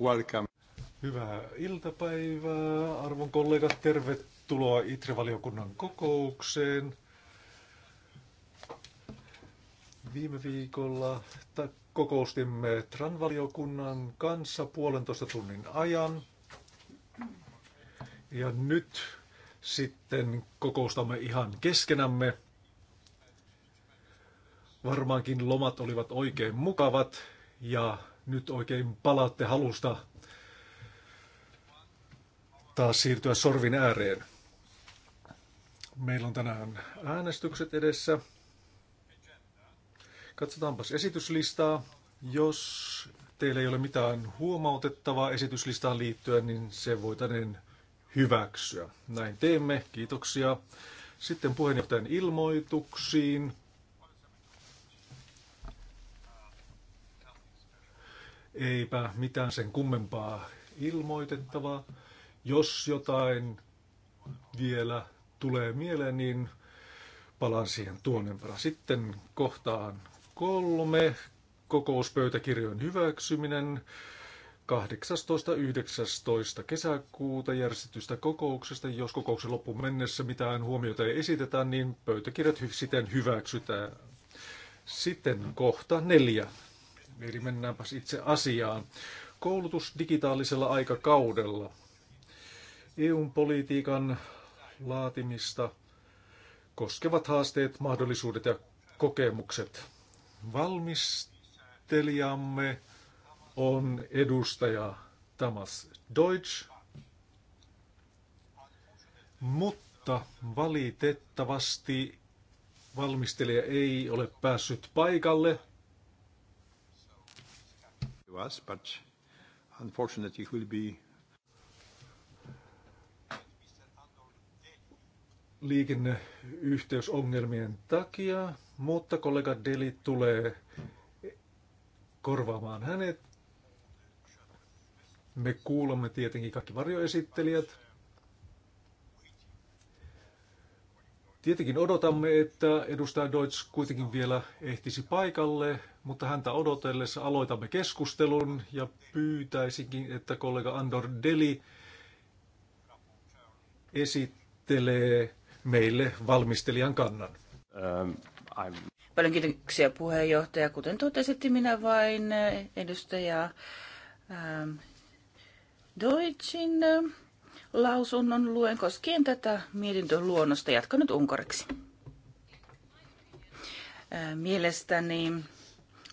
Welcome. Hyvää iltapäivää, arvon kollegat. Tervetuloa ITRE-valiokunnan kokoukseen. Viime viikolla kokoustimme TRAN-valiokunnan kanssa puolentoista tunnin ajan. Ja nyt sitten kokoustamme ihan keskenämme. Varmaankin lomat olivat oikein mukavat ja nyt oikein palaatte halusta taas siirtyä sorvin ääreen. Meillä on tänään äänestykset edessä. Katsotaanpas esityslistaa. Jos teillä ei ole mitään huomautettavaa esityslistaan liittyen, niin se voitaneen hyväksyä. Näin teemme. Kiitoksia. Sitten puheenjohtajan ilmoituksiin. Eipä mitään sen kummempaa ilmoitettavaa. Jos jotain vielä tulee mieleen, niin palaan siihen tuonnempana. Sitten kohtaan kolme, kokouspöytäkirjojen hyväksyminen 18.19. kesäkuuta järjestetystä kokouksesta. Jos kokouksen loppuun mennessä mitään huomiota ei esitetä, niin pöytäkirjat siten hyväksytään. Sitten kohta neljä. Eli mennäänpäs itse asiaan. Koulutus digitaalisella aikakaudella. eu politiikan laatimista koskevat haasteet, mahdollisuudet ja kokemukset. Valmistelijamme on edustaja Thomas Deutsch, mutta valitettavasti valmistelija ei ole päässyt paikalle to us, but unfortunately it will be liikenneyhteysongelmien takia, mutta kollega Deli tulee korvaamaan hänet. Me kuulemme tietenkin kaikki varjoesittelijät. Tietenkin odotamme, että edustaja Deutsch kuitenkin vielä ehtisi paikalle, mutta häntä odotellessa aloitamme keskustelun ja pyytäisinkin, että kollega Andor Deli esittelee meille valmistelijan kannan. Um, Paljon kiitoksia puheenjohtaja. Kuten totesitte, minä vain eh, edustaja ähm, Deutschin eh, lausunnon luen koskien tätä mietintöluonnosta. Jatkan nyt unkariksi. Äh, mielestäni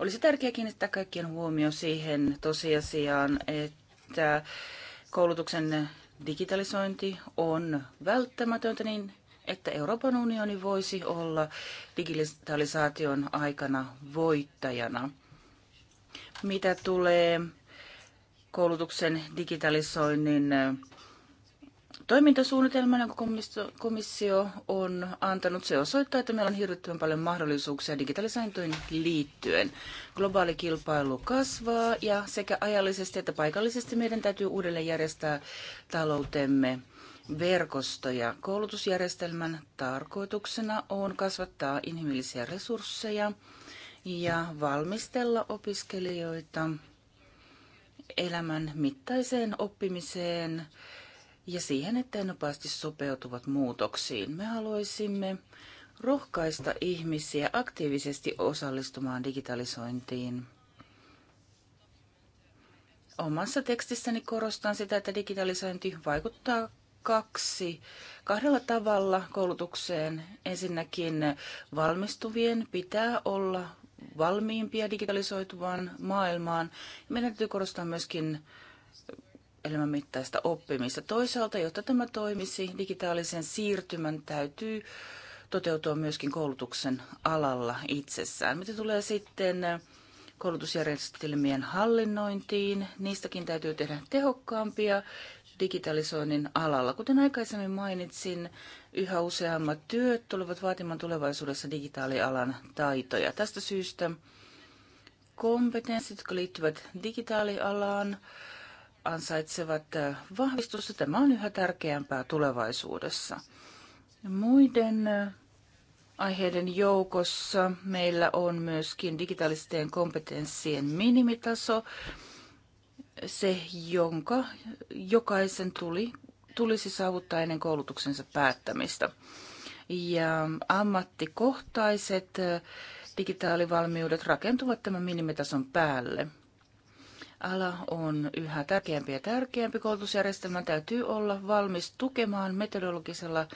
olisi tärkeää kiinnittää kaikkien huomio siihen tosiasiaan, että koulutuksen digitalisointi on välttämätöntä niin, että Euroopan unioni voisi olla digitalisaation aikana voittajana. Mitä tulee koulutuksen digitalisoinnin toimintasuunnitelman, jonka komissio on antanut, se osoittaa, että meillä on hirvittävän paljon mahdollisuuksia digitalisaintoihin liittyen. Globaali kilpailu kasvaa ja sekä ajallisesti että paikallisesti meidän täytyy uudelleen järjestää taloutemme verkostoja. Koulutusjärjestelmän tarkoituksena on kasvattaa inhimillisiä resursseja ja valmistella opiskelijoita elämän mittaiseen oppimiseen – ja siihen, että ne nopeasti sopeutuvat muutoksiin. Me haluaisimme rohkaista ihmisiä aktiivisesti osallistumaan digitalisointiin. Omassa tekstissäni korostan sitä, että digitalisointi vaikuttaa kaksi, kahdella tavalla koulutukseen. Ensinnäkin valmistuvien pitää olla valmiimpia digitalisoituvaan maailmaan. Meidän täytyy korostaa myöskin elämänmittaista oppimista. Toisaalta, jotta tämä toimisi, digitaalisen siirtymän täytyy toteutua myöskin koulutuksen alalla itsessään. Mitä tulee sitten koulutusjärjestelmien hallinnointiin, niistäkin täytyy tehdä tehokkaampia digitalisoinnin alalla. Kuten aikaisemmin mainitsin, yhä useammat työt tulevat vaatimaan tulevaisuudessa digitaalialan taitoja. Tästä syystä kompetenssit, jotka liittyvät digitaalialaan, ansaitsevat äh, vahvistusta. Tämä on yhä tärkeämpää tulevaisuudessa. Muiden äh, aiheiden joukossa meillä on myöskin digitaalisten kompetenssien minimitaso, se jonka jokaisen tuli, tulisi saavuttaa ennen koulutuksensa päättämistä. Ja ammattikohtaiset äh, digitaalivalmiudet rakentuvat tämän minimitason päälle – ala on yhä tärkeämpi ja tärkeämpi. Koulutusjärjestelmä täytyy olla valmis tukemaan metodologisella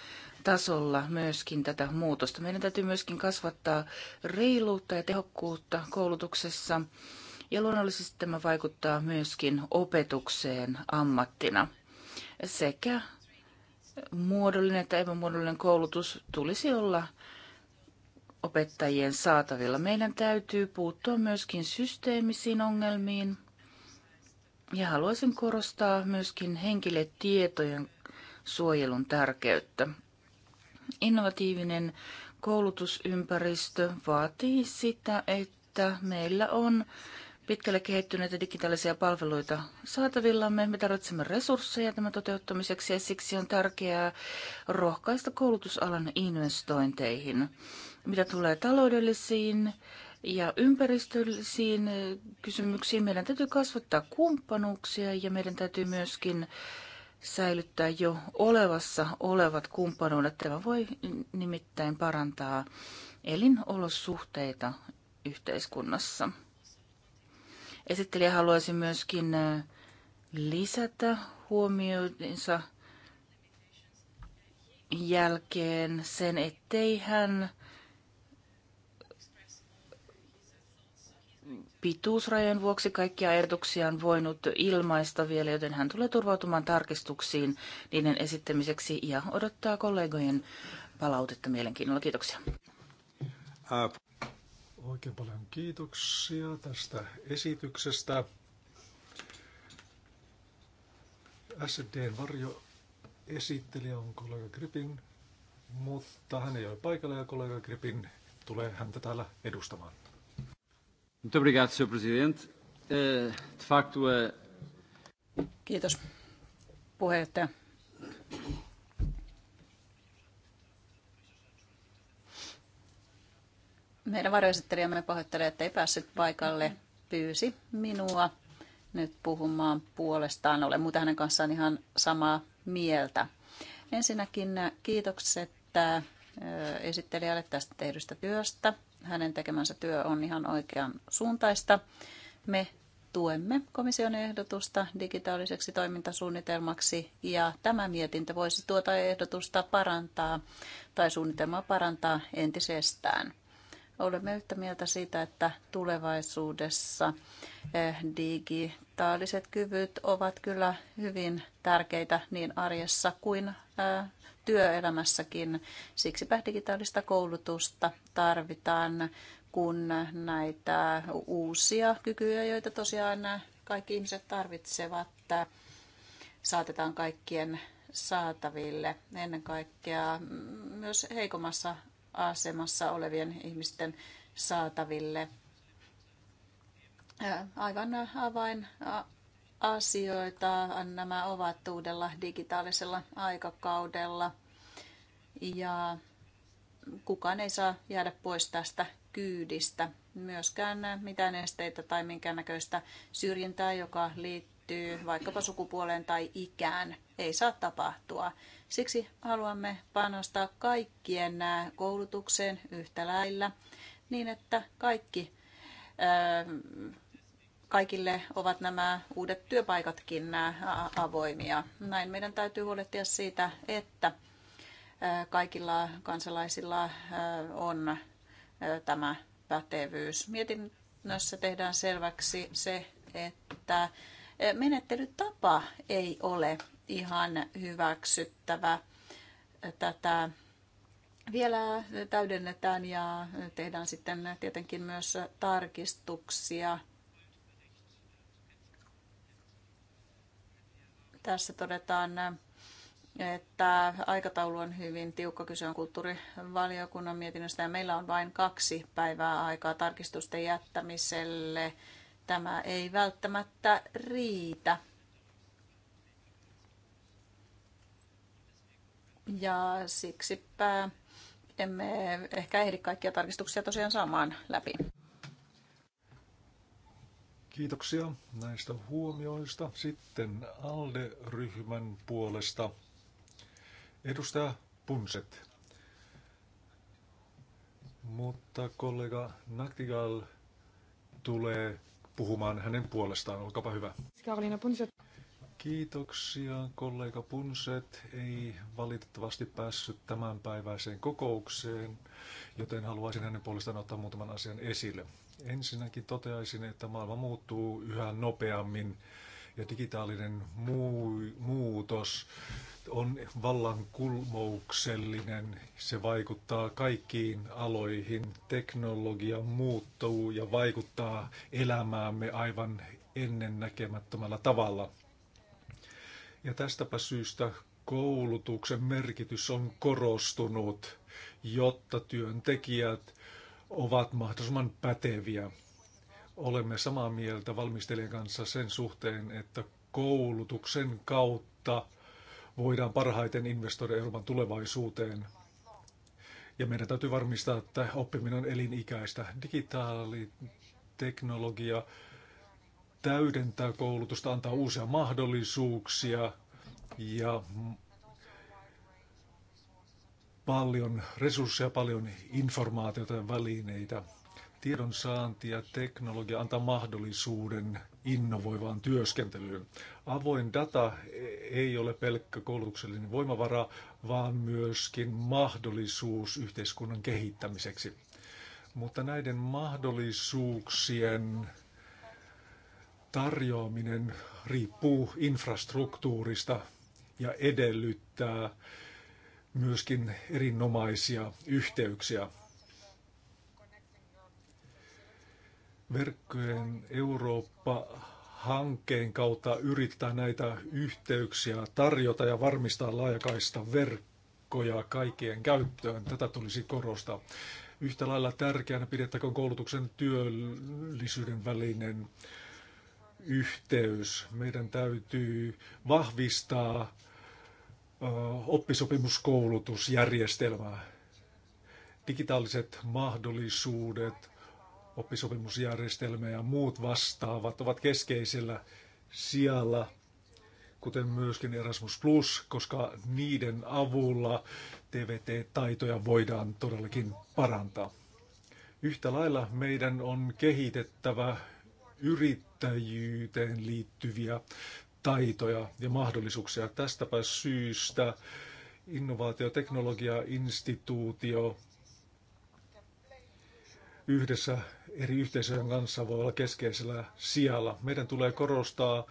tasolla myöskin tätä muutosta. Meidän täytyy myöskin kasvattaa reiluutta ja tehokkuutta koulutuksessa. Ja luonnollisesti tämä vaikuttaa myöskin opetukseen ammattina. Sekä muodollinen että epämuodollinen koulutus tulisi olla opettajien saatavilla. Meidän täytyy puuttua myöskin systeemisiin ongelmiin. Ja haluaisin korostaa myöskin henkilötietojen suojelun tärkeyttä. Innovatiivinen koulutusympäristö vaatii sitä, että meillä on pitkälle kehittyneitä digitaalisia palveluita saatavillamme. Me tarvitsemme resursseja tämän toteuttamiseksi ja siksi on tärkeää rohkaista koulutusalan investointeihin. Mitä tulee taloudellisiin ja ympäristöllisiin eh, kysymyksiin. Meidän täytyy kasvattaa kumppanuuksia ja meidän täytyy myöskin säilyttää jo olevassa olevat kumppanuudet. Tämä voi nimittäin parantaa elinolosuhteita yhteiskunnassa. Esittelijä haluaisi myöskin eh, lisätä huomioinsa jälkeen sen, ettei hän pituusrajan vuoksi kaikkia ehdotuksia on voinut ilmaista vielä, joten hän tulee turvautumaan tarkistuksiin niiden esittämiseksi ja odottaa kollegojen palautetta mielenkiinnolla. Kiitoksia. Äh. Oikein paljon kiitoksia tästä esityksestä. SDn varjo esittelijä on kollega Gripin, mutta hän ei ole paikalla ja kollega Gripin tulee häntä täällä edustamaan. Muito obrigado, Sr. Presidente. Eh, de facto, Kiitos, puheenjohtaja. Meidän varjoesittelijämme pahoittelee, että ei päässyt paikalle. Pyysi minua nyt puhumaan puolestaan. Olen muuten hänen kanssaan ihan samaa mieltä. Ensinnäkin kiitokset eh, esittelijälle tästä tehdystä työstä hänen tekemänsä työ on ihan oikean suuntaista. Me tuemme komission ehdotusta digitaaliseksi toimintasuunnitelmaksi ja tämä mietintö voisi tuota ehdotusta parantaa tai suunnitelmaa parantaa entisestään. Olemme yhtä mieltä siitä, että tulevaisuudessa eh, digitaaliset kyvyt ovat kyllä hyvin tärkeitä niin arjessa kuin Äh, työelämässäkin. Siksipä digitaalista koulutusta tarvitaan, kun näitä uusia kykyjä, joita tosiaan kaikki ihmiset tarvitsevat, saatetaan kaikkien saataville. Ennen kaikkea myös heikommassa asemassa olevien ihmisten saataville. Äh, aivan avain asioita nämä ovat uudella digitaalisella aikakaudella. Ja kukaan ei saa jäädä pois tästä kyydistä. Myöskään mitään esteitä tai minkäännäköistä syrjintää, joka liittyy vaikkapa sukupuoleen tai ikään, ei saa tapahtua. Siksi haluamme panostaa kaikkien koulutukseen yhtä lailla niin, että kaikki kaikille ovat nämä uudet työpaikatkin avoimia. Näin meidän täytyy huolehtia siitä, että kaikilla kansalaisilla on tämä pätevyys. Mietinnössä tehdään selväksi se, että menettelytapa ei ole ihan hyväksyttävä. Tätä vielä täydennetään ja tehdään sitten tietenkin myös tarkistuksia Tässä todetaan, että aikataulu on hyvin tiukka. Kyse on kulttuurivaliokunnan mietinnöstä ja meillä on vain kaksi päivää aikaa tarkistusten jättämiselle. Tämä ei välttämättä riitä. Ja siksipä emme ehkä ehdi kaikkia tarkistuksia tosiaan saamaan läpi. Kiitoksia näistä huomioista. Sitten ALDE-ryhmän puolesta edustaja Punset. Mutta kollega Naktigal tulee puhumaan hänen puolestaan. Olkaapa hyvä. Karolina Punset. Kiitoksia kollega Punset. Ei valitettavasti päässyt tämänpäiväiseen kokoukseen, joten haluaisin hänen puolestaan ottaa muutaman asian esille. Ensinnäkin toteaisin, että maailma muuttuu yhä nopeammin ja digitaalinen muutos on vallankulmouksellinen. Se vaikuttaa kaikkiin aloihin. Teknologia muuttuu ja vaikuttaa elämäämme aivan ennennäkemättömällä tavalla. Ja tästäpä syystä koulutuksen merkitys on korostunut, jotta työntekijät ovat mahdollisimman päteviä. Olemme samaa mieltä valmistelijan kanssa sen suhteen, että koulutuksen kautta voidaan parhaiten investoida Euroopan tulevaisuuteen. Ja meidän täytyy varmistaa, että oppiminen on elinikäistä. Digitaaliteknologia täydentää koulutusta, antaa uusia mahdollisuuksia ja paljon resursseja, paljon informaatiota ja välineitä. Tiedonsaanti ja teknologia antaa mahdollisuuden innovoivaan työskentelyyn. Avoin data ei ole pelkkä koulutuksellinen voimavara, vaan myöskin mahdollisuus yhteiskunnan kehittämiseksi. Mutta näiden mahdollisuuksien tarjoaminen riippuu infrastruktuurista ja edellyttää myöskin erinomaisia yhteyksiä. Verkkojen Eurooppa-hankkeen kautta yrittää näitä yhteyksiä tarjota ja varmistaa laajakaista verkkoja kaikkien käyttöön. Tätä tulisi korostaa. Yhtä lailla tärkeänä pidettäkö koulutuksen työllisyyden välinen yhteys. Meidän täytyy vahvistaa oppisopimuskoulutusjärjestelmää. Digitaaliset mahdollisuudet, oppisopimusjärjestelmä ja muut vastaavat ovat keskeisellä sijalla, kuten myöskin Erasmus Plus, koska niiden avulla TVT-taitoja voidaan todellakin parantaa. Yhtä lailla meidän on kehitettävä yrittäjyyteen liittyviä taitoja ja mahdollisuuksia. Tästäpä syystä innovaatioteknologiainstituutio yhdessä eri yhteisöjen kanssa voi olla keskeisellä sijalla. Meidän tulee korostaa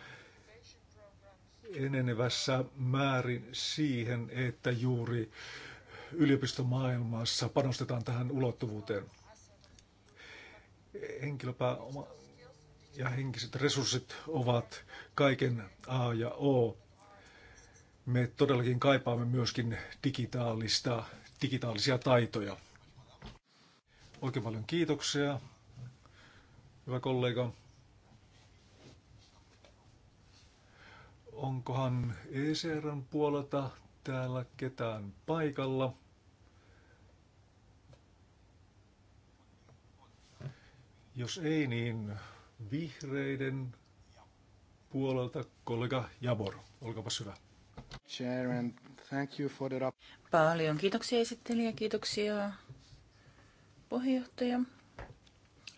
enenevässä määrin siihen, että juuri yliopistomaailmassa panostetaan tähän ulottuvuuteen. Henkilöpää ja henkiset resurssit ovat kaiken A ja O. Me todellakin kaipaamme myöskin digitaalista, digitaalisia taitoja. Oikein paljon kiitoksia, hyvä kollega. Onkohan ECRn puolelta täällä ketään paikalla? Jos ei, niin Vihreiden puolelta kollega Jabor. Olkaapa hyvä. Chairman, thank you for the... Paljon kiitoksia esittelijä, kiitoksia puheenjohtaja.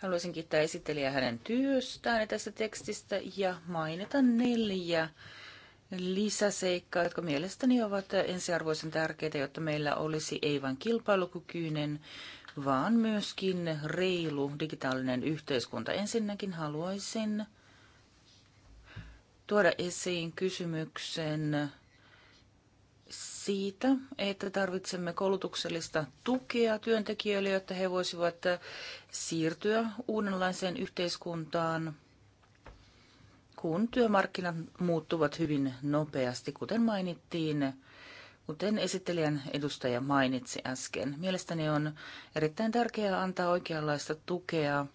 Haluaisin kiittää esittelijää hänen työstään ja tästä tekstistä ja mainita neljä lisäseikkaa, jotka mielestäni ovat ensiarvoisen tärkeitä, jotta meillä olisi ei vain kilpailukykyinen vaan myöskin reilu digitaalinen yhteiskunta. Ensinnäkin haluaisin tuoda esiin kysymyksen siitä, että tarvitsemme koulutuksellista tukea työntekijöille, jotta he voisivat siirtyä uudenlaiseen yhteiskuntaan, kun työmarkkinat muuttuvat hyvin nopeasti, kuten mainittiin kuten esittelijän edustaja mainitsi äsken. Mielestäni on erittäin tärkeää antaa oikeanlaista tukea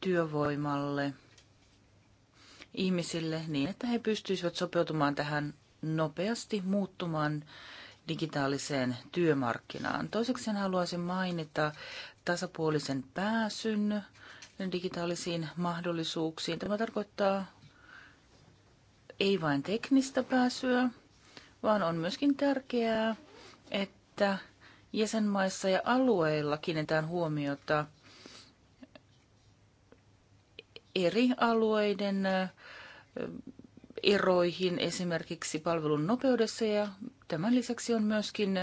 työvoimalle, ihmisille niin, että he pystyisivät sopeutumaan tähän nopeasti muuttumaan digitaaliseen työmarkkinaan. Toiseksi haluaisin mainita tasapuolisen pääsyn digitaalisiin mahdollisuuksiin. Tämä tarkoittaa ei vain teknistä pääsyä, vaan on myöskin tärkeää, että jäsenmaissa ja alueilla kiinnitetään huomiota eri alueiden eroihin esimerkiksi palvelun nopeudessa ja tämän lisäksi on myöskin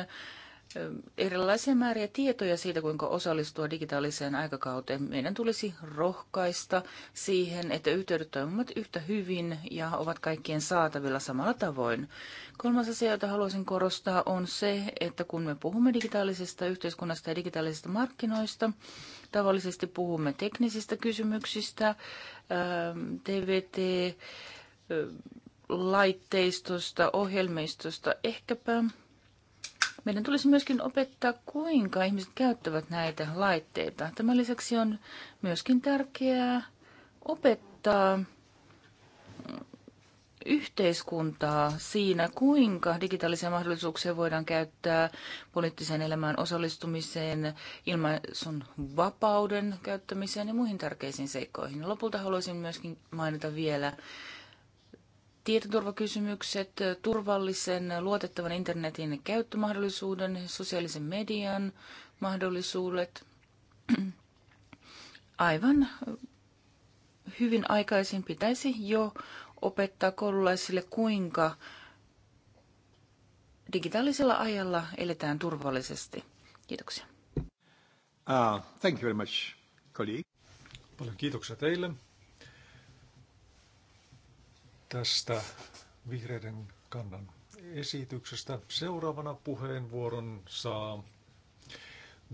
erilaisia määriä tietoja siitä, kuinka osallistua digitaaliseen aikakauteen. Meidän tulisi rohkaista siihen, että yhteydet toimivat yhtä hyvin ja ovat kaikkien saatavilla samalla tavoin. Kolmas asia, jota haluaisin korostaa, on se, että kun me puhumme digitaalisesta yhteiskunnasta ja digitaalisista markkinoista, tavallisesti puhumme teknisistä kysymyksistä, TVT, ähm, äh, laitteistosta, ohjelmistosta, ehkäpä meidän tulisi myöskin opettaa, kuinka ihmiset käyttävät näitä laitteita. Tämän lisäksi on myöskin tärkeää opettaa yhteiskuntaa siinä, kuinka digitaalisia mahdollisuuksia voidaan käyttää poliittiseen elämään osallistumiseen, ilmaisun vapauden käyttämiseen ja muihin tärkeisiin seikkoihin. Lopulta haluaisin myöskin mainita vielä tietoturvakysymykset, turvallisen luotettavan internetin käyttömahdollisuuden, sosiaalisen median mahdollisuudet, aivan hyvin aikaisin pitäisi jo opettaa koululaisille, kuinka digitaalisella ajalla eletään turvallisesti. Kiitoksia. Uh, thank you very much, colleague. Paljon kiitoksia teille tästä vihreiden kannan esityksestä. Seuraavana puheenvuoron saa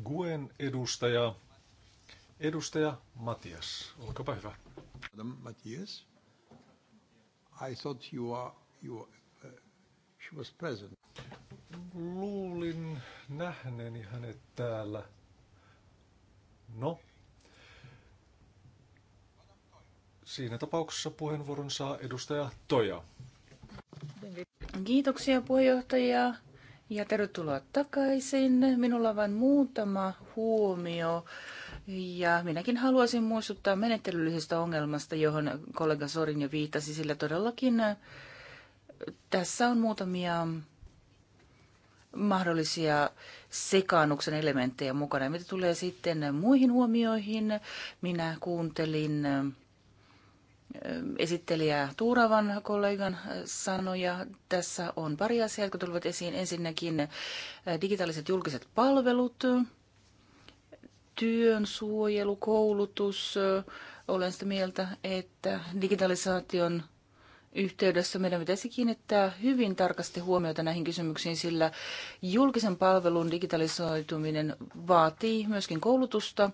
Guen edustaja, edustaja Matias. Olkaapa hyvä. Matias, I thought you are, you are, uh, she was present. Luulin nähneeni hänet täällä. No, Siinä tapauksessa puheenvuoron saa edustaja Toja. Kiitoksia puheenjohtaja ja tervetuloa takaisin. Minulla on vain muutama huomio ja minäkin haluaisin muistuttaa menettelyllisestä ongelmasta, johon kollega Sorin jo viittasi, sillä todellakin äh, tässä on muutamia mahdollisia sekaannuksen elementtejä mukana. Mitä tulee sitten muihin huomioihin, minä kuuntelin äh, esittelijä Tuuravan kollegan sanoja. Tässä on pari asiaa, jotka tulevat esiin. Ensinnäkin äh, digitaaliset julkiset palvelut, työn suojelu, koulutus. Äh, olen sitä mieltä, että digitalisaation yhteydessä meidän pitäisi kiinnittää hyvin tarkasti huomiota näihin kysymyksiin, sillä julkisen palvelun digitalisoituminen vaatii myöskin koulutusta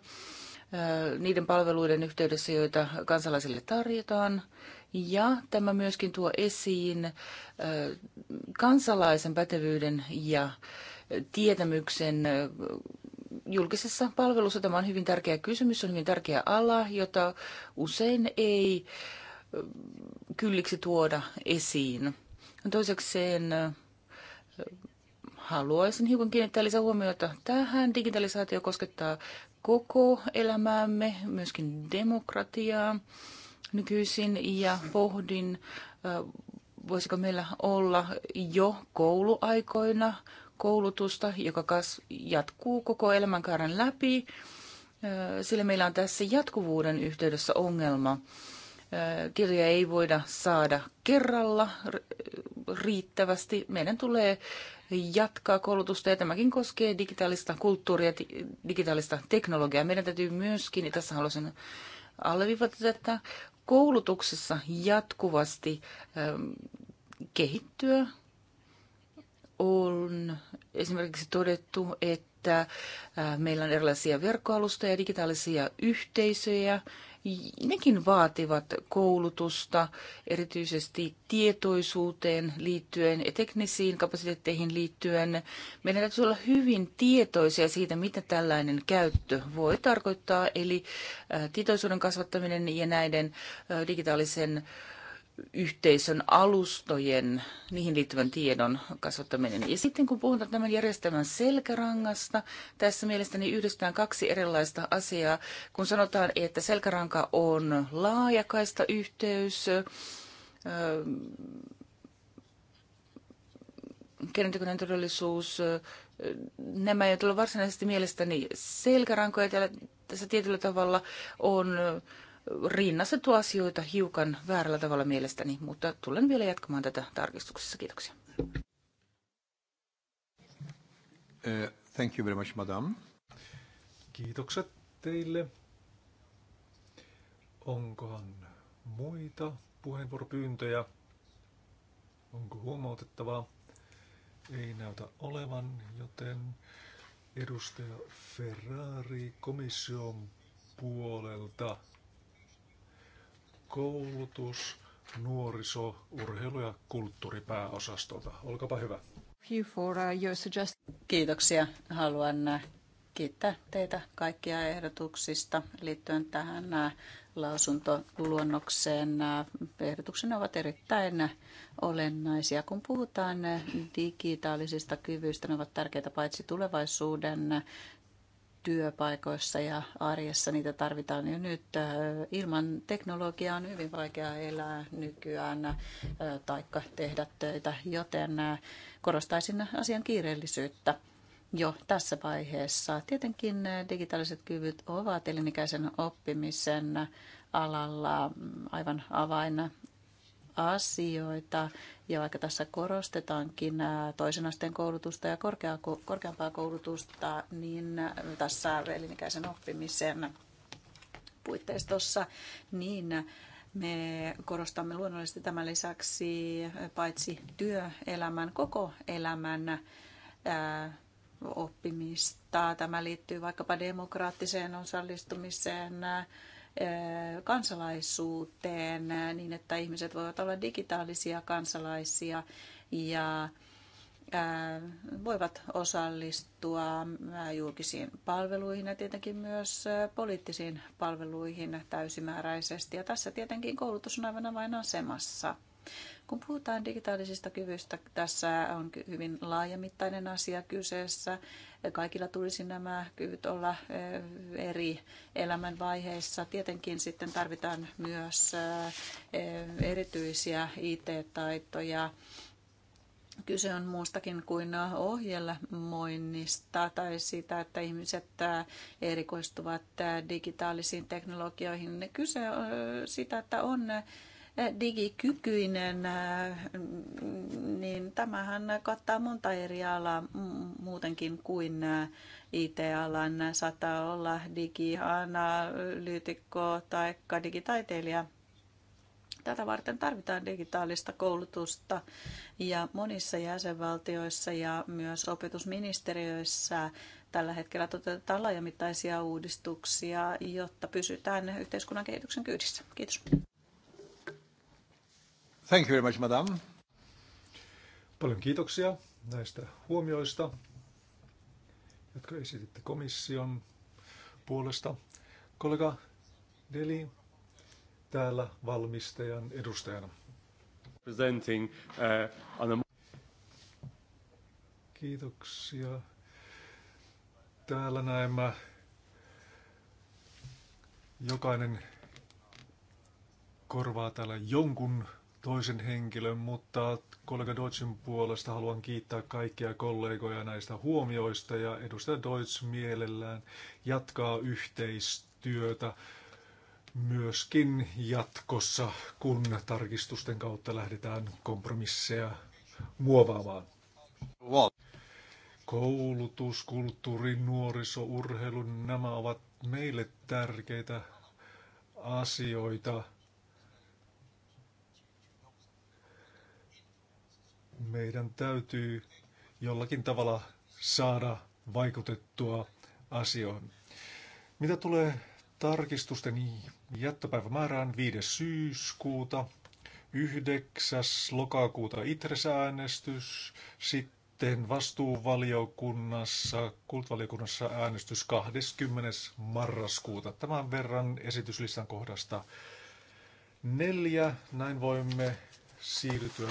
niiden palveluiden yhteydessä, joita kansalaisille tarjotaan. Ja tämä myöskin tuo esiin kansalaisen pätevyyden ja tietämyksen julkisessa palvelussa. Tämä on hyvin tärkeä kysymys, on hyvin tärkeä ala, jota usein ei kylliksi tuoda esiin. Toisekseen haluaisin hiukan kiinnittää huomiota tähän. Digitalisaatio koskettaa koko elämäämme, myöskin demokratiaa nykyisin ja pohdin, voisiko meillä olla jo kouluaikoina koulutusta, joka kas, jatkuu koko elämänkaaren läpi, sillä meillä on tässä jatkuvuuden yhteydessä ongelma. Kirjoja ei voida saada kerralla riittävästi. Meidän tulee jatkaa koulutusta ja tämäkin koskee digitaalista kulttuuria, digitaalista teknologiaa. Meidän täytyy myöskin, niin tässä haluaisin alleviivata tätä, koulutuksessa jatkuvasti ähm, kehittyä. On esimerkiksi todettu, että äh, meillä on erilaisia verkkoalustoja ja digitaalisia yhteisöjä, nekin vaativat koulutusta erityisesti tietoisuuteen liittyen ja teknisiin kapasiteetteihin liittyen. Meidän täytyy olla hyvin tietoisia siitä, mitä tällainen käyttö voi tarkoittaa, eli äh, tietoisuuden kasvattaminen ja näiden äh, digitaalisen yhteisön alustojen, niihin liittyvän tiedon kasvattaminen. Ja sitten kun puhutaan tämän järjestelmän selkärangasta, tässä mielestäni yhdistetään kaksi erilaista asiaa. Kun sanotaan, että selkäranka on laajakaista yhteys, kenentäköinen todellisuus, nämä eivät ole varsinaisesti mielestäni selkärankoja. Täällä, tässä tietyllä tavalla on rinnastettu asioita hiukan väärällä tavalla mielestäni, mutta tulen vielä jatkamaan tätä tarkistuksessa. Kiitoksia. Uh, thank you very much, madam. Kiitokset teille. Onkohan muita puheenvuoropyyntöjä? Onko huomautettavaa? Ei näytä olevan, joten edustaja Ferrari komission puolelta koulutus, nuoriso, urheilu ja kulttuuri pääosastolta. Olkapa hyvä. Uh, Kiitoksia. Haluan uh, kiittää teitä kaikkia ehdotuksista liittyen tähän uh, lausuntoluonnokseen. Ehdotukset ovat erittäin olennaisia. Kun puhutaan digitaalisista kyvyistä, ne ovat tärkeitä paitsi tulevaisuuden työpaikoissa ja arjessa. Niitä tarvitaan jo nyt. Äh, ilman teknologiaa on hyvin vaikea elää nykyään äh, taikka tehdä töitä, joten äh, korostaisin asian kiireellisyyttä jo tässä vaiheessa. Tietenkin digitaaliset kyvyt ovat elinikäisen oppimisen alalla mm, aivan avaina asioita. Ja vaikka tässä korostetaankin toisen asteen koulutusta ja korkeampaa koulutusta, niin tässä elinikäisen oppimisen puitteistossa, niin me korostamme luonnollisesti tämän lisäksi paitsi työelämän, koko elämän oppimista. Tämä liittyy vaikkapa demokraattiseen osallistumiseen, kansalaisuuteen niin, että ihmiset voivat olla digitaalisia kansalaisia ja voivat osallistua julkisiin palveluihin ja tietenkin myös poliittisiin palveluihin täysimääräisesti. Ja tässä tietenkin koulutus on aivan avainasemassa. asemassa kun puhutaan digitaalisista kyvyistä, tässä on hyvin laajamittainen asia kyseessä. Kaikilla tulisi nämä kyvyt olla eri elämänvaiheissa. Tietenkin sitten tarvitaan myös erityisiä IT-taitoja. Kyse on muustakin kuin ohjelmoinnista tai sitä, että ihmiset erikoistuvat digitaalisiin teknologioihin. Kyse on sitä, että on digikykyinen, äh, niin tämähän kattaa monta eri alaa muutenkin kuin äh, IT-alan. Saattaa olla digianalyytikko tai digitaiteilija. Tätä varten tarvitaan digitaalista koulutusta ja monissa jäsenvaltioissa ja myös opetusministeriöissä tällä hetkellä toteutetaan laajamittaisia uudistuksia, jotta pysytään yhteiskunnan kehityksen kyydissä. Kiitos. Thank you very much, madam. Paljon kiitoksia näistä huomioista, jotka esititte komission puolesta. Kollega Deli täällä valmistajan edustajana. Presenting, uh, on a... Kiitoksia. Täällä näemme jokainen korvaa täällä jonkun toisen henkilön, mutta kollega Deutschin puolesta haluan kiittää kaikkia kollegoja näistä huomioista ja edustaja Deutsch mielellään jatkaa yhteistyötä myöskin jatkossa, kun tarkistusten kautta lähdetään kompromisseja muovaamaan. Koulutus, kulttuuri, nuoriso, urheilu, nämä ovat meille tärkeitä asioita – Meidän täytyy jollakin tavalla saada vaikutettua asioihin. Mitä tulee tarkistusten jättöpäivämäärään 5. syyskuuta, 9. lokakuuta itresäänestys, sitten vastuuvaliokunnassa, kultvaliokunnassa äänestys 20. marraskuuta. Tämän verran esityslistan kohdasta neljä. Näin voimme siirtyä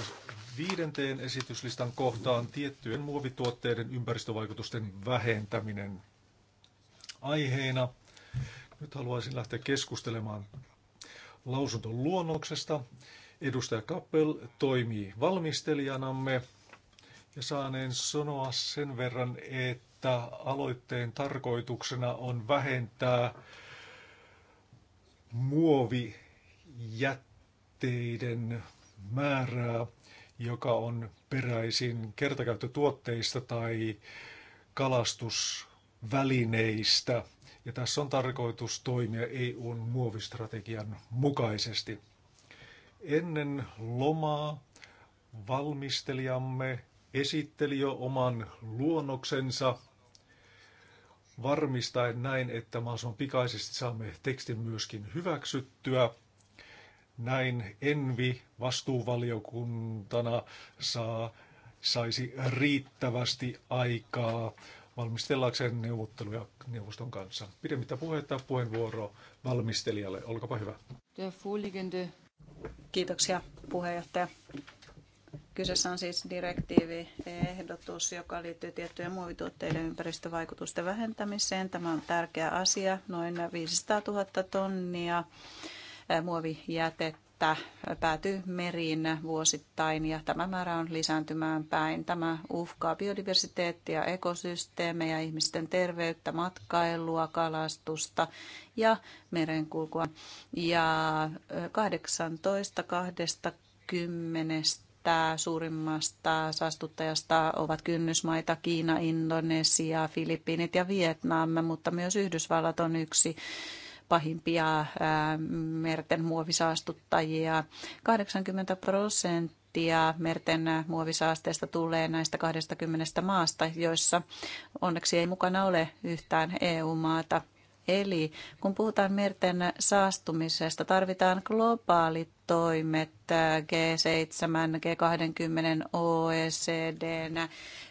viidenteen esityslistan kohtaan tiettyjen muovituotteiden ympäristövaikutusten vähentäminen aiheena. Nyt haluaisin lähteä keskustelemaan lausunton luonnoksesta. Edustaja Kappel toimii valmistelijanamme ja saaneen sanoa sen verran, että aloitteen tarkoituksena on vähentää muovijätteiden määrää, joka on peräisin kertakäyttötuotteista tai kalastusvälineistä. Ja tässä on tarkoitus toimia EUn muovistrategian mukaisesti. Ennen lomaa valmistelijamme esitteli jo oman luonnoksensa varmistaen näin, että mahdollisimman pikaisesti saamme tekstin myöskin hyväksyttyä. Näin Envi vastuuvaliokuntana saa, saisi riittävästi aikaa valmistellakseen neuvotteluja neuvoston kanssa. Pidemmittä puhetta puheenvuoro valmistelijalle. Olkapa hyvä. Kiitoksia puheenjohtaja. Kyseessä on siis direktiiviehdotus, joka liittyy tiettyjen muovituotteiden ympäristövaikutusten vähentämiseen. Tämä on tärkeä asia, noin 500 000 tonnia muovijätettä päätyy meriin vuosittain ja tämä määrä on lisääntymään päin. Tämä uhkaa biodiversiteettia, ekosysteemejä, ihmisten terveyttä, matkailua, kalastusta ja merenkulkua. Ja 18 20 suurimmasta saastuttajasta ovat kynnysmaita Kiina, Indonesia, Filippiinit ja Vietnam, mutta myös Yhdysvallat on yksi pahimpia merten muovisaastuttajia. 80 prosenttia merten muovisaasteesta tulee näistä 20 maasta, joissa onneksi ei mukana ole yhtään EU-maata. Eli kun puhutaan merten saastumisesta, tarvitaan globaalit toimet G7, G20, OECDn,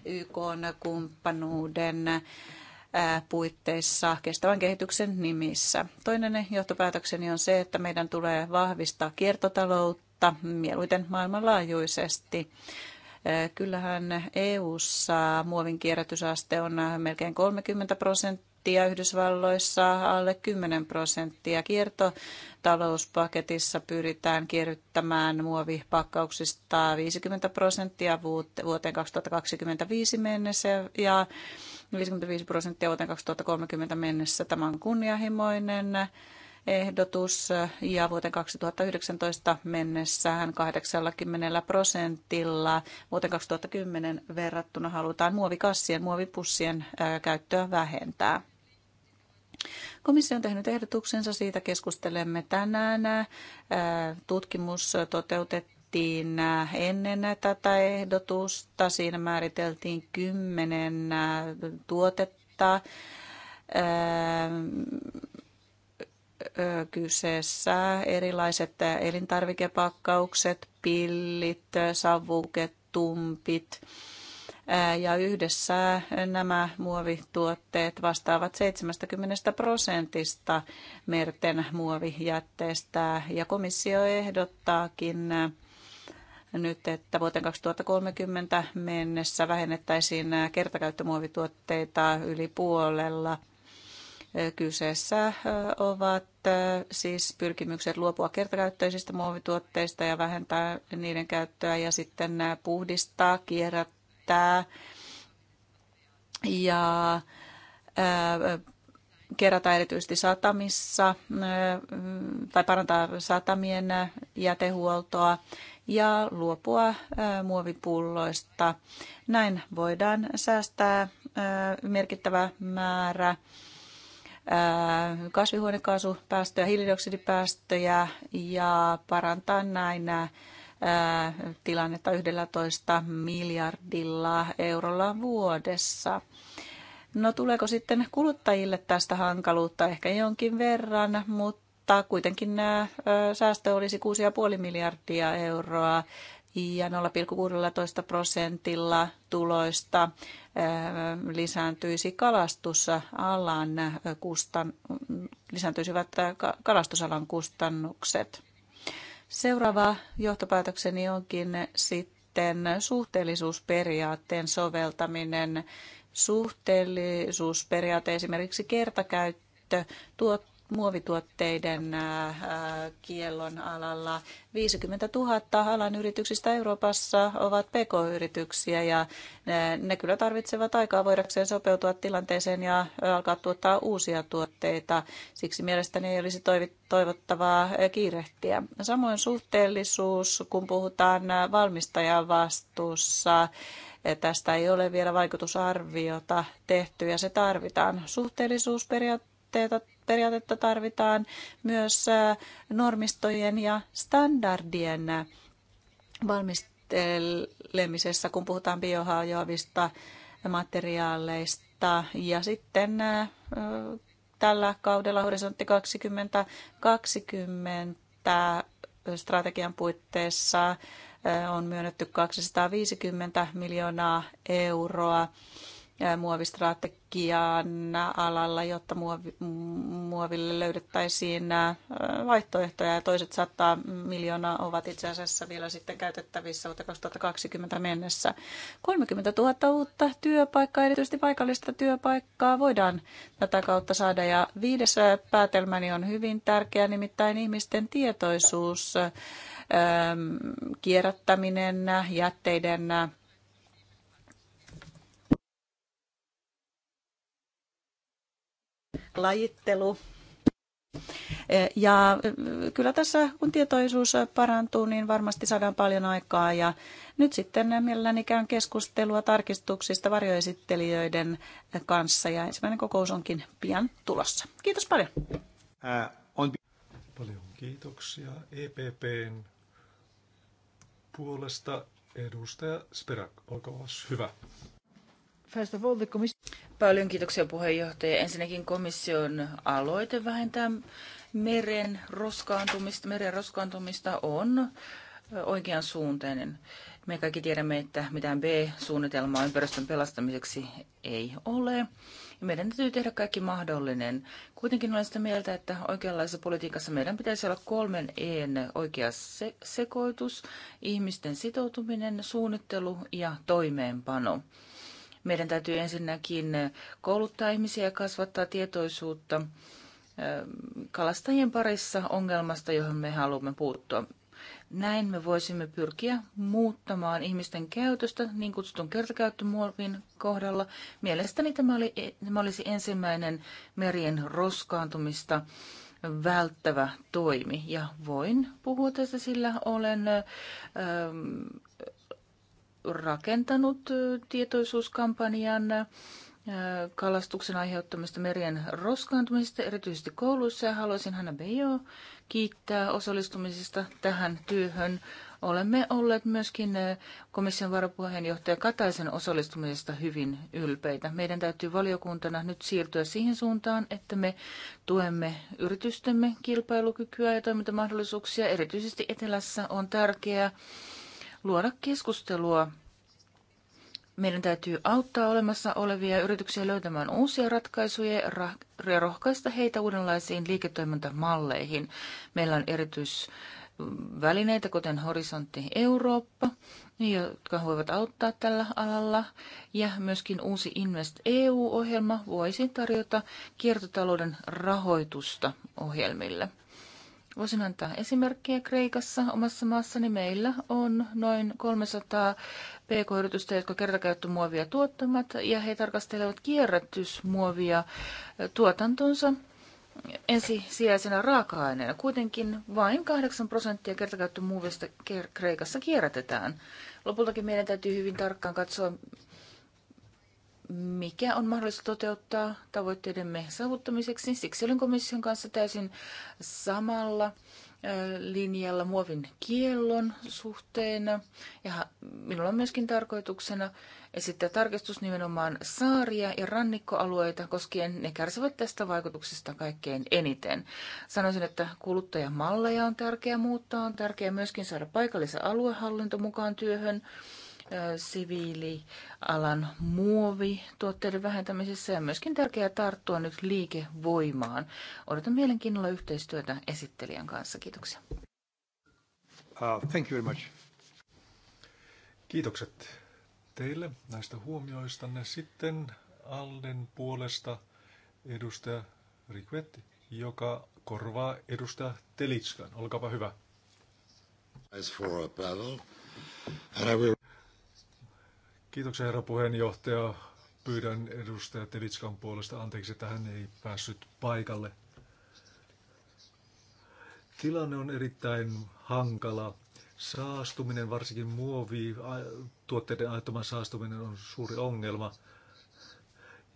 YK-kumppanuuden puitteissa kestävän kehityksen nimissä. Toinen johtopäätökseni on se, että meidän tulee vahvistaa kiertotaloutta mieluiten maailmanlaajuisesti. Äh, kyllähän EU:ssa muovin kierrätysaste on melkein 30 prosenttia, Yhdysvalloissa alle 10 prosenttia. Kiertotalouspaketissa pyritään kierryttämään muovipakkauksista 50 prosenttia vuoteen 2025 mennessä ja 55 prosenttia vuoteen 2030 mennessä. Tämä on kunnianhimoinen ehdotus ja vuoteen 2019 mennessään 80 prosentilla vuoteen 2010 verrattuna halutaan muovikassien, muovipussien käyttöä vähentää. Komissio on tehnyt ehdotuksensa, siitä keskustelemme tänään. Tutkimus toteutettiin tehtiin äh, ennen tätä ehdotusta. Siinä määriteltiin kymmenen äh, tuotetta äh, kyseessä erilaiset elintarvikepakkaukset, pillit, savuket, tumpit. Ja yhdessä nämä muovituotteet vastaavat 70 prosentista merten muovijätteestä. Ja komissio ehdottaakin nyt, että vuoteen 2030 mennessä vähennettäisiin kertakäyttömuovituotteita yli puolella. Kyseessä ovat siis pyrkimykset luopua kertakäyttöisistä muovituotteista ja vähentää niiden käyttöä ja sitten puhdistaa, kierrättää ja kerätä erityisesti satamissa tai parantaa satamien jätehuoltoa ja luopua äh, muovipulloista. Näin voidaan säästää äh, merkittävä määrä äh, kasvihuonekaasupäästöjä, hiilidioksidipäästöjä ja parantaa näin tilannetta 11 miljardilla eurolla vuodessa. No tuleeko sitten kuluttajille tästä hankaluutta? Ehkä jonkin verran, mutta mutta kuitenkin nämä säästö olisi 6,5 miljardia euroa ja 0,16 prosentilla tuloista lisääntyisi kalastusalan kustan, lisääntyisivät kalastusalan kustannukset. Seuraava johtopäätökseni onkin sitten suhteellisuusperiaatteen soveltaminen. Suhteellisuusperiaate esimerkiksi kertakäyttö tuottaa muovituotteiden äh, äh, kiellon alalla. 50 000 alan yrityksistä Euroopassa ovat pk-yrityksiä ja äh, ne kyllä tarvitsevat aikaa voidakseen sopeutua tilanteeseen ja alkaa tuottaa uusia tuotteita. Siksi mielestäni ei olisi toivottavaa kiirehtiä. Samoin suhteellisuus, kun puhutaan valmistajan vastuussa, tästä ei ole vielä vaikutusarviota tehty ja se tarvitaan. Suhteellisuusperiaatteita periaatetta tarvitaan myös äh, normistojen ja standardien valmistelemisessa, kun puhutaan biohajoavista materiaaleista. Ja sitten äh, tällä kaudella Horisontti 2020 strategian puitteissa äh, on myönnetty 250 miljoonaa euroa muovistrategian alalla, jotta muoville löydettäisiin vaihtoehtoja. Ja toiset 100 miljoonaa ovat itse asiassa vielä sitten käytettävissä vuotta 2020 mennessä. 30 000 uutta työpaikkaa, erityisesti paikallista työpaikkaa, voidaan tätä kautta saada. Ja viides päätelmäni on hyvin tärkeä, nimittäin ihmisten tietoisuus, kierrättäminen, jätteiden lajittelu. E, ja e, kyllä tässä, kun tietoisuus parantuu, niin varmasti saadaan paljon aikaa. Ja nyt sitten mielelläni käyn keskustelua tarkistuksista varjoesittelijöiden kanssa. Ja ensimmäinen kokous onkin pian tulossa. Kiitos paljon. Ää, äh, on... Paljon kiitoksia EPPn puolesta. Edustaja Sperak, olkaa hyvä. First of all, the commission... Paljon kiitoksia puheenjohtaja. Ensinnäkin komission aloite vähentää meren roskaantumista, meren roskaantumista on oikean suuntainen. Me kaikki tiedämme, että mitään B-suunnitelmaa ympäristön pelastamiseksi ei ole. Meidän täytyy tehdä kaikki mahdollinen. Kuitenkin olen sitä mieltä, että oikeanlaisessa politiikassa meidän pitäisi olla kolmen en oikea se- sekoitus, ihmisten sitoutuminen, suunnittelu ja toimeenpano. Meidän täytyy ensinnäkin kouluttaa ihmisiä ja kasvattaa tietoisuutta kalastajien parissa ongelmasta, johon me haluamme puuttua. Näin me voisimme pyrkiä muuttamaan ihmisten käytöstä niin kutsutun kertakäyttömuovin kohdalla. Mielestäni tämä, oli, e- tämä olisi ensimmäinen merien roskaantumista välttävä toimi. Ja voin puhua tästä, sillä olen ö, rakentanut tietoisuuskampanjan kalastuksen aiheuttamista merien roskaantumisesta, erityisesti kouluissa, ja haluaisin Hanna Bejo kiittää osallistumisesta tähän työhön. Olemme olleet myöskin komission varapuheenjohtaja Kataisen osallistumisesta hyvin ylpeitä. Meidän täytyy valiokuntana nyt siirtyä siihen suuntaan, että me tuemme yritystemme kilpailukykyä ja toimintamahdollisuuksia. Erityisesti etelässä on tärkeää, luoda keskustelua. Meidän täytyy auttaa olemassa olevia yrityksiä löytämään uusia ratkaisuja ja rohkaista heitä uudenlaisiin liiketoimintamalleihin. Meillä on erityis välineitä, kuten Horisontti Eurooppa, jotka voivat auttaa tällä alalla. Ja myöskin uusi Invest EU-ohjelma voisi tarjota kiertotalouden rahoitusta ohjelmille. Voisin antaa esimerkkiä Kreikassa. Omassa maassani meillä on noin 300 pk-yritystä, jotka kertakäyttömuovia tuottamat, ja he tarkastelevat kierrätysmuovia äh, tuotantonsa ensisijaisena raaka-aineena. Kuitenkin vain 8 prosenttia kertakäyttömuovista Kreikassa kierrätetään. Lopultakin meidän täytyy hyvin tarkkaan katsoa, mikä on mahdollista toteuttaa tavoitteidemme saavuttamiseksi. Siksi olen komission kanssa täysin samalla linjalla muovin kiellon suhteen. Ja minulla on myöskin tarkoituksena esittää tarkistus nimenomaan saaria ja rannikkoalueita koskien. Ne kärsivät tästä vaikutuksesta kaikkein eniten. Sanoisin, että kuluttajamalleja on tärkeää muuttaa. On tärkeää myöskin saada paikallisen aluehallinto mukaan työhön siviilialan muovituotteiden vähentämisessä ja myöskin tärkeää tarttua nyt liikevoimaan. Odotan mielenkiinnolla yhteistyötä esittelijän kanssa. Kiitoksia. Uh, thank you very much. Kiitokset teille näistä huomioistanne. Sitten Alden puolesta edustaja Rikvetti, joka korvaa edustaja Telitskan. Olkaapa hyvä. For a battle, And I will... Kiitoksia herra puheenjohtaja. Pyydän edustaja Tevitskan puolesta anteeksi, että hän ei päässyt paikalle. Tilanne on erittäin hankala. Saastuminen, varsinkin muovi, tuotteiden aiheuttama saastuminen on suuri ongelma.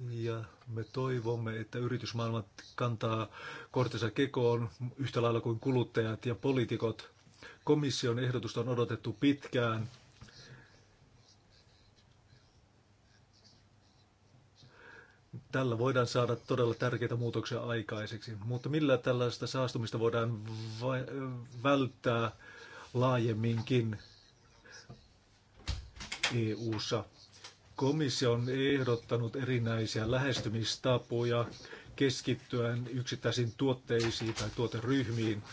Ja me toivomme, että yritysmaailma kantaa kortensa kekoon yhtä lailla kuin kuluttajat ja poliitikot. Komission ehdotusta on odotettu pitkään Tällä voidaan saada todella tärkeitä muutoksia aikaiseksi, mutta millä tällaista saastumista voidaan välttää laajemminkin EU-ssa? Komissio on ehdottanut erinäisiä lähestymistapoja keskittyen yksittäisiin tuotteisiin tai tuoteryhmiin,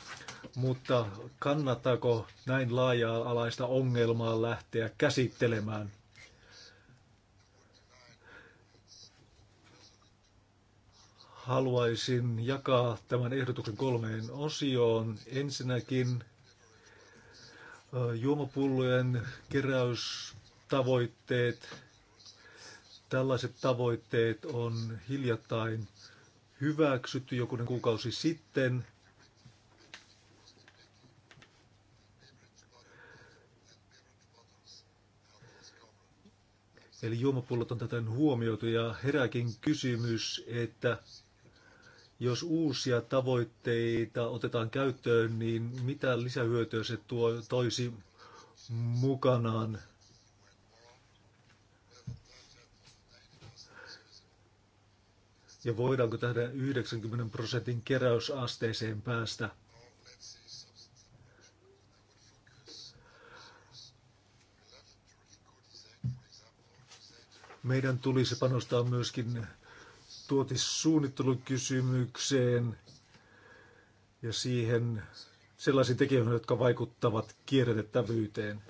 mutta kannattaako näin laaja-alaista ongelmaa lähteä käsittelemään? haluaisin jakaa tämän ehdotuksen kolmeen osioon. Ensinnäkin juomapullojen keräystavoitteet. Tällaiset tavoitteet on hiljattain hyväksytty jokunen kuukausi sitten. Eli juomapullot on täten huomioitu ja herääkin kysymys, että jos uusia tavoitteita otetaan käyttöön, niin mitä lisähyötyä se tuo, toisi mukanaan? Ja voidaanko tähän 90 prosentin keräysasteeseen päästä? meidän tulisi panostaa myöskin tuotissuunnittelukysymykseen ja siihen sellaisiin tekijöihin, jotka vaikuttavat kierrätettävyyteen.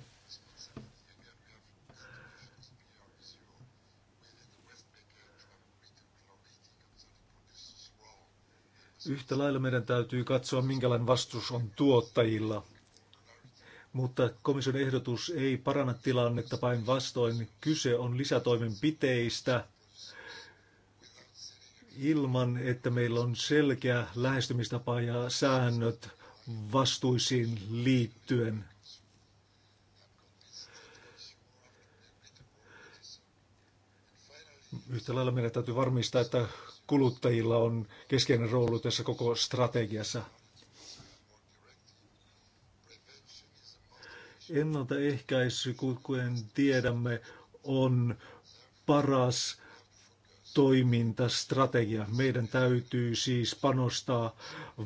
Yhtä lailla meidän täytyy katsoa, minkälainen vastus on tuottajilla. Mutta komission ehdotus ei paranna tilannetta, päinvastoin kyse on lisätoimenpiteistä – ilman, että meillä on selkeä lähestymistapa ja säännöt vastuisiin liittyen. Yhtä lailla meidän täytyy varmistaa, että kuluttajilla on keskeinen rooli tässä koko strategiassa. Ennaltaehkäisy, kuten tiedämme, on paras valistustoimintastrategia. Meidän täytyy siis panostaa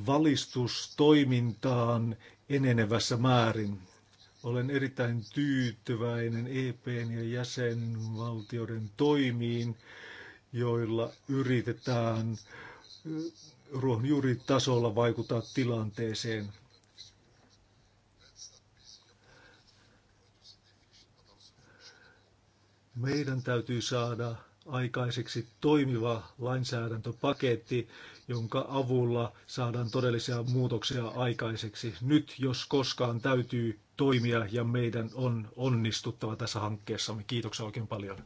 valistustoimintaan enenevässä määrin. Olen erittäin tyytyväinen EPn ja jäsenvaltioiden toimiin, joilla yritetään ruohonjuuritasolla vaikuttaa tilanteeseen. Meidän täytyy saada aikaiseksi toimiva lainsäädäntöpaketti, jonka avulla saadaan todellisia muutoksia aikaiseksi. Nyt, jos koskaan, täytyy toimia ja meidän on onnistuttava tässä hankkeessamme. Kiitoksia oikein paljon.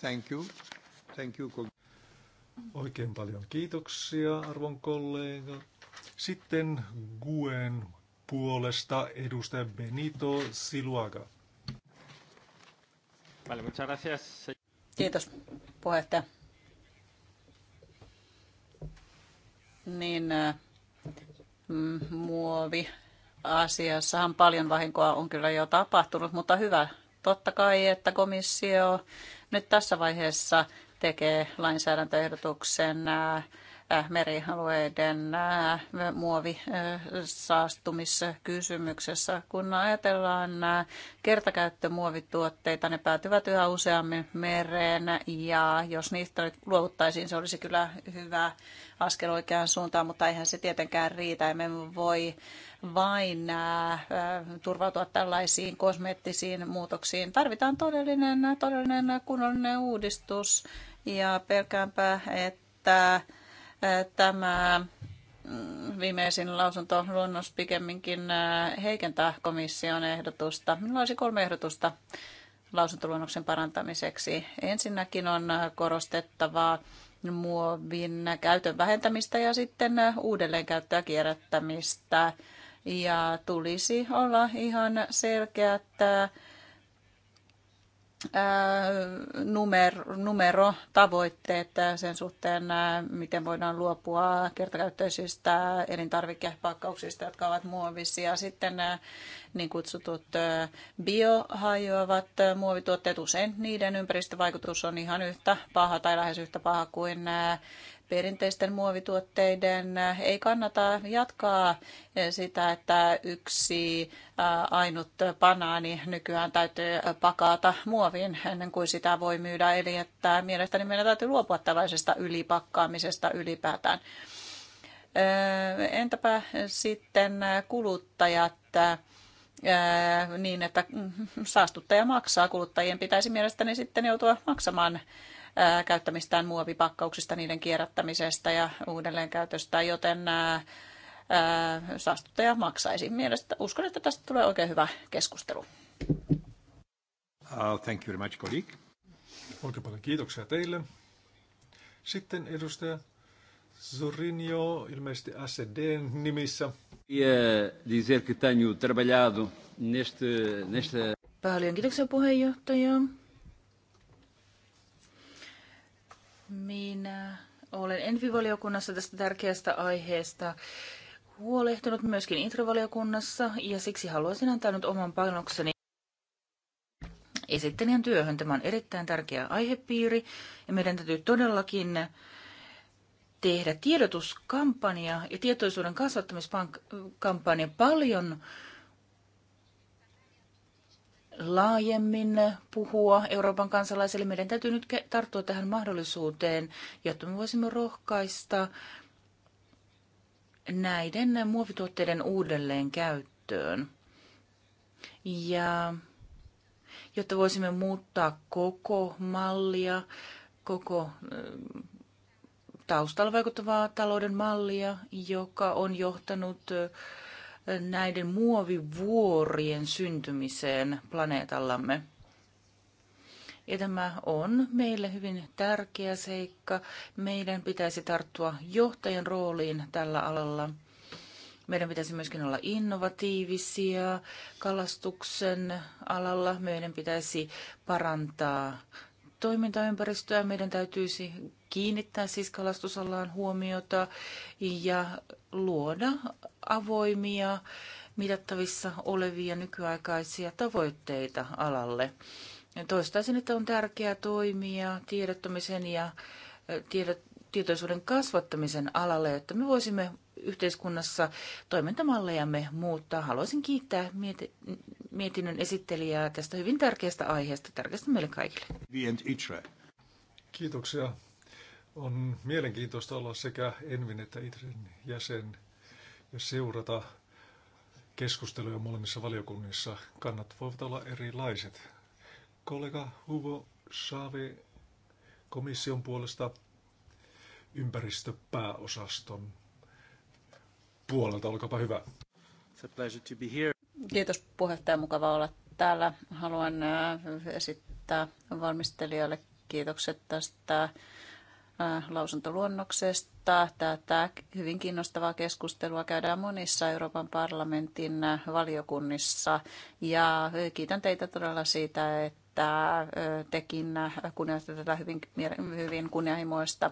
Thank you. Thank you. Oikein paljon kiitoksia, arvon kollega. Sitten Guen puolesta edustaja Benito Siluaga. Vale, muchas gracias. Kiitos puheenjohtaja. Niin äh, mm, muovi asiassahan paljon vahinkoa on kyllä jo tapahtunut, mutta hyvä totta kai, että komissio nyt tässä vaiheessa tekee lainsäädäntöehdotuksen äh, Äh, merialueiden äh, muovisaastumiskysymyksessä. Äh, Kun ajatellaan kertakäyttömuovituotteita, ne päätyvät yhä useammin mereen ja jos niistä nyt luovuttaisiin, se olisi kyllä hyvä askel oikeaan suuntaan, mutta eihän se tietenkään riitä. Emme voi vain turvautua tällaisiin kosmeettisiin muutoksiin. Tarvitaan todellinen, todellinen kunnollinen uudistus ja pelkäänpä, että tämä mm, viimeisin lausunto luonnos pikemminkin äh, heikentää komission ehdotusta. Minulla olisi kolme ehdotusta lausuntoluonnoksen parantamiseksi. Ensinnäkin on korostettavaa muovin käytön vähentämistä ja sitten uudelleenkäyttöä kierrättämistä. Ja tulisi olla ihan että numero, tavoitteet sen suhteen, miten voidaan luopua kertakäyttöisistä elintarvikepakkauksista, jotka ovat muovisia. Sitten niin kutsutut biohajoavat muovituotteet, usein niiden ympäristövaikutus on ihan yhtä paha tai lähes yhtä paha kuin perinteisten muovituotteiden äh, ei kannata jatkaa äh, sitä, että yksi äh, ainut banaani nykyään täytyy pakata muoviin ennen kuin sitä voi myydä. Eli että mielestäni meidän täytyy luopua tällaisesta ylipakkaamisesta ylipäätään. Entäpä sitten kuluttajat? niin, että mm, saastuttaja maksaa. Kuluttajien pitäisi mielestäni sitten joutua maksamaan käyttämistään muovipakkauksista, niiden kierrättämisestä ja uudelleenkäytöstä, joten saastuttaja maksaisi. Mielestä, uskon, että tästä tulee oikein hyvä keskustelu. Uh, thank you very much, colleague. Oikein paljon kiitoksia teille. Sitten edustaja Zorinio, ilmeisesti SD nimissä. Dizer neste, neste... Paljon kiitoksia puheenjohtaja. Minä olen Envivaliokunnassa tästä tärkeästä aiheesta huolehtunut myöskin introvaliokunnassa ja siksi haluaisin antaa nyt oman panokseni esittelijän työhön. Tämä on erittäin tärkeä aihepiiri ja meidän täytyy todellakin tehdä tiedotuskampanja ja tietoisuuden kasvattamiskampanja paljon laajemmin puhua Euroopan kansalaisille. Meidän täytyy nyt tarttua tähän mahdollisuuteen, jotta me voisimme rohkaista näiden muovituotteiden uudelleen käyttöön. Ja jotta voisimme muuttaa koko mallia, koko taustalla vaikuttavaa talouden mallia, joka on johtanut näiden muovivuorien syntymiseen planeetallamme. Ja tämä on meille hyvin tärkeä seikka. Meidän pitäisi tarttua johtajan rooliin tällä alalla. Meidän pitäisi myöskin olla innovatiivisia kalastuksen alalla. Meidän pitäisi parantaa toimintaympäristöä. Meidän täytyisi kiinnittää siis kalastusalaan huomiota ja luoda avoimia, mitattavissa olevia nykyaikaisia tavoitteita alalle. Toistaisin, että on tärkeää toimia tiedottamisen ja eh, tiedot, tietoisuuden kasvattamisen alalle, että me voisimme yhteiskunnassa toimintamallejamme muuttaa. Haluaisin kiittää mieti, mietinnön esittelijää tästä hyvin tärkeästä aiheesta, tärkeästä meille kaikille. Kiitoksia. On mielenkiintoista olla sekä Envin että Itren jäsen ja seurata keskusteluja molemmissa valiokunnissa. Kannat voivat olla erilaiset. Kollega Hugo Saavi komission puolesta ympäristöpääosaston puolelta. Olkaapa hyvä. It's a pleasure to be here. Kiitos puheenjohtaja. Mukava olla täällä. Haluan äh, esittää valmistelijalle kiitokset tästä äh, lausuntoluonnoksesta. Tätä hyvin kiinnostavaa keskustelua käydään monissa Euroopan parlamentin äh, valiokunnissa. Ja kiitän teitä todella siitä, että tekin kunnioitatte tätä hyvin, hyvin kunnianhimoista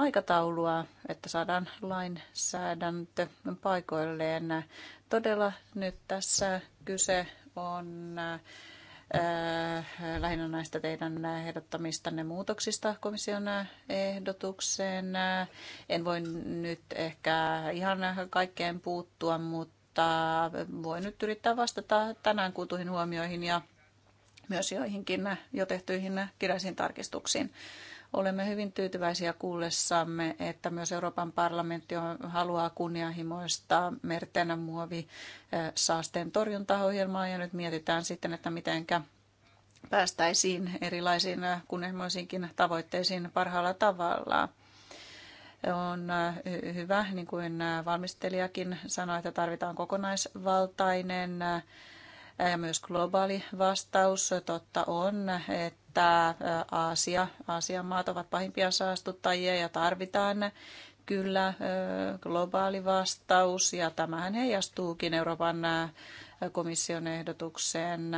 aikataulua, että saadaan lainsäädäntö paikoilleen. Todella nyt tässä kyse on äh, lähinnä näistä teidän ehdottamistanne muutoksista komission ehdotukseen. En voi nyt ehkä ihan kaikkeen puuttua, mutta voin nyt yrittää vastata tänään kuultuihin huomioihin ja myös joihinkin jo tehtyihin kirjaisiin tarkistuksiin. Olemme hyvin tyytyväisiä kuullessamme, että myös Euroopan parlamentti haluaa kunnianhimoista merten muovi eh, saasteen torjuntaohjelmaa ja nyt mietitään sitten, että mitenkä päästäisiin erilaisiin eh, kunnianhimoisiinkin tavoitteisiin parhaalla tavalla on eh, hyvä, niin kuin valmistelijakin sanoi, että tarvitaan kokonaisvaltainen ja myös globaali vastaus. Totta on, että että Aasia, Aasian maat ovat pahimpia saastuttajia ja tarvitaan kyllä globaali vastaus ja tämähän heijastuukin Euroopan komission ehdotukseen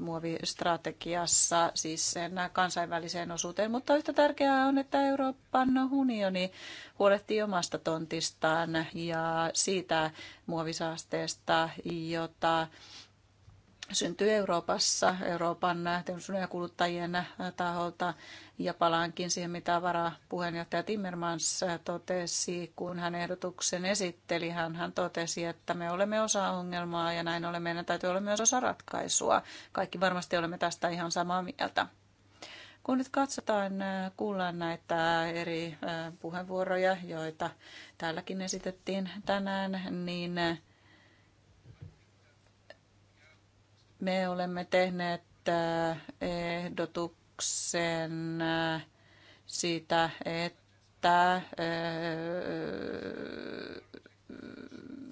muovistrategiassa, siis sen kansainväliseen osuuteen. Mutta yhtä tärkeää on, että Euroopan unioni huolehtii omasta tontistaan ja siitä muovisaasteesta, jota syntyy Euroopassa, Euroopan teollisuuden ja kuluttajien taholta. Ja palaankin siihen, mitä varapuheenjohtaja Timmermans totesi, kun hän ehdotuksen esitteli. Hän, hän totesi, että me olemme osa ongelmaa ja näin ollen meidän täytyy olla myös osa ratkaisua. Kaikki varmasti olemme tästä ihan samaa mieltä. Kun nyt katsotaan, kuullaan näitä eri puheenvuoroja, joita täälläkin esitettiin tänään, niin Me olemme tehneet äh, ehdotuksen äh, siitä, että äh,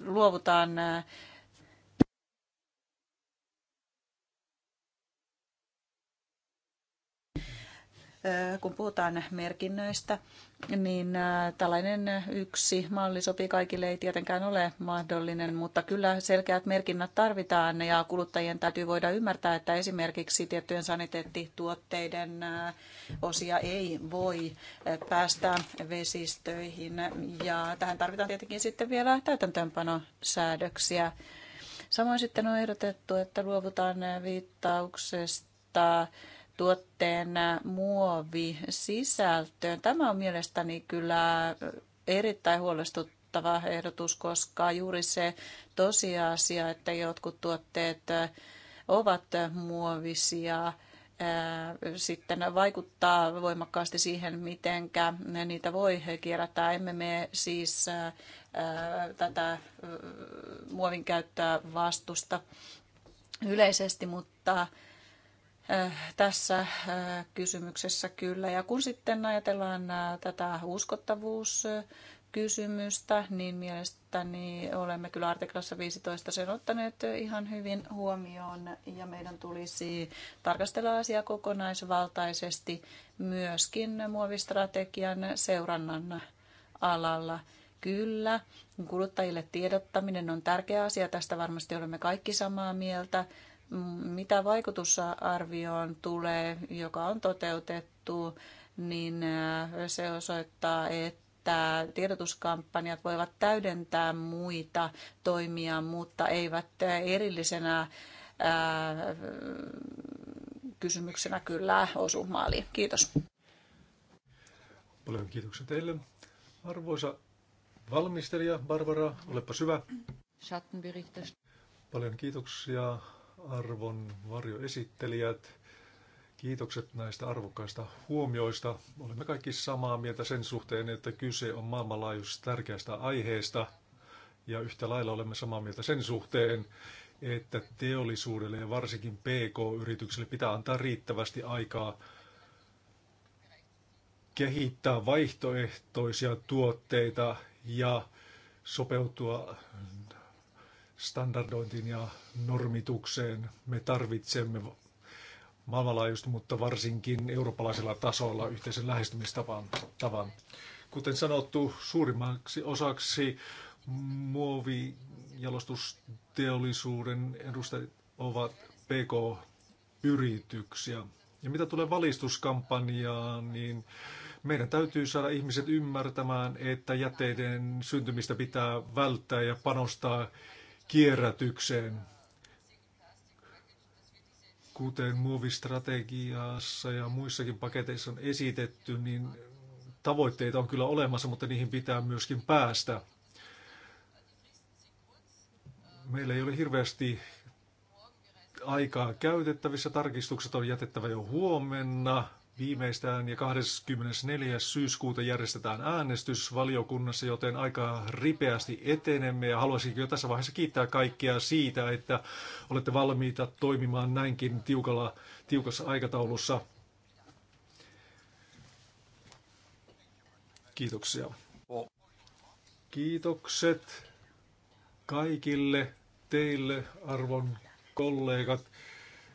luovutaan kun puhutaan merkinnöistä, niin äh, tällainen yksi malli sopii kaikille, ei tietenkään ole mahdollinen, mutta kyllä selkeät merkinnät tarvitaan ja kuluttajien täytyy voida ymmärtää, että esimerkiksi tiettyjen saniteettituotteiden äh, osia ei voi äh, päästä vesistöihin ja tähän tarvitaan tietenkin sitten vielä täytäntöönpanosäädöksiä. Samoin sitten on ehdotettu, että luovutaan viittauksesta tuotteen äh, sisältöön Tämä on mielestäni kyllä äh, erittäin huolestuttava ehdotus, koska juuri se tosiasia, että jotkut tuotteet äh, ovat muovisia, sitten vaikuttaa voimakkaasti siihen, miten niitä voi kierrättää. Emme me siis tätä muovin käyttöä vastusta yleisesti, mutta Äh, tässä äh, kysymyksessä kyllä. Ja kun sitten ajatellaan äh, tätä uskottavuuskysymystä, niin mielestäni olemme kyllä artiklassa 15 sen ottaneet ihan hyvin huomioon ja meidän tulisi tarkastella asiaa kokonaisvaltaisesti myöskin muovistrategian seurannan alalla. Kyllä, kuluttajille tiedottaminen on tärkeä asia, tästä varmasti olemme kaikki samaa mieltä, mitä vaikutusarvioon tulee, joka on toteutettu, niin äh, se osoittaa, että että tiedotuskampanjat voivat täydentää muita toimia, mutta eivät äh, erillisenä ää, äh, kysymyksenä kyllä osu maaliin. Kiitos. Paljon kiitoksia teille. Arvoisa valmistelija Barbara, olepa syvä. Paljon kiitoksia arvon varjoesittelijät. Kiitokset näistä arvokkaista huomioista. Olemme kaikki samaa mieltä sen suhteen, että kyse on maailmanlaajuisesti tärkeästä aiheesta. Ja yhtä lailla olemme samaa mieltä sen suhteen, että teollisuudelle ja varsinkin PK-yritykselle pitää antaa riittävästi aikaa kehittää vaihtoehtoisia tuotteita ja sopeutua standardointiin ja normitukseen. Me tarvitsemme maailmanlaajuisesti, mutta varsinkin eurooppalaisella tasolla yhteisen lähestymistavan. Tavan. Kuten sanottu, suurimmaksi osaksi muovijalostusteollisuuden edustajat ovat PK-yrityksiä. Ja mitä tulee valistuskampanjaan, niin meidän täytyy saada ihmiset ymmärtämään, että jätteiden syntymistä pitää välttää ja panostaa kierrätykseen, kuten muovistrategiassa ja muissakin paketeissa on esitetty, niin tavoitteita on kyllä olemassa, mutta niihin pitää myöskin päästä. Meillä ei ole hirveästi aikaa käytettävissä. Tarkistukset on jätettävä jo huomenna. Viimeistään ja 24. syyskuuta järjestetään äänestys valiokunnassa, joten aika ripeästi etenemme ja haluaisin jo tässä vaiheessa kiittää kaikkia siitä, että olette valmiita toimimaan näinkin tiukalla, tiukassa aikataulussa. Kiitoksia. Kiitokset kaikille teille, arvon kollegat.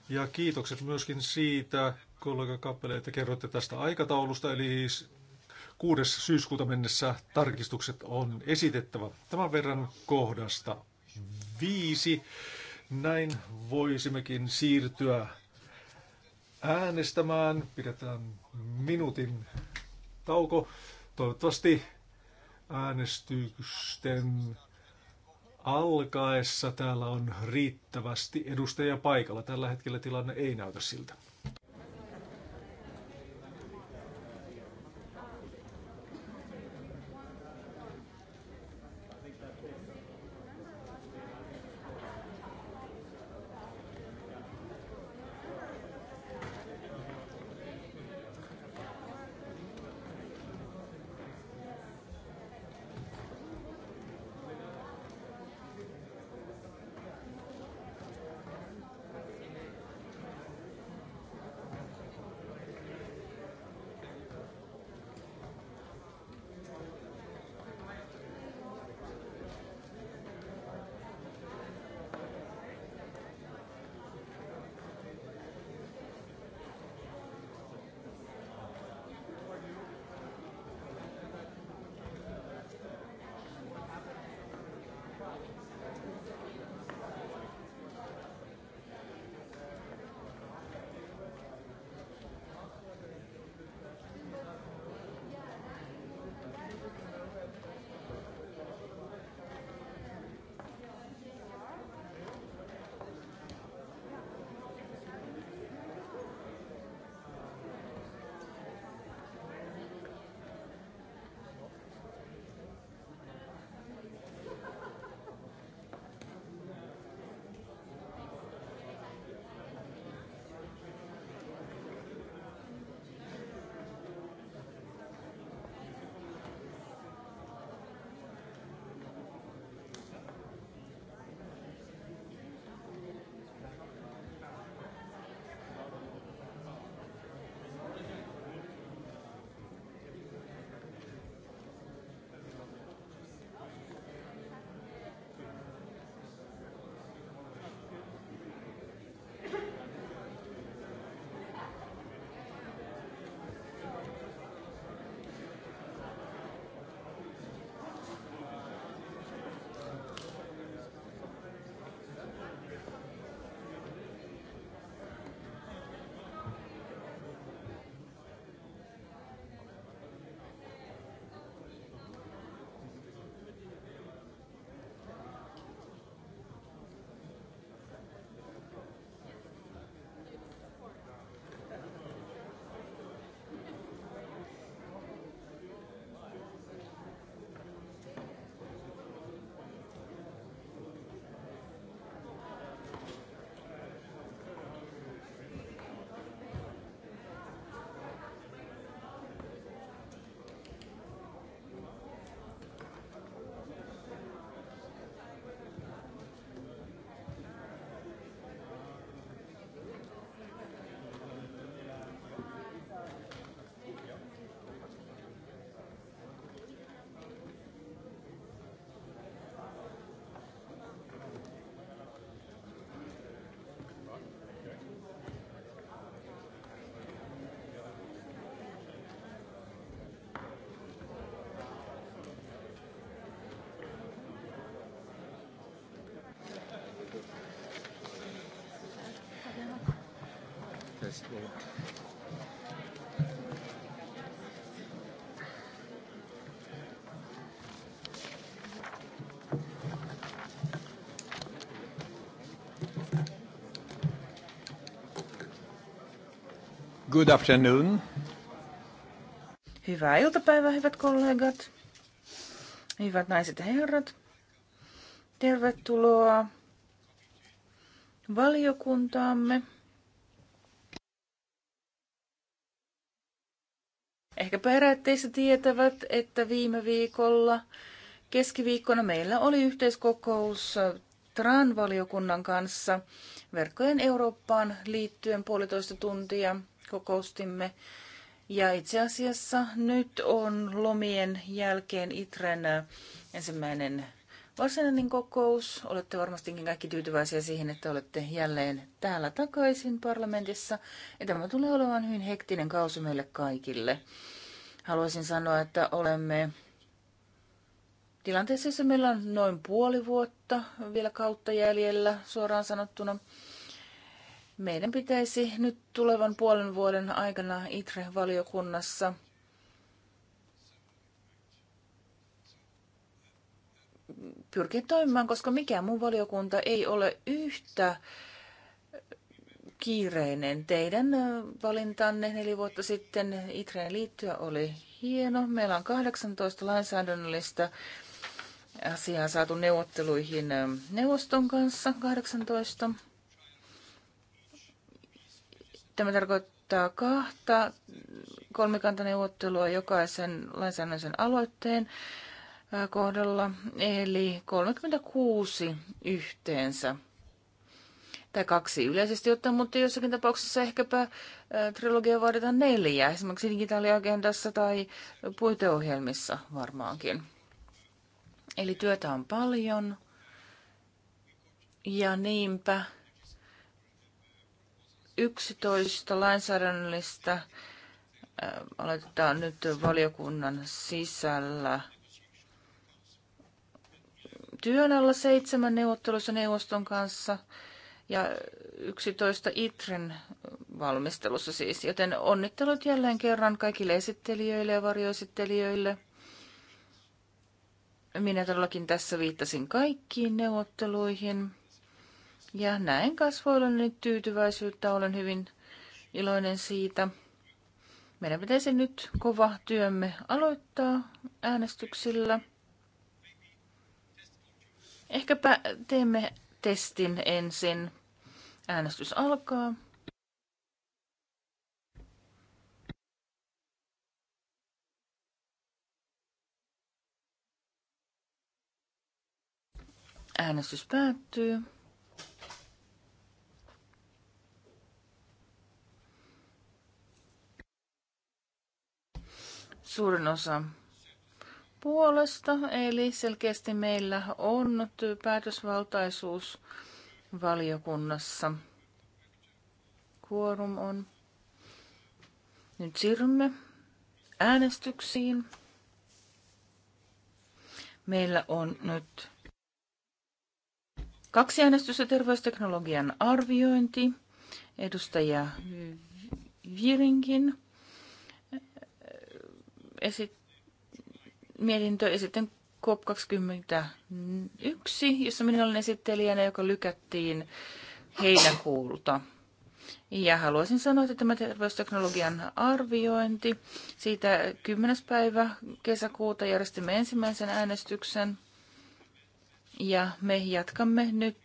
Ja kiitokset myöskin siitä, kollega Kappele, että kerrotte tästä aikataulusta, eli 6. syyskuuta mennessä tarkistukset on esitettävä. Tämän verran kohdasta viisi. Näin voisimmekin siirtyä äänestämään. Pidetään minuutin tauko. Toivottavasti äänestysten alkaessa täällä on riittävästi edustajia paikalla. Tällä hetkellä tilanne ei näytä siltä. Good afternoon. Hyvää iltapäivää, hyvät kollegat. Hyvät naiset ja herrat. Tervetuloa valiokuntaamme. Ehkä eräät tietävät, että viime viikolla keskiviikkona meillä oli yhteiskokous TRAN-valiokunnan kanssa verkkojen Eurooppaan liittyen puolitoista tuntia kokoustimme. Ja itse asiassa nyt on lomien jälkeen ITREN ensimmäinen varsinainen kokous. Olette varmastikin kaikki tyytyväisiä siihen, että olette jälleen täällä takaisin parlamentissa. Ja tämä tulee olemaan hyvin hektinen kausi meille kaikille. Haluaisin sanoa, että olemme tilanteessa, jossa meillä on noin puoli vuotta vielä kautta jäljellä suoraan sanottuna. Meidän pitäisi nyt tulevan puolen vuoden aikana ITRE-valiokunnassa – pyrkiä toimimaan, koska mikään muu valiokunta ei ole yhtä kiireinen. Teidän valintanne neljä vuotta sitten Itreen liittyä oli hieno. Meillä on 18 lainsäädännöllistä asiaa saatu neuvotteluihin neuvoston kanssa, 18. Tämä tarkoittaa kahta kolmikantaneuvottelua jokaisen lainsäädännöllisen aloitteen kohdalla, eli 36 yhteensä. Tai kaksi yleisesti ottaen, mutta jossakin tapauksessa ehkäpä trilogia vaaditaan neljä, esimerkiksi digitaaliagendassa tai puiteohjelmissa varmaankin. Eli työtä on paljon. Ja niinpä 11 lainsäädännöllistä aloitetaan nyt valiokunnan sisällä – työn alla seitsemän neuvottelussa neuvoston kanssa ja 11 ITREN valmistelussa siis. Joten onnittelut jälleen kerran kaikille esittelijöille ja varjoesittelijöille. Minä todellakin tässä viittasin kaikkiin neuvotteluihin. Ja näin kasvoillani tyytyväisyyttä, olen hyvin iloinen siitä. Meidän pitäisi nyt kova työmme aloittaa äänestyksillä. Ehkäpä teemme testin ensin. Äänestys alkaa. Äänestys päättyy. Suurin osa puolesta, eli selkeästi meillä on päätösvaltaisuus valiokunnassa. Kuorum on. Nyt siirrymme äänestyksiin. Meillä on nyt kaksi äänestystä terveysteknologian arviointi. Edustaja Viringin eh, eh, esittää mietintö ja sitten COP21, jossa minä olen esittelijänä, joka lykättiin heinäkuulta. Ja haluaisin sanoa, että tämä terveysteknologian arviointi, siitä 10. päivä kesäkuuta järjestimme ensimmäisen äänestyksen. Ja me jatkamme nyt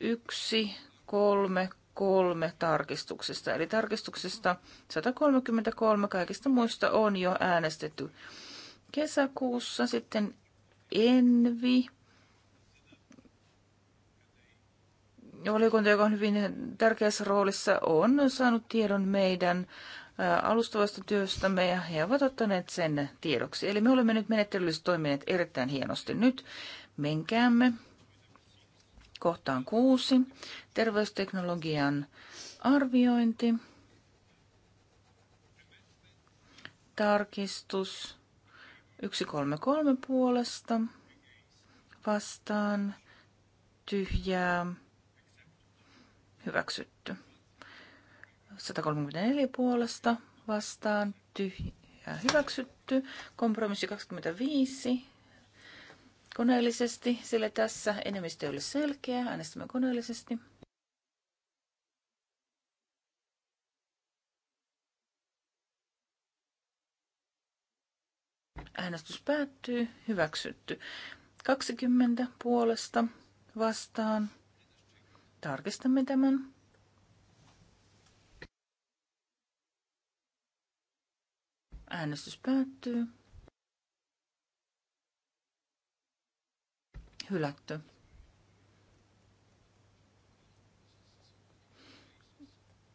yksi, kolme, kolme tarkistuksesta. Eli tarkistuksesta 133 kaikista muista on jo äänestetty kesäkuussa, sitten Envi, valiokunta, joka on hyvin tärkeässä roolissa, on saanut tiedon meidän alustavasta työstämme ja he ovat ottaneet sen tiedoksi. Eli me olemme nyt menettelyllisesti toimineet erittäin hienosti. Nyt menkäämme kohtaan kuusi, terveysteknologian arviointi, tarkistus 133 puolesta vastaan tyhjää hyväksytty. 134 puolesta vastaan tyhjää hyväksytty. Kompromissi 25 koneellisesti, sillä tässä enemmistö oli selkeä. Äänestämme koneellisesti. Äänestys päättyy. Hyväksytty. 20 puolesta vastaan. Tarkistamme tämän. Äänestys päättyy. Hylätty.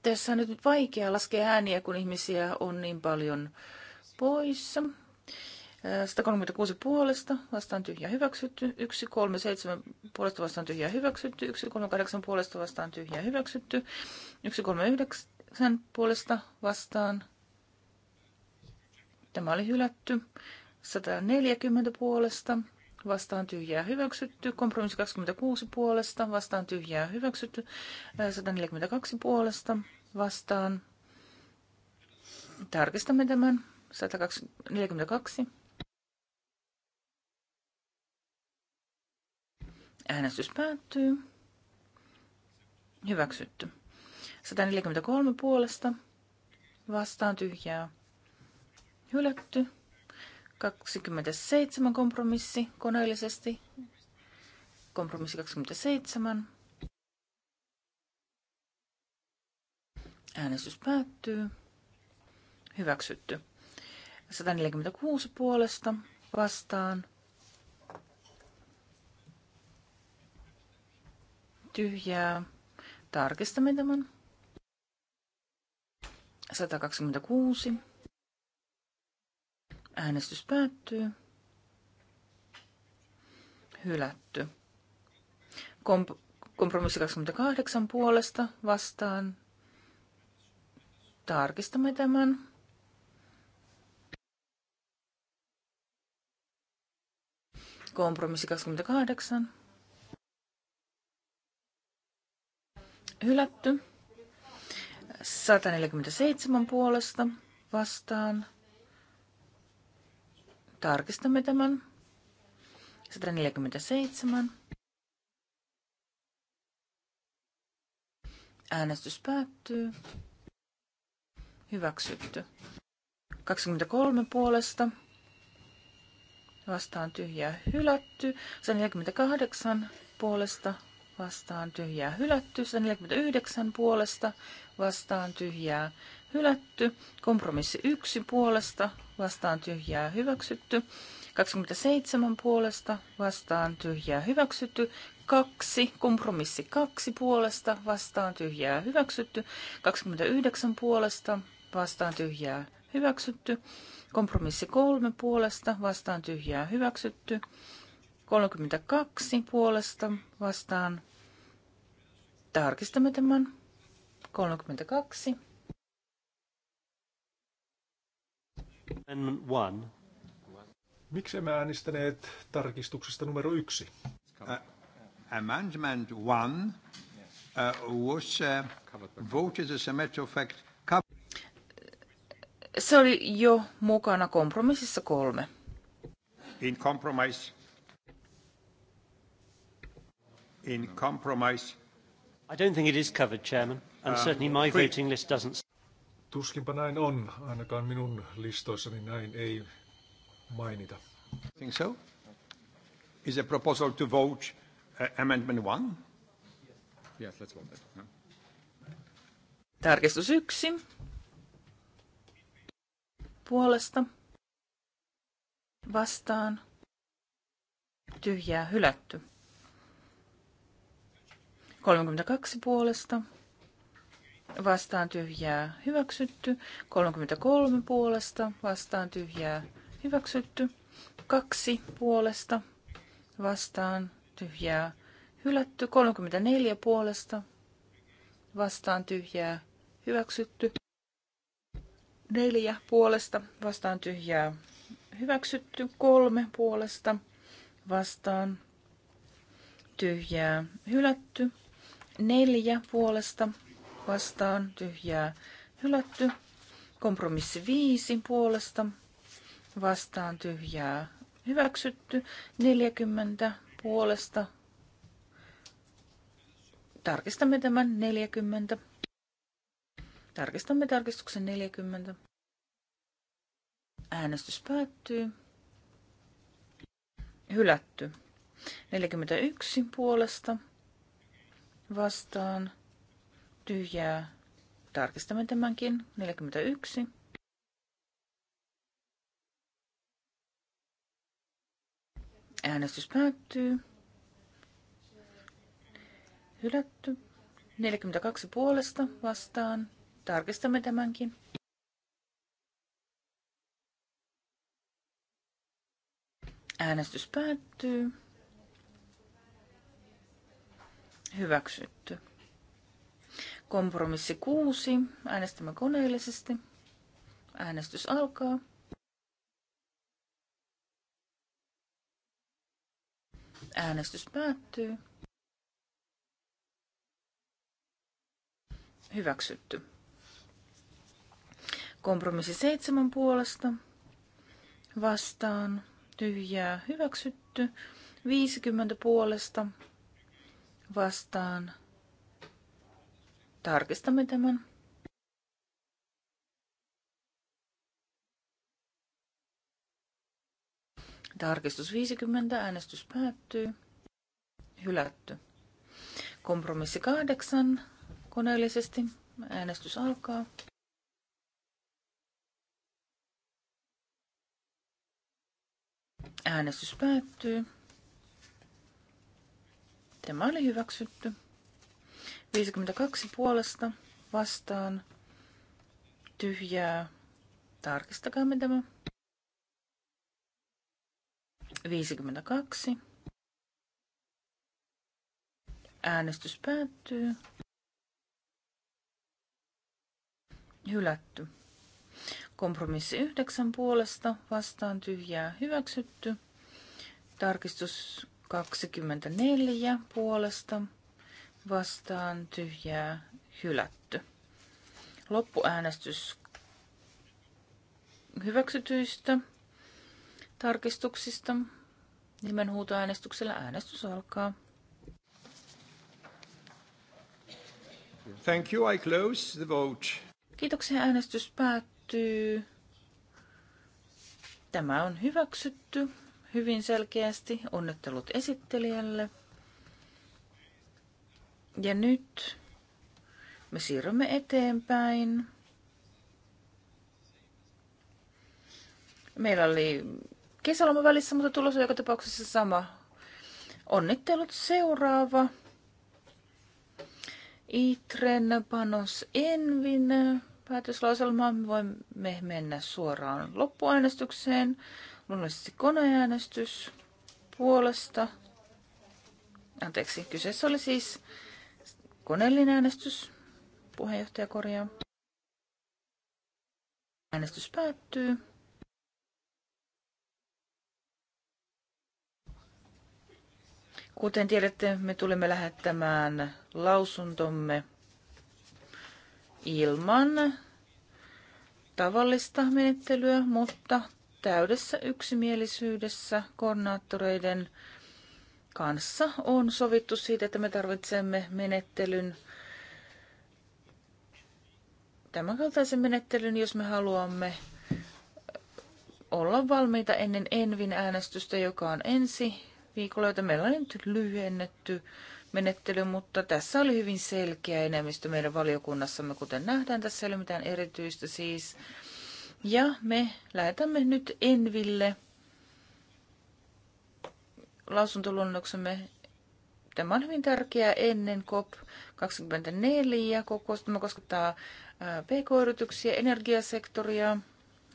Tässä on nyt vaikea laskea ääniä, kun ihmisiä on niin paljon poissa. 136 puolesta vastaan tyhjä hyväksytty, 137 puolesta vastaan tyhjä hyväksytty, 138 puolesta vastaan tyhjä hyväksytty, 139 puolesta vastaan tämä oli hylätty, 140 puolesta vastaan tyhjää hyväksytty, kompromissi 26 puolesta vastaan tyhjää hyväksytty, 142 puolesta vastaan. Tarkistamme tämän 142. Äänestys päättyy. Hyväksytty. 143 puolesta. Vastaan tyhjää. Hylätty. 27 kompromissi koneellisesti. Kompromissi 27. Äänestys päättyy. Hyväksytty. 146 puolesta vastaan tyhjää. Tarkistamme tämän. 126. Äänestys päättyy. Hylätty. Komp- kompromissi 28 puolesta vastaan. Tarkistamme tämän. Kompromissi 28. hylätty. 147 puolesta vastaan. Tarkistamme tämän. 147. Äänestys päättyy. Hyväksytty. 23 puolesta. Vastaan tyhjää hylätty. 148 puolesta vastaan tyhjää hylätty, 149 puolesta vastaan tyhjää hylätty, kompromissi 1 puolesta vastaan tyhjää hyväksytty, 27 puolesta vastaan tyhjää hyväksytty, 2, kompromissi 2 puolesta vastaan tyhjää hyväksytty, 29 puolesta vastaan tyhjää hyväksytty, kompromissi 3 puolesta vastaan tyhjää hyväksytty, 32 puolesta vastaan. Tarkistamme tämän. 32. Amendment one. Miksi emme äänestäneet tarkistuksesta numero yksi? Uh, amendment one uh, was uh, voted as a matter of fact. Se oli jo mukana kompromississa kolme. In compromise in compromise. I don't think it is covered, Chairman, and um, certainly my voting list doesn't. Tuskinpa näin on, ainakaan minun listoissani näin ei mainita. I Think so? Is a proposal to vote uh, amendment one? Yes, Yes, let's vote that. Yeah. Tarkistus yksi. Puolesta. Vastaan. Tyhjää hylätty. 32 puolesta. Vastaan tyhjää hyväksytty. 33 puolesta. Vastaan tyhjää hyväksytty. 2 puolesta. Vastaan tyhjää hylätty. 34 puolesta. Vastaan tyhjää hyväksytty. 4 puolesta. Vastaan tyhjää hyväksytty. 3 puolesta. Vastaan tyhjää hylätty. Neljä puolesta vastaan tyhjää hylätty. Kompromissi viisi puolesta vastaan tyhjää hyväksytty. 40 puolesta. Tarkistamme tämän 40. Tarkistamme tarkistuksen 40. Äänestys päättyy. Hylätty. 41 puolesta vastaan tyhjää. Tarkistamme tämänkin. 41. Äänestys päättyy. Hylätty. 42 puolesta vastaan. Tarkistamme tämänkin. Äänestys päättyy. Hyväksytty. Kompromissi 6. Äänestämme koneellisesti. Äänestys alkaa. Äänestys päättyy. Hyväksytty. Kompromissi seitsemän puolesta. Vastaan. Tyhjää. Hyväksytty. 50 puolesta vastaan. Tarkistamme tämän. Tarkistus 50, äänestys päättyy. Hylätty. Kompromissi 8, koneellisesti. Äänestys alkaa. Äänestys päättyy. Tämä oli hyväksytty. 52 puolesta vastaan tyhjää. Tarkistakaamme tämä. 52. Äänestys päättyy. Hylätty. Kompromissi 9 puolesta vastaan tyhjää hyväksytty. Tarkistus 24 puolesta vastaan tyhjää hylätty. Loppuäänestys hyväksytyistä tarkistuksista. Nimenhuutoäänestyksellä äänestys alkaa. Thank you. I close the vote. Kiitoksia. Äänestys päättyy. Tämä on hyväksytty hyvin selkeästi. Onnittelut esittelijälle. Ja nyt me siirrymme eteenpäin. Meillä oli kesäloma välissä, mutta tulos on joka tapauksessa sama. Onnittelut seuraava. Itren panos Envin päätöslauselmaan. Me voimme mennä suoraan loppuäänestykseen olisi koneäänestys puolesta. Anteeksi, kyseessä oli siis koneellinen äänestys. Puheenjohtaja korjaa. Äänestys päättyy. Kuten tiedätte, me tulemme lähettämään lausuntomme ilman tavallista menettelyä, mutta täydessä yksimielisyydessä koordinaattoreiden kanssa on sovittu siitä, että me tarvitsemme menettelyn, tämän kaltaisen menettelyn, jos me haluamme olla valmiita ennen Envin äänestystä, joka on ensi viikolla, jota meillä on nyt lyhennetty menettely, mutta tässä oli hyvin selkeä enemmistö meidän valiokunnassamme, kuten nähdään. Tässä ei ole mitään erityistä siis. Ja me lähetämme nyt Enville lausuntoluonnoksemme. Tämä on hyvin tärkeää ennen COP24 kokousta. Tämä koskettaa pk-yrityksiä, energiasektoria.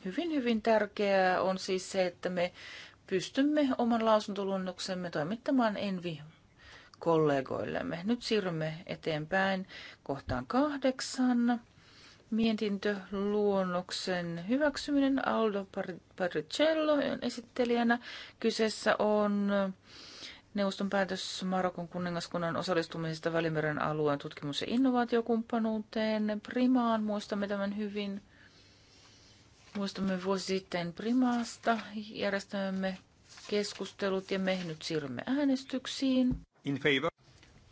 Hyvin, hyvin tärkeää on siis se, että me pystymme oman lausuntoluonnoksemme toimittamaan Envi kollegoillemme. Nyt siirrymme eteenpäin kohtaan kahdeksan mietintöluonnoksen hyväksyminen. Aldo Paricello on esittelijänä. Kyseessä on neuvoston päätös Marokon kuningaskunnan osallistumisesta Välimeren alueen tutkimus- ja innovaatiokumppanuuteen. Primaan muistamme tämän hyvin. Muistamme vuosi sitten Primaasta. Järjestämme keskustelut ja me nyt siirrymme äänestyksiin. In favor.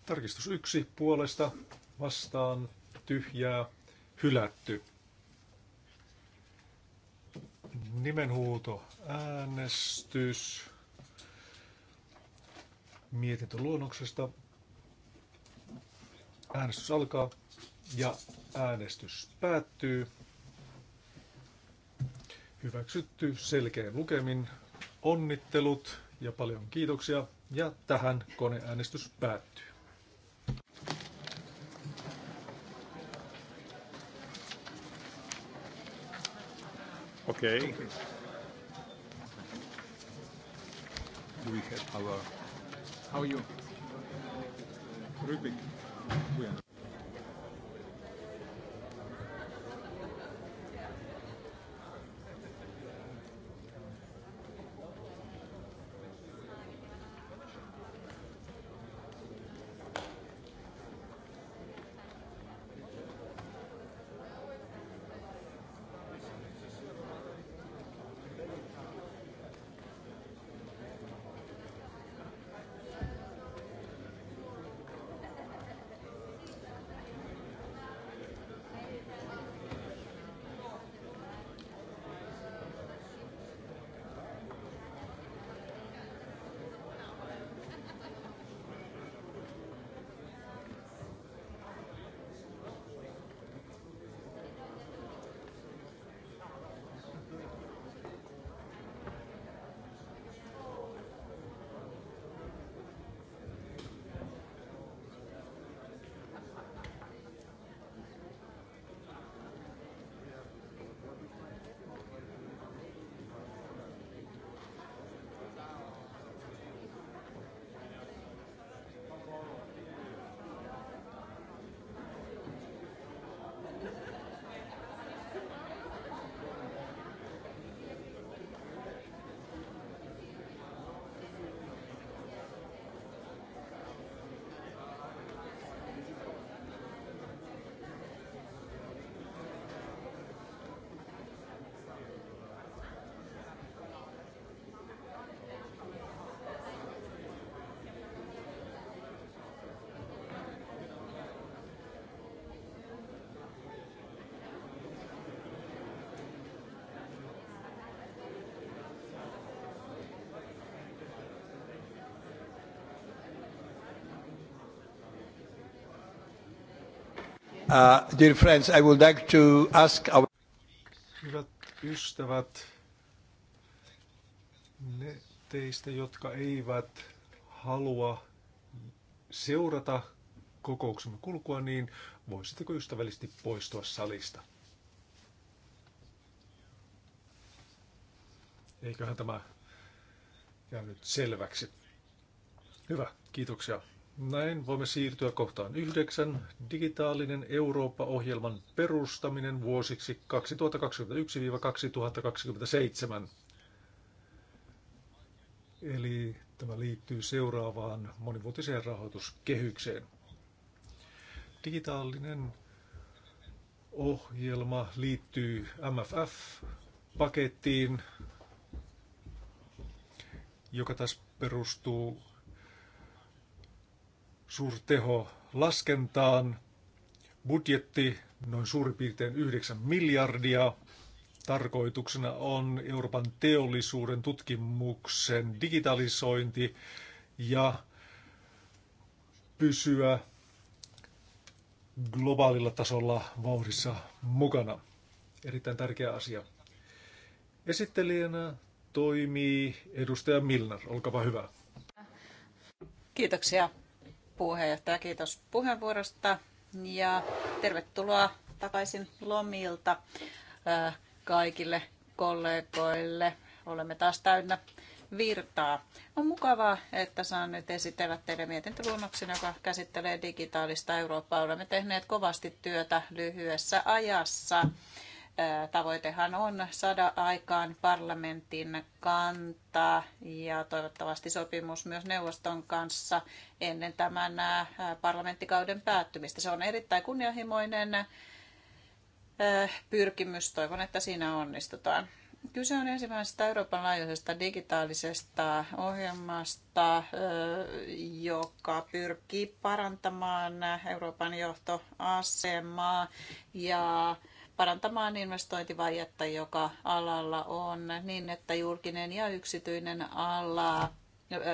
Tarkistus yksi puolesta vastaan tyhjää hylätty. Nimenhuuto, äänestys, mietintö luonnoksesta, äänestys alkaa ja äänestys päättyy. Hyväksytty selkeän lukemin. Onnittelut ja paljon kiitoksia. Ja tähän koneäänestys päättyy. Okay. Do we have our... How are you? Rubik. We are. Uh, dear friends, I would like to ask our... Hyvät ystävät, ne teistä, jotka eivät halua seurata kokouksemme kulkua, niin voisitteko ystävällisesti poistua salista? Eiköhän tämä käynyt selväksi. Hyvä, kiitoksia. Näin voimme siirtyä kohtaan yhdeksän. Digitaalinen Eurooppa-ohjelman perustaminen vuosiksi 2021-2027. Eli tämä liittyy seuraavaan monivuotiseen rahoituskehykseen. Digitaalinen ohjelma liittyy MFF-pakettiin, joka taas perustuu suurteho laskentaan. Budjetti noin suurin piirtein 9 miljardia. Tarkoituksena on Euroopan teollisuuden tutkimuksen digitalisointi ja pysyä globaalilla tasolla vauhdissa mukana. Erittäin tärkeä asia. Esittelijänä toimii edustaja Milner. Olkapa hyvä. Kiitoksia puheenjohtaja. Kiitos puheenvuorosta ja tervetuloa takaisin lomilta äh, kaikille kollegoille. Olemme taas täynnä virtaa. On mukavaa, että saan nyt esitellä teille mietintöluonnoksen, joka käsittelee digitaalista Eurooppaa. Olemme tehneet kovasti työtä lyhyessä ajassa. Tavoitehan on saada aikaan parlamentin kantaa ja toivottavasti sopimus myös neuvoston kanssa ennen tämän parlamenttikauden päättymistä. Se on erittäin kunnianhimoinen pyrkimys. Toivon, että siinä onnistutaan. Kyse on ensimmäisestä Euroopan laajuisesta digitaalisesta ohjelmasta, joka pyrkii parantamaan Euroopan johtoasemaa ja parantamaan investointivajetta, joka alalla on, niin että julkinen ja yksityinen ala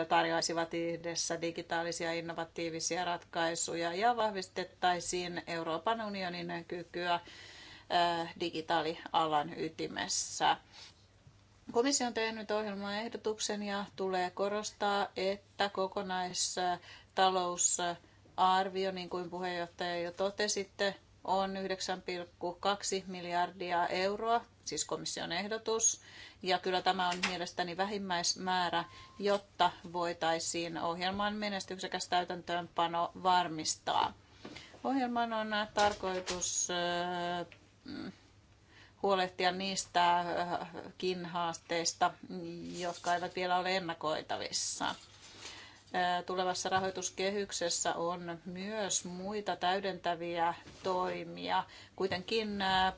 tarjoaisivat yhdessä digitaalisia innovatiivisia ratkaisuja ja vahvistettaisiin Euroopan unionin kykyä digitaalialan ytimessä. Komissio on tehnyt ohjelmaehdotuksen ja tulee korostaa, että kokonaistalousarvio, niin kuin puheenjohtaja jo totesitte, on 9,2 miljardia euroa, siis komission ehdotus. Ja kyllä tämä on mielestäni vähimmäismäärä, jotta voitaisiin ohjelman menestyksekäs täytäntöönpano varmistaa. Ohjelman on tarkoitus äh, huolehtia niistäkin äh, haasteista, jotka eivät vielä ole ennakoitavissa tulevassa rahoituskehyksessä on myös muita täydentäviä toimia. Kuitenkin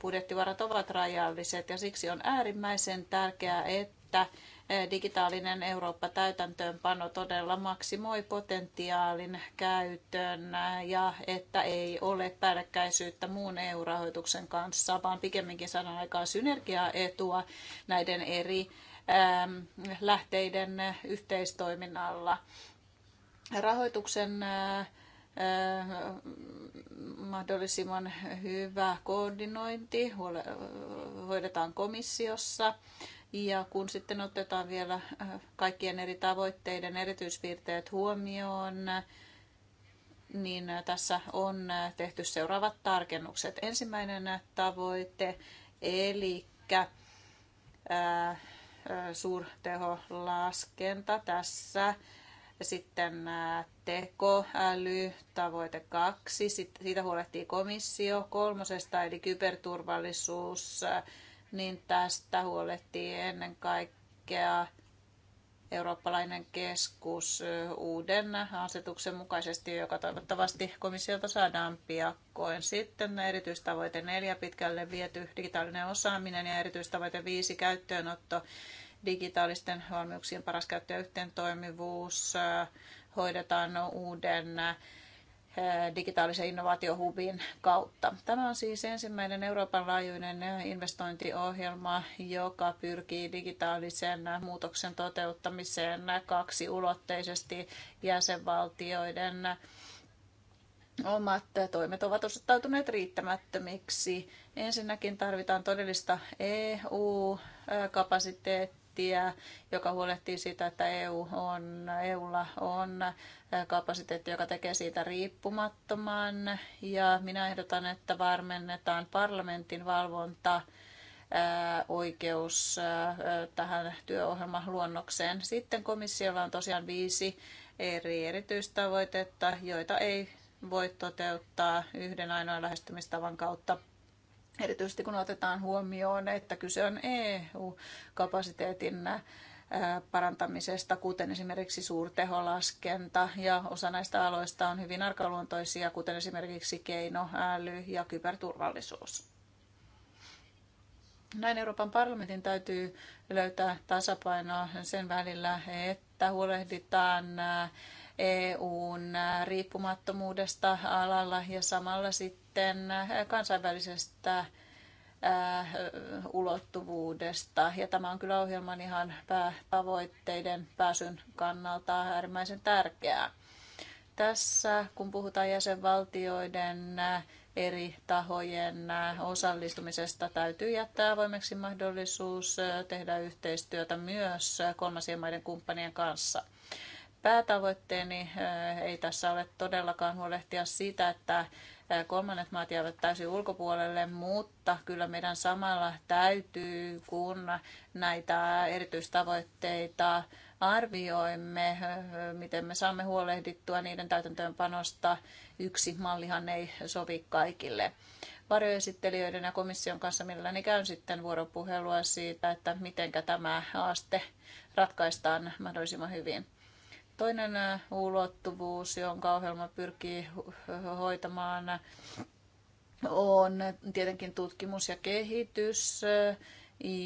budjettivarat ovat rajalliset ja siksi on äärimmäisen tärkeää, että digitaalinen Eurooppa täytäntöönpano todella maksimoi potentiaalin käytön ja että ei ole päällekkäisyyttä muun EU-rahoituksen kanssa, vaan pikemminkin saadaan aikaa synergiaetua näiden eri lähteiden yhteistoiminnalla rahoituksen äh, äh, mahdollisimman hyvä koordinointi hoidetaan komissiossa. Ja kun sitten otetaan vielä äh, kaikkien eri tavoitteiden erityispiirteet huomioon, niin tässä on tehty seuraavat tarkennukset. Ensimmäinen tavoite, eli suurteholaskenta tässä ja sitten äh, tekoäly, tavoite kaksi, siitä huolehtii komissio kolmosesta, eli kyberturvallisuus, äh, niin tästä huolehtii ennen kaikkea eurooppalainen keskus äh, uuden asetuksen mukaisesti, joka toivottavasti komissiolta saadaan piakkoin. Sitten erityistavoite neljä pitkälle viety digitaalinen osaaminen ja erityistavoite viisi käyttöönotto digitaalisten valmiuksien paras käyttö ja yhteentoimivuus, hoidetaan uuden digitaalisen innovaatiohubin kautta. Tämä on siis ensimmäinen Euroopan laajuinen investointiohjelma, joka pyrkii digitaalisen muutoksen toteuttamiseen ulotteisesti jäsenvaltioiden omat toimet ovat osoittautuneet riittämättömiksi. Ensinnäkin tarvitaan todellista EU-kapasiteettia tie, joka huolehtii siitä, että EU on, EUlla on kapasiteetti, joka tekee siitä riippumattoman. Ja minä ehdotan, että varmennetaan parlamentin valvonta oikeus tähän työohjelman luonnokseen. Sitten komissiolla on tosiaan viisi eri erityistavoitetta, joita ei voi toteuttaa yhden ainoan lähestymistavan kautta Erityisesti kun otetaan huomioon, että kyse on EU-kapasiteetin parantamisesta, kuten esimerkiksi suurteholaskenta ja osa näistä aloista on hyvin arkaluontoisia, kuten esimerkiksi keinoäly ja kyberturvallisuus. Näin Euroopan parlamentin täytyy löytää tasapainoa sen välillä, että huolehditaan EUn riippumattomuudesta alalla ja samalla sitten sitten eh, kansainvälisestä eh, ulottuvuudesta. Ja tämä on kyllä ohjelman ihan päätavoitteiden pääsyn kannalta äärimmäisen tärkeää. Tässä, kun puhutaan jäsenvaltioiden eh, eri tahojen osallistumisesta, täytyy jättää avoimeksi mahdollisuus tehdä yhteistyötä myös kolmansien maiden kumppanien kanssa päätavoitteeni ei tässä ole todellakaan huolehtia siitä, että kolmannet maat jäävät täysin ulkopuolelle, mutta kyllä meidän samalla täytyy, kun näitä erityistavoitteita arvioimme, miten me saamme huolehdittua niiden täytäntöönpanosta. Yksi mallihan ei sovi kaikille. Varjoesittelijöiden ja komission kanssa mielelläni käyn sitten vuoropuhelua siitä, että miten tämä haaste ratkaistaan mahdollisimman hyvin. Toinen äh, ulottuvuus, jonka ohjelma pyrkii hoitamaan, on tietenkin tutkimus ja kehitys äh,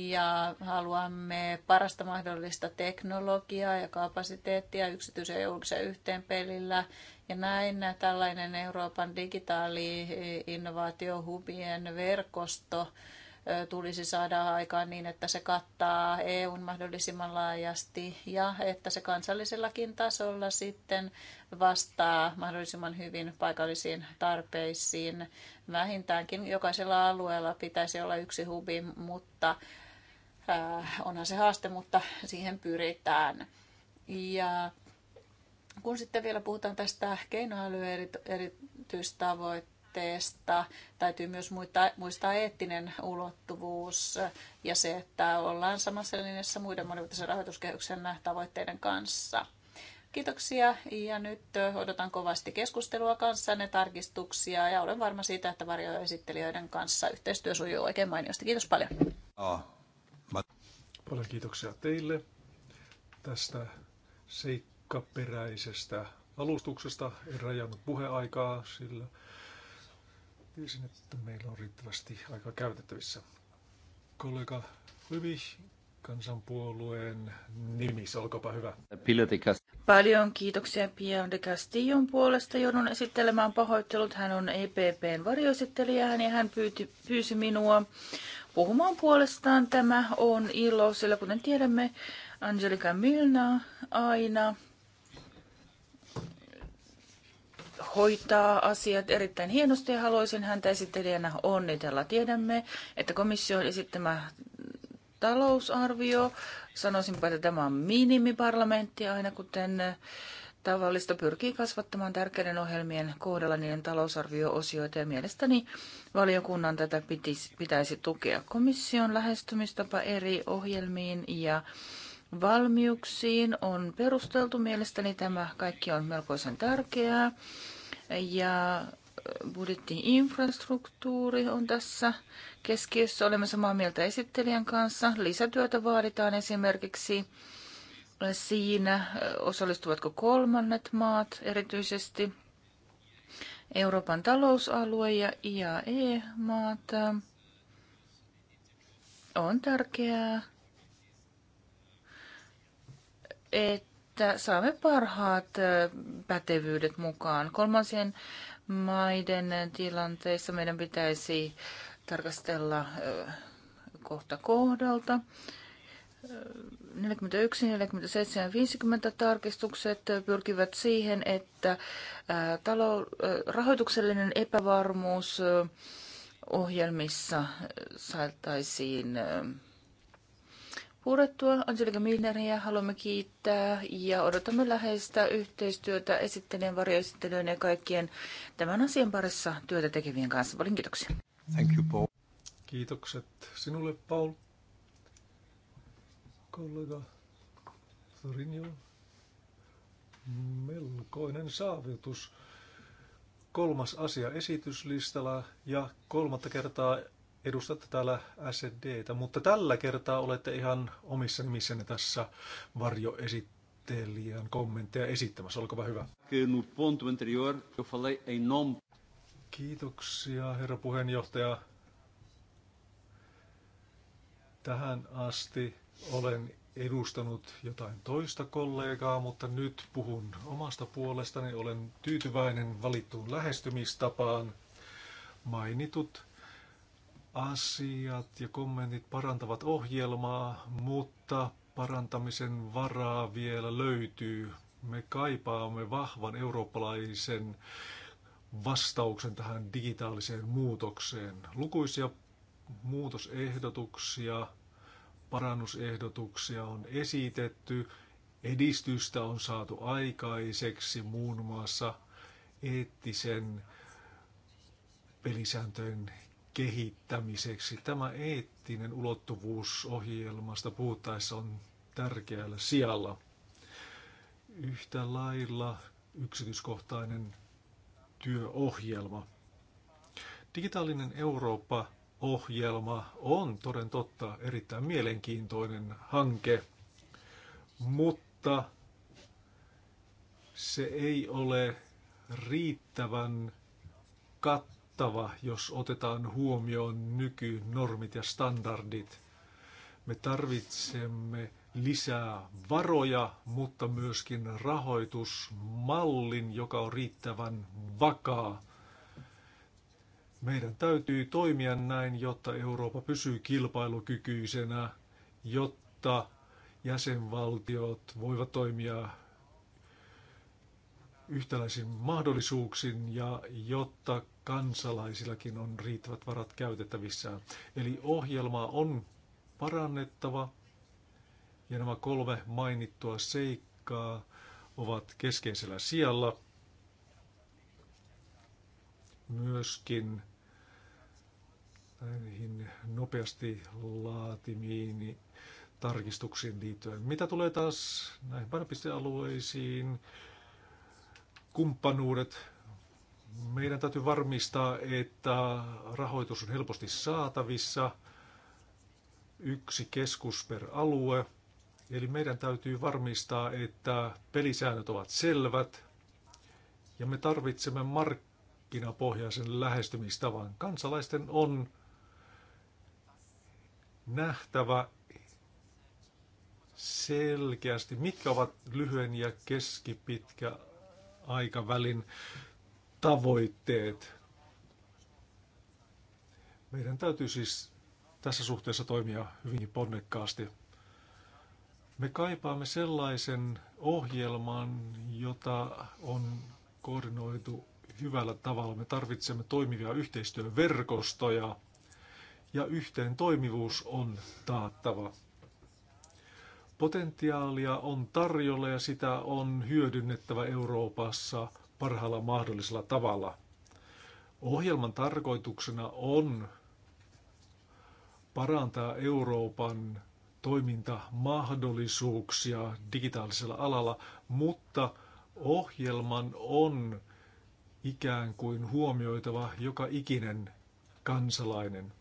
ja haluamme parasta mahdollista teknologiaa ja kapasiteettia yksityisen ja julkisen yhteenpelillä. Ja näin tällainen Euroopan digitaali-innovaatiohubien verkosto tulisi saada aikaan niin, että se kattaa EUn mahdollisimman laajasti ja että se kansallisellakin tasolla sitten vastaa mahdollisimman hyvin paikallisiin tarpeisiin. Vähintäänkin jokaisella alueella pitäisi olla yksi hubi, mutta onhan se haaste, mutta siihen pyritään. Ja kun sitten vielä puhutaan tästä keinoälyerityistavoitteesta, tuotteesta. Täytyy myös muistaa, muistaa eettinen ulottuvuus ja se, että ollaan samassa linjassa muiden monivuotisen rahoituskehyksen tavoitteiden kanssa. Kiitoksia ja nyt odotan kovasti keskustelua kanssanne, tarkistuksia ja olen varma siitä, että varjoesittelijöiden kanssa yhteistyö sujuu oikein mainiosti. Kiitos paljon. Ah, paljon kiitoksia teille tästä seikkaperäisestä alustuksesta. En rajannut puheaikaa, sillä Tiesin, että meillä on riittävästi aikaa käytettävissä. Kollega Hyvih, kansanpuolueen nimissä, olkaapa hyvä. Paljon kiitoksia Pierre de Castillon puolesta. Joudun esittelemään pahoittelut. Hän on EPPn varjoesittelijä ja hän pyyti, pyysi minua puhumaan puolestaan. Tämä on ilo, sillä kuten tiedämme, Angelika Milna aina hoitaa asiat erittäin hienosti ja haluaisin häntä esittelijänä onnitella. Tiedämme, että komission esittämä talousarvio, sanoisinpa, että tämä on minimiparlamentti aina kuten eh, tavallista pyrkii kasvattamaan tärkeiden ohjelmien kohdalla niiden talousarvio-osioita ja mielestäni valiokunnan tätä pitäisi tukea. Komission lähestymistapa eri ohjelmiin ja valmiuksiin on perusteltu. Mielestäni tämä kaikki on melkoisen tärkeää ja budjettiin infrastruktuuri on tässä keskiössä. Olemme samaa mieltä esittelijän kanssa. Lisätyötä vaaditaan esimerkiksi siinä, osallistuvatko kolmannet maat erityisesti. Euroopan talousalue ja IAE-maat on tärkeää, että että saamme parhaat pätevyydet mukaan. Kolmansien maiden tilanteissa meidän pitäisi tarkastella kohta kohdalta. 41, 47 ja 50 tarkistukset pyrkivät siihen, että rahoituksellinen epävarmuus ohjelmissa saataisiin purettua. Angelika Milneriä haluamme kiittää ja odotamme läheistä yhteistyötä esittelijän, varjoesittelijöiden ja kaikkien tämän asian parissa työtä tekevien kanssa. Paljon kiitoksia. Thank you, Paul. Kiitokset sinulle, Paul. Kollega Sorinio. Melkoinen saavutus. Kolmas asia esityslistalla ja kolmatta kertaa edustatte täällä SDtä, mutta tällä kertaa olette ihan omissa nimissänne tässä varjoesittelijän kommentteja esittämässä. Olkaa hyvä. No Kiitoksia, herra puheenjohtaja. Tähän asti olen edustanut jotain toista kollegaa, mutta nyt puhun omasta puolestani. Olen tyytyväinen valittuun lähestymistapaan. Mainitut asiat ja kommentit parantavat ohjelmaa, mutta parantamisen varaa vielä löytyy. Me kaipaamme vahvan eurooppalaisen vastauksen tähän digitaaliseen muutokseen. Lukuisia muutosehdotuksia, parannusehdotuksia on esitetty, edistystä on saatu aikaiseksi muun muassa eettisen pelisääntöjen kehittämiseksi. Tämä eettinen ulottuvuus ohjelmasta puhuttaessa on tärkeällä sijalla. Yhtä lailla yksityiskohtainen työohjelma. Digitaalinen Eurooppa-ohjelma on toden totta erittäin mielenkiintoinen hanke, mutta se ei ole riittävän kattava kattava, jos otetaan huomioon nykynormit ja standardit. Me tarvitsemme lisää varoja, mutta myöskin rahoitusmallin, joka on riittävän vakaa. Meidän täytyy toimia näin, jotta Eurooppa pysyy kilpailukykyisenä, jotta jäsenvaltiot voivat toimia yhtäläisin mahdollisuuksin ja jotta kansalaisillakin on riittävät varat käytettävissään. Eli ohjelmaa on parannettava ja nämä kolme mainittua seikkaa ovat keskeisellä sijalla. Myöskin näihin nopeasti laatimiin tarkistuksiin liittyen. Mitä tulee taas näihin painopistealueisiin, kumppanuudet. Meidän täytyy varmistaa, että rahoitus on helposti saatavissa, yksi keskus per alue. Eli meidän täytyy varmistaa, että pelisäännöt ovat selvät ja me tarvitsemme markkinapohjaisen lähestymistavan. Kansalaisten on nähtävä selkeästi, mitkä ovat lyhyen ja keskipitkä aikavälin tavoitteet. Meidän täytyy siis tässä suhteessa toimia hyvin ponnekkaasti. Me kaipaamme sellaisen ohjelman, jota on koordinoitu hyvällä tavalla. Me tarvitsemme toimivia yhteistyöverkostoja ja yhteen toimivuus on taattava. Potentiaalia on tarjolla ja sitä on hyödynnettävä Euroopassa parhaalla mahdollisella tavalla. Ohjelman tarkoituksena on parantaa Euroopan toimintamahdollisuuksia digitaalisella alalla, mutta ohjelman on ikään kuin huomioitava joka ikinen kansalainen.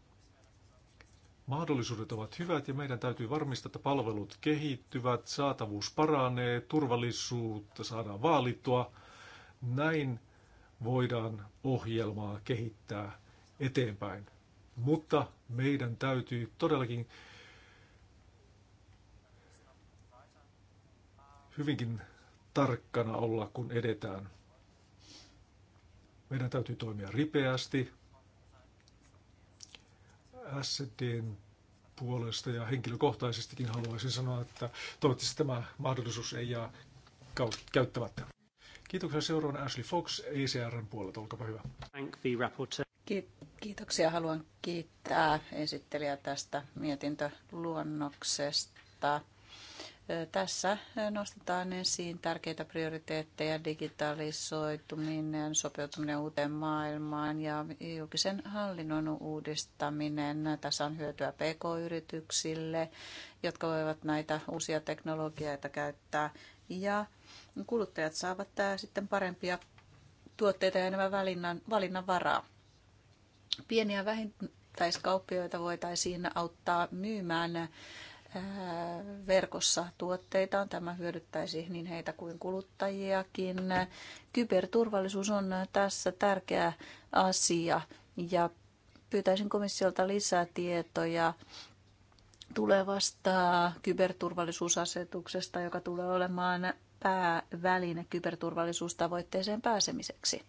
Mahdollisuudet ovat hyvät ja meidän täytyy varmistaa, että palvelut kehittyvät, saatavuus paranee, turvallisuutta saadaan vaalittua. Näin voidaan ohjelmaa kehittää eteenpäin. Mutta meidän täytyy todellakin hyvinkin tarkkana olla, kun edetään. Meidän täytyy toimia ripeästi, SDn puolesta ja henkilökohtaisestikin haluaisin sanoa, että toivottavasti tämä mahdollisuus ei jää käyttämättä. Kiitoksia seuraavan Ashley Fox ECRn puolelta, olkaapa hyvä. Kiitoksia. Haluan kiittää esittelijää tästä mietintöluonnoksesta. Tässä nostetaan esiin tärkeitä prioriteetteja, digitalisoituminen, sopeutuminen uuteen maailmaan ja julkisen hallinnon uudistaminen. Tässä on hyötyä pk-yrityksille, jotka voivat näitä uusia teknologioita käyttää ja kuluttajat saavat tää sitten parempia tuotteita ja enemmän valinnan, valinnanvaraa. Pieniä vähintäiskauppioita voitaisiin auttaa myymään verkossa tuotteitaan. Tämä hyödyttäisi niin heitä kuin kuluttajiakin. Kyberturvallisuus on tässä tärkeä asia ja pyytäisin komissiolta lisää tietoja tulevasta kyberturvallisuusasetuksesta, joka tulee olemaan pääväline kyberturvallisuustavoitteeseen pääsemiseksi.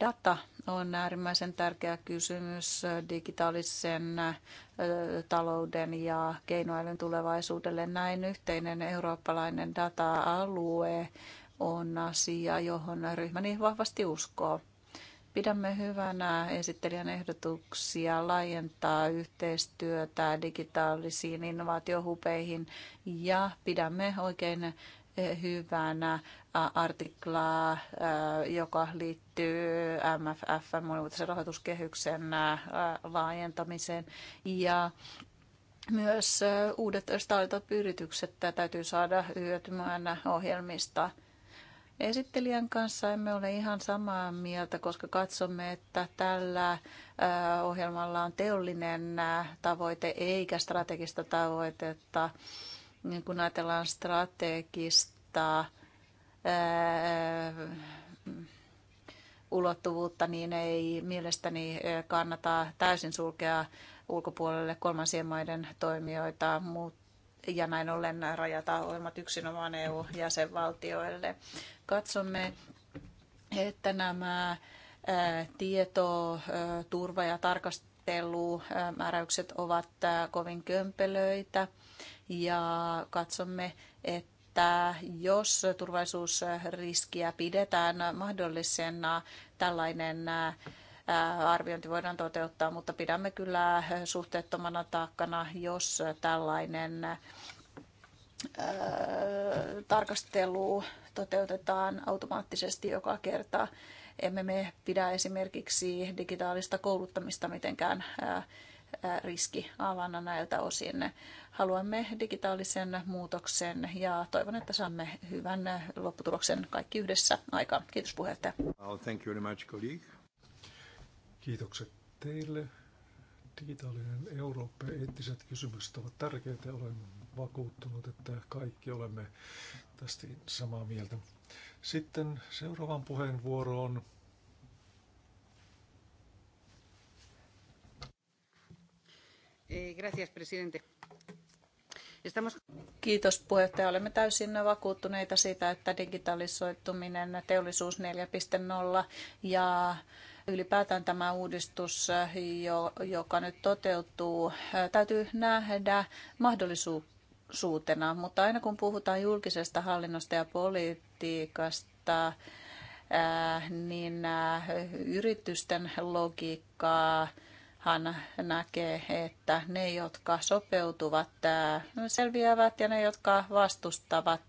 Data on äärimmäisen tärkeä kysymys digitaalisen talouden ja keinoälyn tulevaisuudelle. Näin yhteinen eurooppalainen data-alue on asia, johon ryhmäni niin vahvasti uskoo. Pidämme hyvänä esittelijän ehdotuksia laajentaa yhteistyötä digitaalisiin innovaatiohupeihin ja pidämme oikein eh, hyvänä artiklaa, äh, joka liittyy MFF, monivuotisen rahoituskehyksen äh, laajentamiseen. Ja myös äh, uudet startup-yritykset täytyy saada hyötymään ohjelmista. Esittelijän kanssa emme ole ihan samaa mieltä, koska katsomme, että tällä ohjelmalla on teollinen tavoite eikä strategista tavoitetta. Niin kun ajatellaan strategista ulottuvuutta, niin ei mielestäni kannata täysin sulkea ulkopuolelle kolmansien maiden toimijoita, ja näin ollen rajata ohjelmat yksinomaan EU-jäsenvaltioille. Katsomme, että nämä tieto, turva ja tarkastelumääräykset ovat kovin kömpelöitä ja katsomme, että että jos turvallisuusriskiä pidetään mahdollisena, tällainen arviointi voidaan toteuttaa, mutta pidämme kyllä suhteettomana taakkana, jos tällainen tarkastelu toteutetaan automaattisesti joka kerta. Emme me pidä esimerkiksi digitaalista kouluttamista mitenkään Äh, riski avanna näiltä osin. Haluamme digitaalisen muutoksen ja toivon, että saamme hyvän äh, lopputuloksen kaikki yhdessä aikaan. Kiitos puheenjohtaja. Thank you very much, colleague. Kiitokset teille. Digitaalinen Eurooppa ja eettiset kysymykset ovat tärkeitä. Olen vakuuttunut, että kaikki olemme tästä samaa mieltä. Sitten seuraavaan puheenvuoroon Eh, Kiitos puheenjohtaja. Olemme täysin vakuuttuneita siitä, että digitalisoituminen, teollisuus 4.0 ja ylipäätään tämä uudistus, joka nyt toteutuu, eh, täytyy nähdä mahdollisuutena. Mutta aina kun puhutaan julkisesta hallinnosta ja politiikasta, eh, niin yritysten logiikkaa – hän näkee, että ne, jotka sopeutuvat, selviävät ja ne, jotka vastustavat,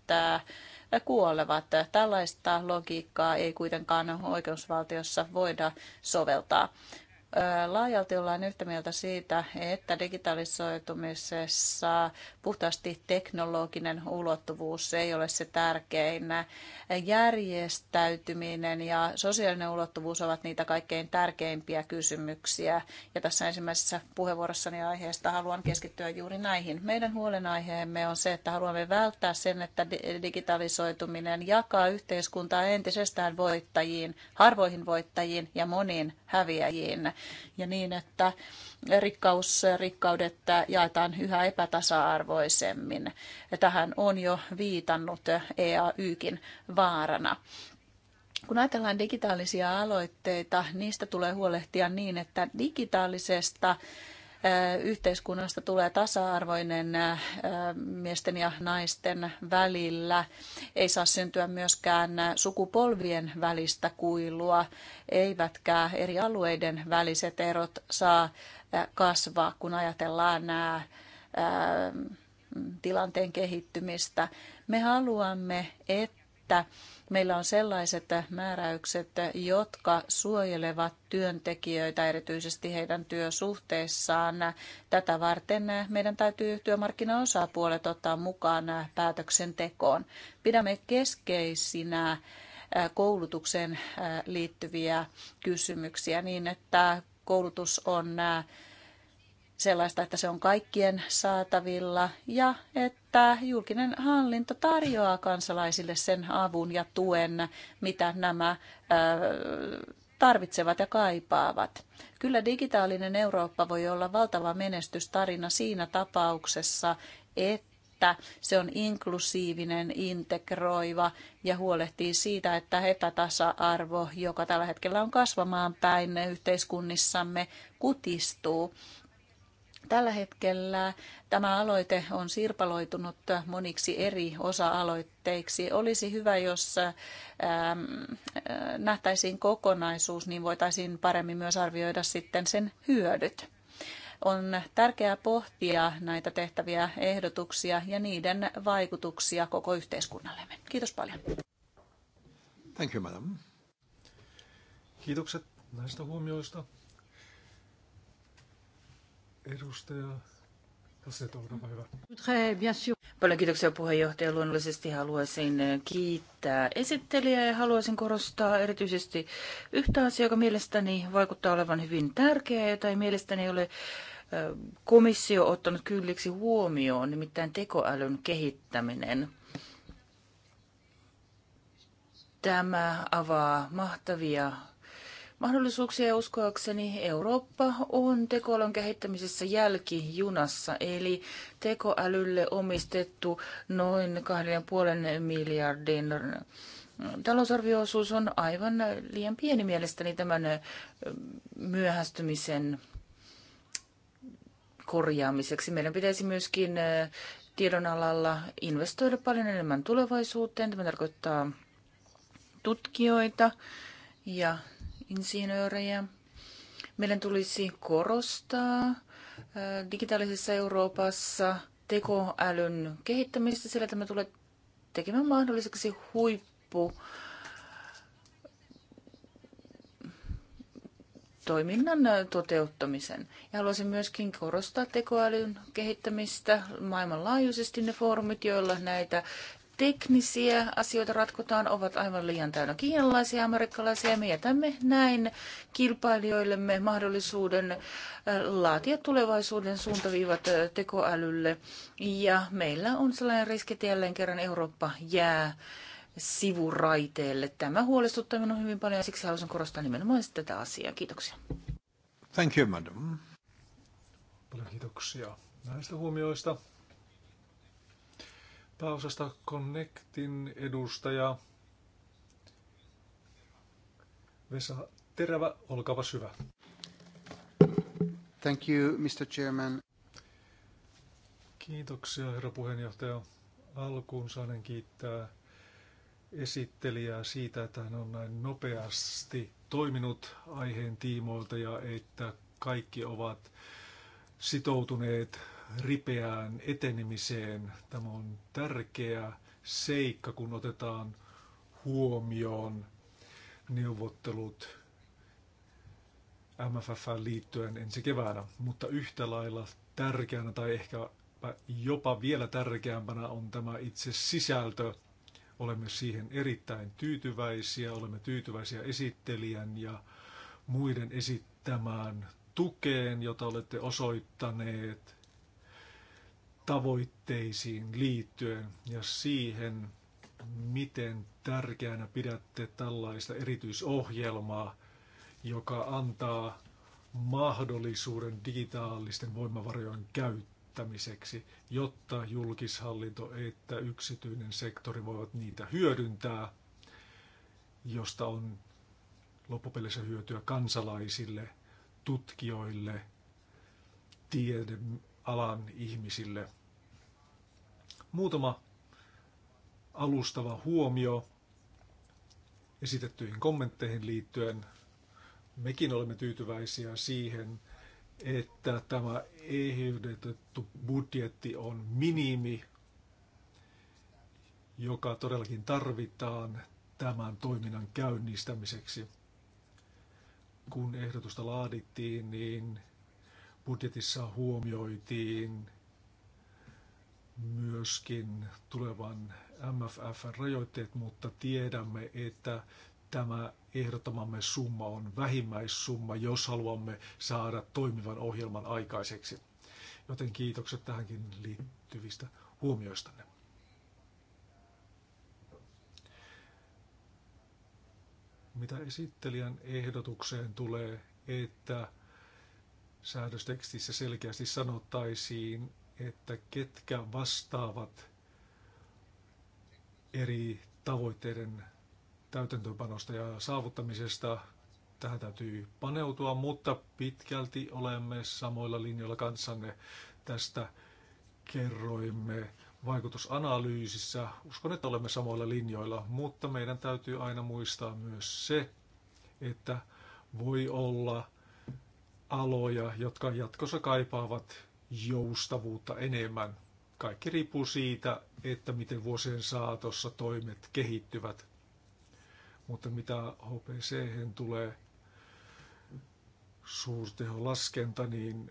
kuolevat. Tällaista logiikkaa ei kuitenkaan oikeusvaltiossa voida soveltaa. Laajalti ollaan yhtä mieltä siitä, että digitalisoitumisessa puhtaasti teknologinen ulottuvuus ei ole se tärkein. Järjestäytyminen ja sosiaalinen ulottuvuus ovat niitä kaikkein tärkeimpiä kysymyksiä. Ja tässä ensimmäisessä puheenvuorossani aiheesta haluan keskittyä juuri näihin. Meidän huolenaiheemme on se, että haluamme välttää sen, että digitalisoituminen jakaa yhteiskuntaa entisestään voittajiin, harvoihin voittajiin ja moniin häviäjiin ja niin, että rikkaus, rikkaudet jaetaan yhä epätasa-arvoisemmin. Tähän on jo viitannut EAYkin vaarana. Kun ajatellaan digitaalisia aloitteita, niistä tulee huolehtia niin, että digitaalisesta yhteiskunnasta tulee tasa-arvoinen miesten ja naisten välillä. Ei saa syntyä myöskään sukupolvien välistä kuilua, eivätkä eri alueiden väliset erot saa kasvaa, kun ajatellaan nämä tilanteen kehittymistä. Me haluamme, että että meillä on sellaiset määräykset, jotka suojelevat työntekijöitä, erityisesti heidän työsuhteessaan. Tätä varten meidän täytyy työmarkkinaosapuolet ottaa mukaan päätöksentekoon. Pidämme keskeisinä koulutukseen liittyviä kysymyksiä niin, että koulutus on sellaista, että se on kaikkien saatavilla ja että julkinen hallinto tarjoaa kansalaisille sen avun ja tuen, mitä nämä tarvitsevat ja kaipaavat. Kyllä digitaalinen Eurooppa voi olla valtava menestystarina siinä tapauksessa, että se on inklusiivinen, integroiva ja huolehtii siitä, että epätasa-arvo, joka tällä hetkellä on kasvamaan päin yhteiskunnissamme, kutistuu. Tällä hetkellä tämä aloite on sirpaloitunut moniksi eri osa-aloitteiksi. Olisi hyvä, jos ähm, äh, nähtäisiin kokonaisuus, niin voitaisiin paremmin myös arvioida sitten sen hyödyt on tärkeää pohtia näitä tehtäviä ehdotuksia ja niiden vaikutuksia koko yhteiskunnallemme. Kiitos paljon. Thank you, madam. Kiitokset näistä huomioista. Edustaja Paljon kiitoksia puheenjohtaja. Luonnollisesti haluaisin eh, kiittää esittelijää ja haluaisin korostaa erityisesti yhtä asiaa, joka mielestäni vaikuttaa olevan hyvin tärkeää, jota ei mielestäni ole eh, komissio ottanut kylliksi huomioon, nimittäin tekoälyn kehittäminen. Tämä avaa mahtavia mahdollisuuksia uskoakseni Eurooppa on tekoälyn kehittämisessä jälkijunassa, eli tekoälylle omistettu noin 2,5 miljardin äh, talousarvioosuus on aivan liian pieni mielestäni tämän äh, myöhästymisen korjaamiseksi. Meidän pitäisi myöskin äh, tiedon alalla investoida paljon enemmän tulevaisuuteen. Tämä tarkoittaa tutkijoita ja insinöörejä. Meidän tulisi korostaa äh, digitaalisessa Euroopassa tekoälyn kehittämistä, sillä tämä tulee tekemään mahdolliseksi huippu toiminnan toteuttamisen. Ja haluaisin myöskin korostaa tekoälyn kehittämistä maailmanlaajuisesti ne foorumit, joilla näitä teknisiä asioita ratkotaan, ovat aivan liian täynnä kiinalaisia amerikkalaisia. Me jätämme näin kilpailijoillemme mahdollisuuden äh, laatia tulevaisuuden suuntaviivat äh, tekoälylle. Ja meillä on sellainen riski, että jälleen kerran Eurooppa jää sivuraiteelle. Tämä huolestuttaa minua hyvin paljon ja siksi haluaisin korostaa nimenomaan tätä asiaa. Kiitoksia. Thank you, madam. Paljon kiitoksia näistä huomioista pääosasta Connectin edustaja Vesa Terävä, olkaapa hyvä. Thank you, Mr. Chairman. Kiitoksia, herra puheenjohtaja. Alkuun saanen kiittää esittelijää siitä, että hän on näin nopeasti toiminut aiheen tiimoilta ja että kaikki ovat sitoutuneet ripeään etenemiseen. Tämä on tärkeä seikka, kun otetaan huomioon neuvottelut MFF liittyen ensi keväänä, mutta yhtä lailla tärkeänä tai ehkä jopa vielä tärkeämpänä on tämä itse sisältö. Olemme siihen erittäin tyytyväisiä, olemme tyytyväisiä esittelijän ja muiden esittämään tukeen, jota olette osoittaneet tavoitteisiin liittyen ja siihen, miten tärkeänä pidätte tällaista erityisohjelmaa, joka antaa mahdollisuuden digitaalisten voimavarojen käyttämiseksi, jotta julkishallinto että yksityinen sektori voivat niitä hyödyntää, josta on loppupeleissä hyötyä kansalaisille, tutkijoille, tiede, alan ihmisille. Muutama alustava huomio esitettyihin kommentteihin liittyen. Mekin olemme tyytyväisiä siihen, että tämä ehdotettu budjetti on minimi, joka todellakin tarvitaan tämän toiminnan käynnistämiseksi. Kun ehdotusta laadittiin, niin budjetissa huomioitiin myöskin tulevan MFF-rajoitteet, mutta tiedämme, että tämä ehdottamamme summa on vähimmäissumma, jos haluamme saada toimivan ohjelman aikaiseksi. Joten kiitokset tähänkin liittyvistä huomioistanne. Mitä esittelijän ehdotukseen tulee, että säädöstekstissä selkeästi sanottaisiin, että ketkä vastaavat eri tavoitteiden täytäntöönpanosta ja saavuttamisesta. Tähän täytyy paneutua, mutta pitkälti olemme samoilla linjoilla kanssanne. Tästä kerroimme vaikutusanalyysissä. Uskon, että olemme samoilla linjoilla, mutta meidän täytyy aina muistaa myös se, että voi olla aloja, jotka jatkossa kaipaavat joustavuutta enemmän. Kaikki riippuu siitä, että miten vuosien saatossa toimet kehittyvät. Mutta mitä HPC tulee, suurteholaskenta, niin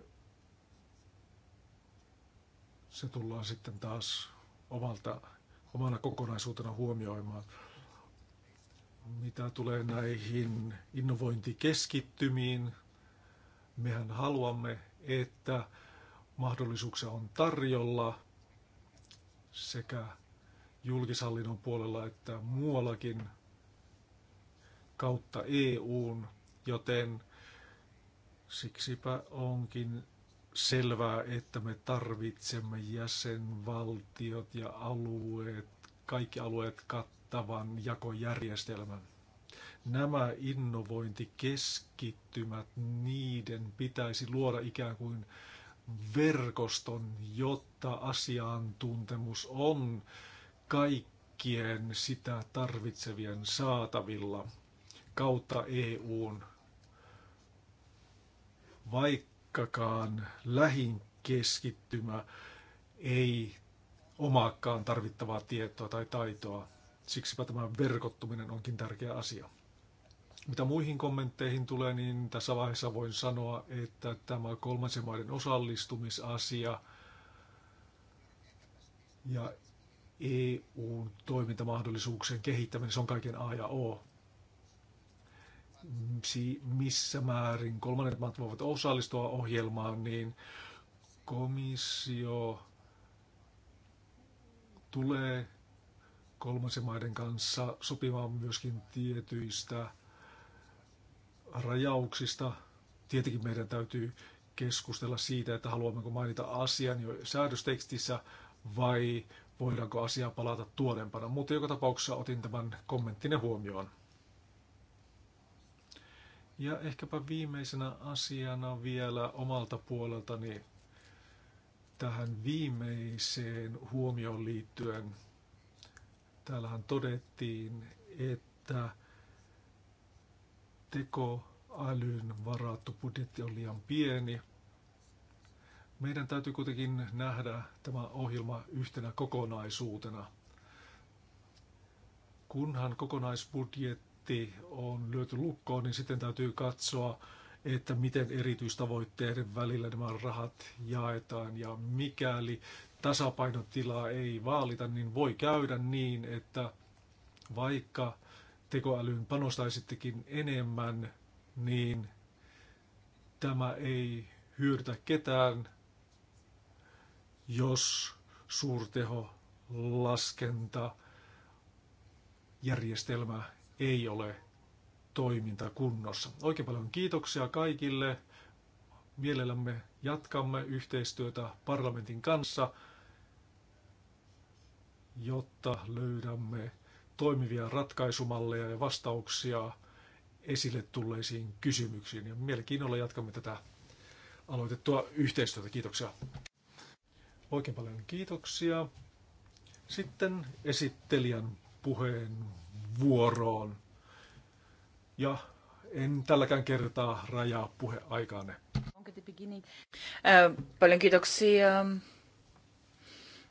se tullaan sitten taas omalta, omana kokonaisuutena huomioimaan. Mitä tulee näihin innovointikeskittymiin, Mehän haluamme, että mahdollisuuksia on tarjolla sekä julkishallinnon puolella että muuallakin kautta EUn, joten siksipä onkin selvää, että me tarvitsemme jäsenvaltiot ja alueet, kaikki alueet kattavan jakojärjestelmän nämä innovointikeskittymät, niiden pitäisi luoda ikään kuin verkoston, jotta asiantuntemus on kaikkien sitä tarvitsevien saatavilla kautta EUn, vaikkakaan lähin keskittymä ei omaakaan tarvittavaa tietoa tai taitoa. Siksipä tämä verkottuminen onkin tärkeä asia. Mitä muihin kommentteihin tulee, niin tässä vaiheessa voin sanoa, että tämä kolmansien maiden osallistumisasia ja EUn toimintamahdollisuuksien kehittäminen, se on kaiken A ja O. Missä määrin kolmannet maat voivat osallistua ohjelmaan, niin komissio tulee kolmansien maiden kanssa sopimaan myöskin tietyistä rajauksista. Tietenkin meidän täytyy keskustella siitä, että haluammeko mainita asian jo säädöstekstissä vai voidaanko asiaa palata tuorempana. Mutta joka tapauksessa otin tämän kommenttine huomioon. Ja ehkäpä viimeisenä asiana vielä omalta puoleltani tähän viimeiseen huomioon liittyen. Täällähän todettiin, että tekoälyn varattu budjetti on liian pieni. Meidän täytyy kuitenkin nähdä tämä ohjelma yhtenä kokonaisuutena. Kunhan kokonaisbudjetti on lyöty lukkoon, niin sitten täytyy katsoa, että miten erityistavoitteiden välillä nämä rahat jaetaan ja mikäli tasapainotilaa ei vaalita, niin voi käydä niin, että vaikka tekoälyyn panostaisittekin enemmän, niin tämä ei hyödytä ketään, jos suurteho laskenta järjestelmä ei ole toiminta kunnossa. Oikein paljon kiitoksia kaikille. Mielellämme jatkamme yhteistyötä parlamentin kanssa, jotta löydämme toimivia ratkaisumalleja ja vastauksia esille tulleisiin kysymyksiin. Ja mielenkiinnolla jatkamme tätä aloitettua yhteistyötä. Kiitoksia. Oikein paljon kiitoksia. Sitten esittelijän puheen vuoroon. Ja en tälläkään kertaa rajaa puheaikaanne. Äh, paljon kiitoksia.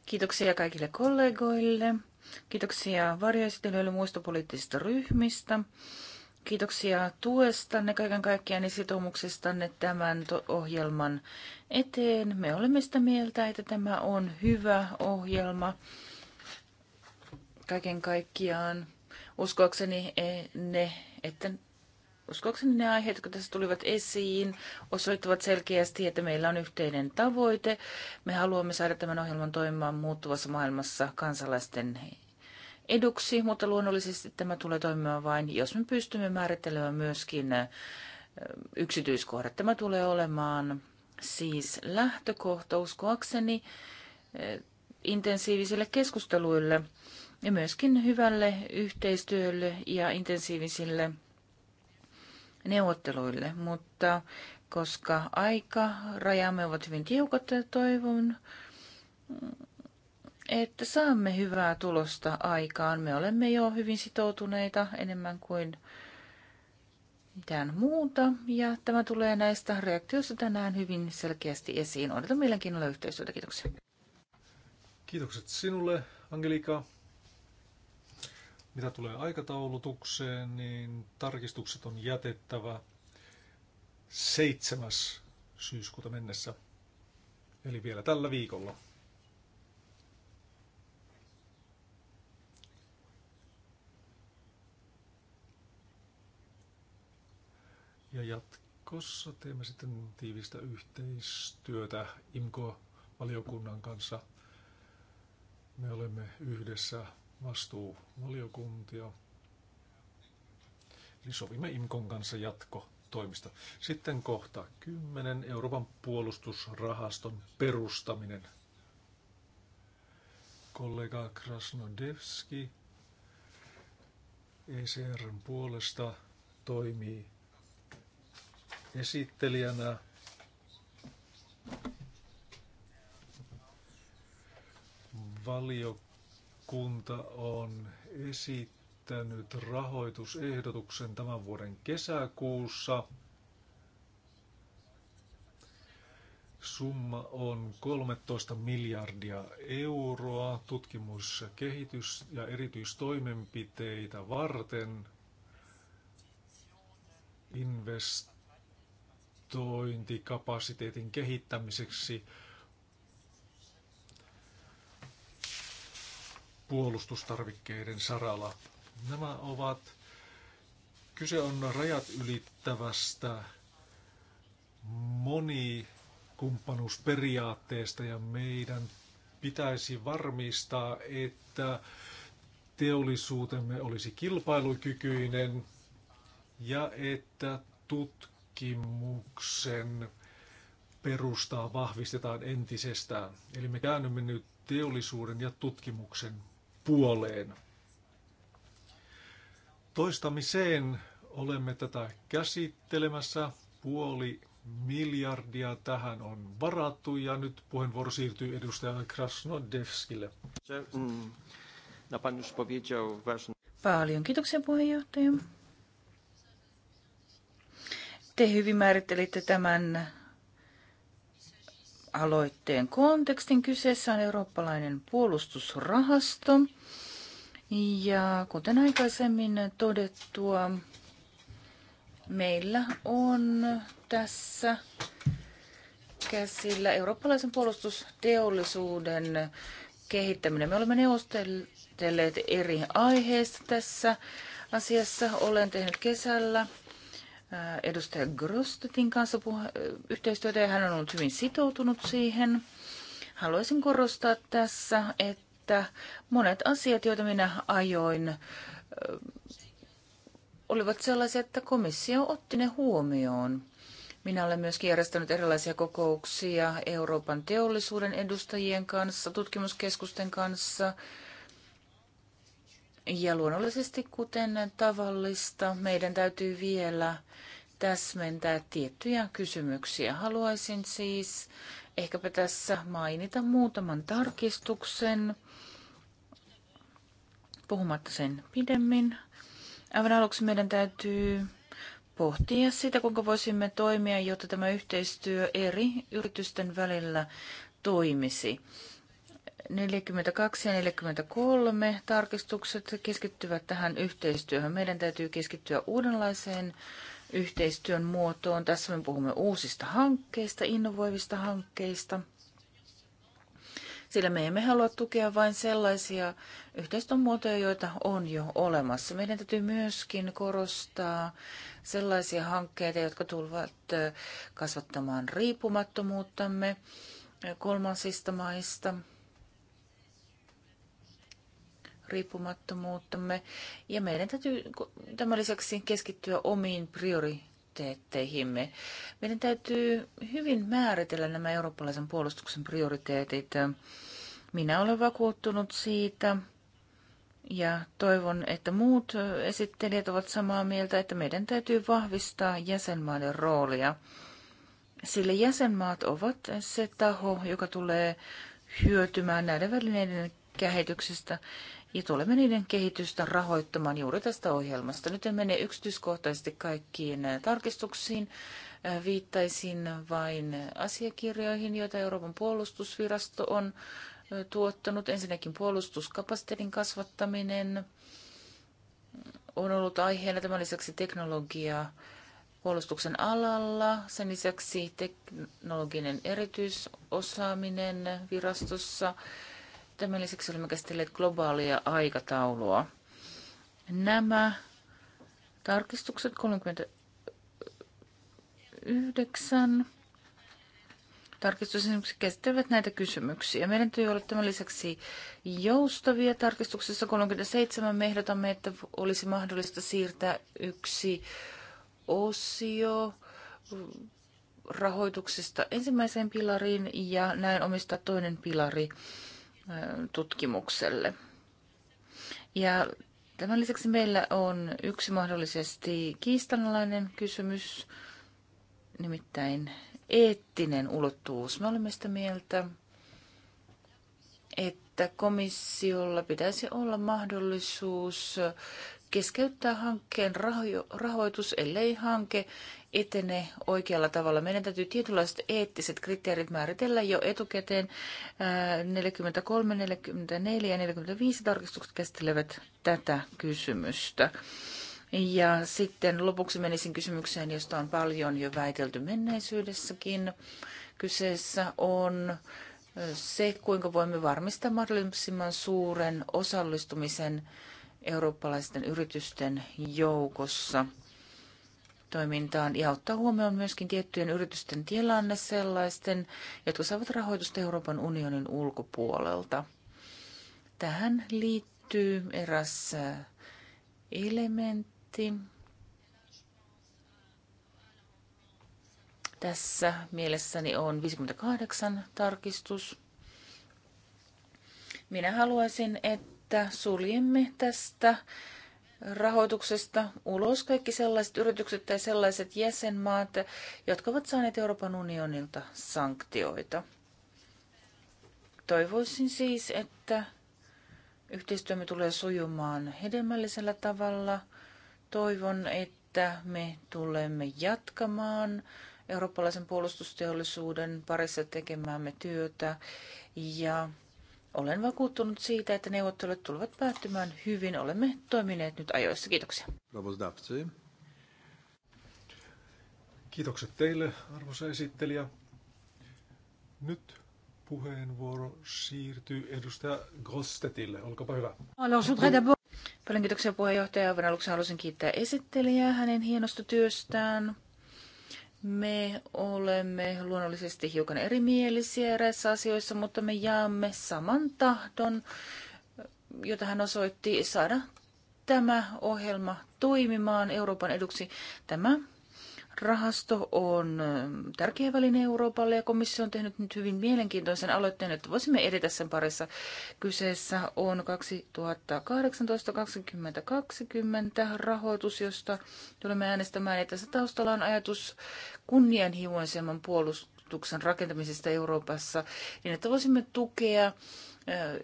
Kiitoksia kaikille kollegoille. Kiitoksia varjoesittelijöille muista poliittisista ryhmistä. Kiitoksia tuestanne kaiken kaikkiaan ja sitoumuksestanne tämän ohjelman eteen. Me olemme sitä mieltä, että tämä on hyvä ohjelma kaiken kaikkiaan. Uskoakseni e- ne, että Uskoakseni ne aiheet, jotka tässä tulivat esiin, osoittavat selkeästi, että meillä on yhteinen tavoite. Me haluamme saada tämän ohjelman toimimaan muuttuvassa maailmassa kansalaisten eduksi, mutta luonnollisesti tämä tulee toimimaan vain, jos me pystymme määrittelemään myöskin yksityiskohdat. Tämä tulee olemaan siis lähtökohta uskoakseni intensiivisille keskusteluille ja myöskin hyvälle yhteistyölle ja intensiivisille neuvotteluille, mutta koska aika rajamme ovat hyvin tiukat, toivon, että saamme hyvää tulosta aikaan. Me olemme jo hyvin sitoutuneita enemmän kuin mitään muuta. Ja tämä tulee näistä reaktioista tänään hyvin selkeästi esiin. Odotan mielenkiinnolla yhteistyötä. Kiitoksia. Kiitokset sinulle, Angelika. Mitä tulee aikataulutukseen, niin tarkistukset on jätettävä 7. syyskuuta mennessä, eli vielä tällä viikolla. Ja jatkossa teemme sitten tiivistä yhteistyötä IMKO-valiokunnan kanssa. Me olemme yhdessä vastuuvaliokuntia. Eli sovimme IMKON kanssa jatko toimista. Sitten kohta 10. Euroopan puolustusrahaston perustaminen. Kollega Krasnodevski ECRn puolesta toimii esittelijänä. Valiokunta valiokunta on esittänyt rahoitusehdotuksen tämän vuoden kesäkuussa. Summa on 13 miljardia euroa tutkimus-, ja kehitys- ja erityistoimenpiteitä varten investointikapasiteetin kehittämiseksi – puolustustarvikkeiden saralla. Nämä ovat, kyse on rajat ylittävästä monikumppanuusperiaatteesta ja meidän pitäisi varmistaa, että teollisuutemme olisi kilpailukykyinen ja että tutkimuksen perustaa vahvistetaan entisestään. Eli me käännymme nyt teollisuuden ja tutkimuksen puoleen. Toistamiseen olemme tätä käsittelemässä. Puoli miljardia tähän on varattu ja nyt puheenvuoro siirtyy edustaja Krasnodevskille. Mm. No, Paljon kiitoksia puheenjohtaja. Te hyvin määrittelitte tämän aloitteen kontekstin. Kyseessä on eurooppalainen puolustusrahasto. Ja kuten aikaisemmin todettua, meillä on tässä käsillä eurooppalaisen puolustusteollisuuden kehittäminen. Me olemme neuvostelleet eri aiheista tässä asiassa. Olen tehnyt kesällä Äh, edustaja Grostetin kanssa äh, yhteistyötä ja hän on ollut hyvin sitoutunut siihen. Haluaisin korostaa tässä, että monet asiat, joita minä ajoin, äh, olivat sellaisia, että komissio otti ne huomioon. Minä olen myös järjestänyt erilaisia kokouksia Euroopan teollisuuden edustajien kanssa, tutkimuskeskusten kanssa, ja luonnollisesti, kuten tavallista, meidän täytyy vielä täsmentää tiettyjä kysymyksiä. Haluaisin siis ehkäpä tässä mainita muutaman tarkistuksen, puhumatta sen pidemmin. Aivan aluksi meidän täytyy pohtia sitä, kuinka voisimme toimia, jotta tämä yhteistyö eri yritysten välillä toimisi. 42 ja 43 tarkistukset keskittyvät tähän yhteistyöhön. Meidän täytyy keskittyä uudenlaiseen yhteistyön muotoon. Tässä me puhumme uusista hankkeista, innovoivista hankkeista, sillä me emme halua tukea vain sellaisia yhteistyön muotoja, joita on jo olemassa. Meidän täytyy myöskin korostaa sellaisia hankkeita, jotka tulevat kasvattamaan riippumattomuuttamme kolmansista maista – riippumattomuuttamme. Ja meidän täytyy tämän lisäksi keskittyä omiin prioriteetteihimme. Meidän täytyy hyvin määritellä nämä eurooppalaisen puolustuksen prioriteetit. Minä olen vakuuttunut siitä ja toivon, että muut esittelijät ovat samaa mieltä, että meidän täytyy vahvistaa jäsenmaiden roolia. Sillä jäsenmaat ovat se taho, joka tulee hyötymään näiden välineiden kehityksestä ja tulemme niiden kehitystä rahoittamaan juuri tästä ohjelmasta. Nyt en mene yksityiskohtaisesti kaikkiin äh, tarkistuksiin. Äh, viittaisin vain asiakirjoihin, joita Euroopan puolustusvirasto on äh, tuottanut. Ensinnäkin puolustuskapasiteetin kasvattaminen on ollut aiheena. Tämän lisäksi teknologia puolustuksen alalla, sen lisäksi teknologinen erityisosaaminen virastossa, Tämän lisäksi olemme käsitelleet globaalia aikataulua. Nämä tarkistukset 39 tarkistus esimerkiksi käsittelevät näitä kysymyksiä. Meidän työ olla tämän lisäksi joustavia. Tarkistuksessa 37 me ehdotamme, että olisi mahdollista siirtää yksi osio rahoituksesta ensimmäiseen pilariin ja näin omistaa toinen pilari tutkimukselle. Ja tämän lisäksi meillä on yksi mahdollisesti kiistanalainen kysymys, nimittäin eettinen ulottuvuus. Me olemme sitä mieltä, että komissiolla pitäisi olla mahdollisuus keskeyttää hankkeen rahoitus, ellei hanke etene oikealla tavalla. Meidän täytyy tietynlaiset eettiset kriteerit määritellä jo etukäteen. 43, äh, 44 ja 45 tarkistukset käsittelevät tätä kysymystä. Ja sitten lopuksi menisin kysymykseen, josta on paljon jo väitelty menneisyydessäkin. Kyseessä on äh, se, kuinka voimme varmistaa mahdollisimman suuren osallistumisen eurooppalaisten yritysten joukossa – toimintaan ja ottaa huomioon myöskin tiettyjen yritysten tilanne sellaisten, jotka saavat rahoitusta Euroopan unionin ulkopuolelta. Tähän liittyy eräs äh, elementti. Tässä mielessäni on 58 tarkistus. Minä haluaisin, että suljemme tästä rahoituksesta ulos kaikki sellaiset yritykset tai sellaiset jäsenmaat, jotka ovat saaneet Euroopan unionilta sanktioita. Toivoisin siis, että yhteistyömme tulee sujumaan hedelmällisellä tavalla. Toivon, että me tulemme jatkamaan eurooppalaisen puolustusteollisuuden parissa tekemäämme työtä ja olen vakuuttunut siitä, että neuvottelut tulevat päättymään hyvin. Olemme toimineet nyt ajoissa. Kiitoksia. Kiitokset teille, arvoisa esittelijä. Nyt puheenvuoro siirtyy edustaja Grostetille. Olkaapa hyvä. Paljon kiitoksia puheenjohtaja. Aivan aluksi haluaisin kiittää esittelijää hänen hienosta työstään. Me olemme luonnollisesti hiukan erimielisiä eräissä asioissa, mutta me jaamme saman tahdon, jota hän osoitti saada tämä ohjelma toimimaan Euroopan eduksi. Tämä rahasto on ähm, tärkeä väline Euroopalle ja komissio on tehnyt nyt hyvin mielenkiintoisen aloitteen, että voisimme edetä sen parissa. Kyseessä on 2018-2020 rahoitus, josta tulemme äänestämään, että se taustalla on ajatus kunnianhimoisemman puolustuksen rakentamisesta Euroopassa, niin että voisimme tukea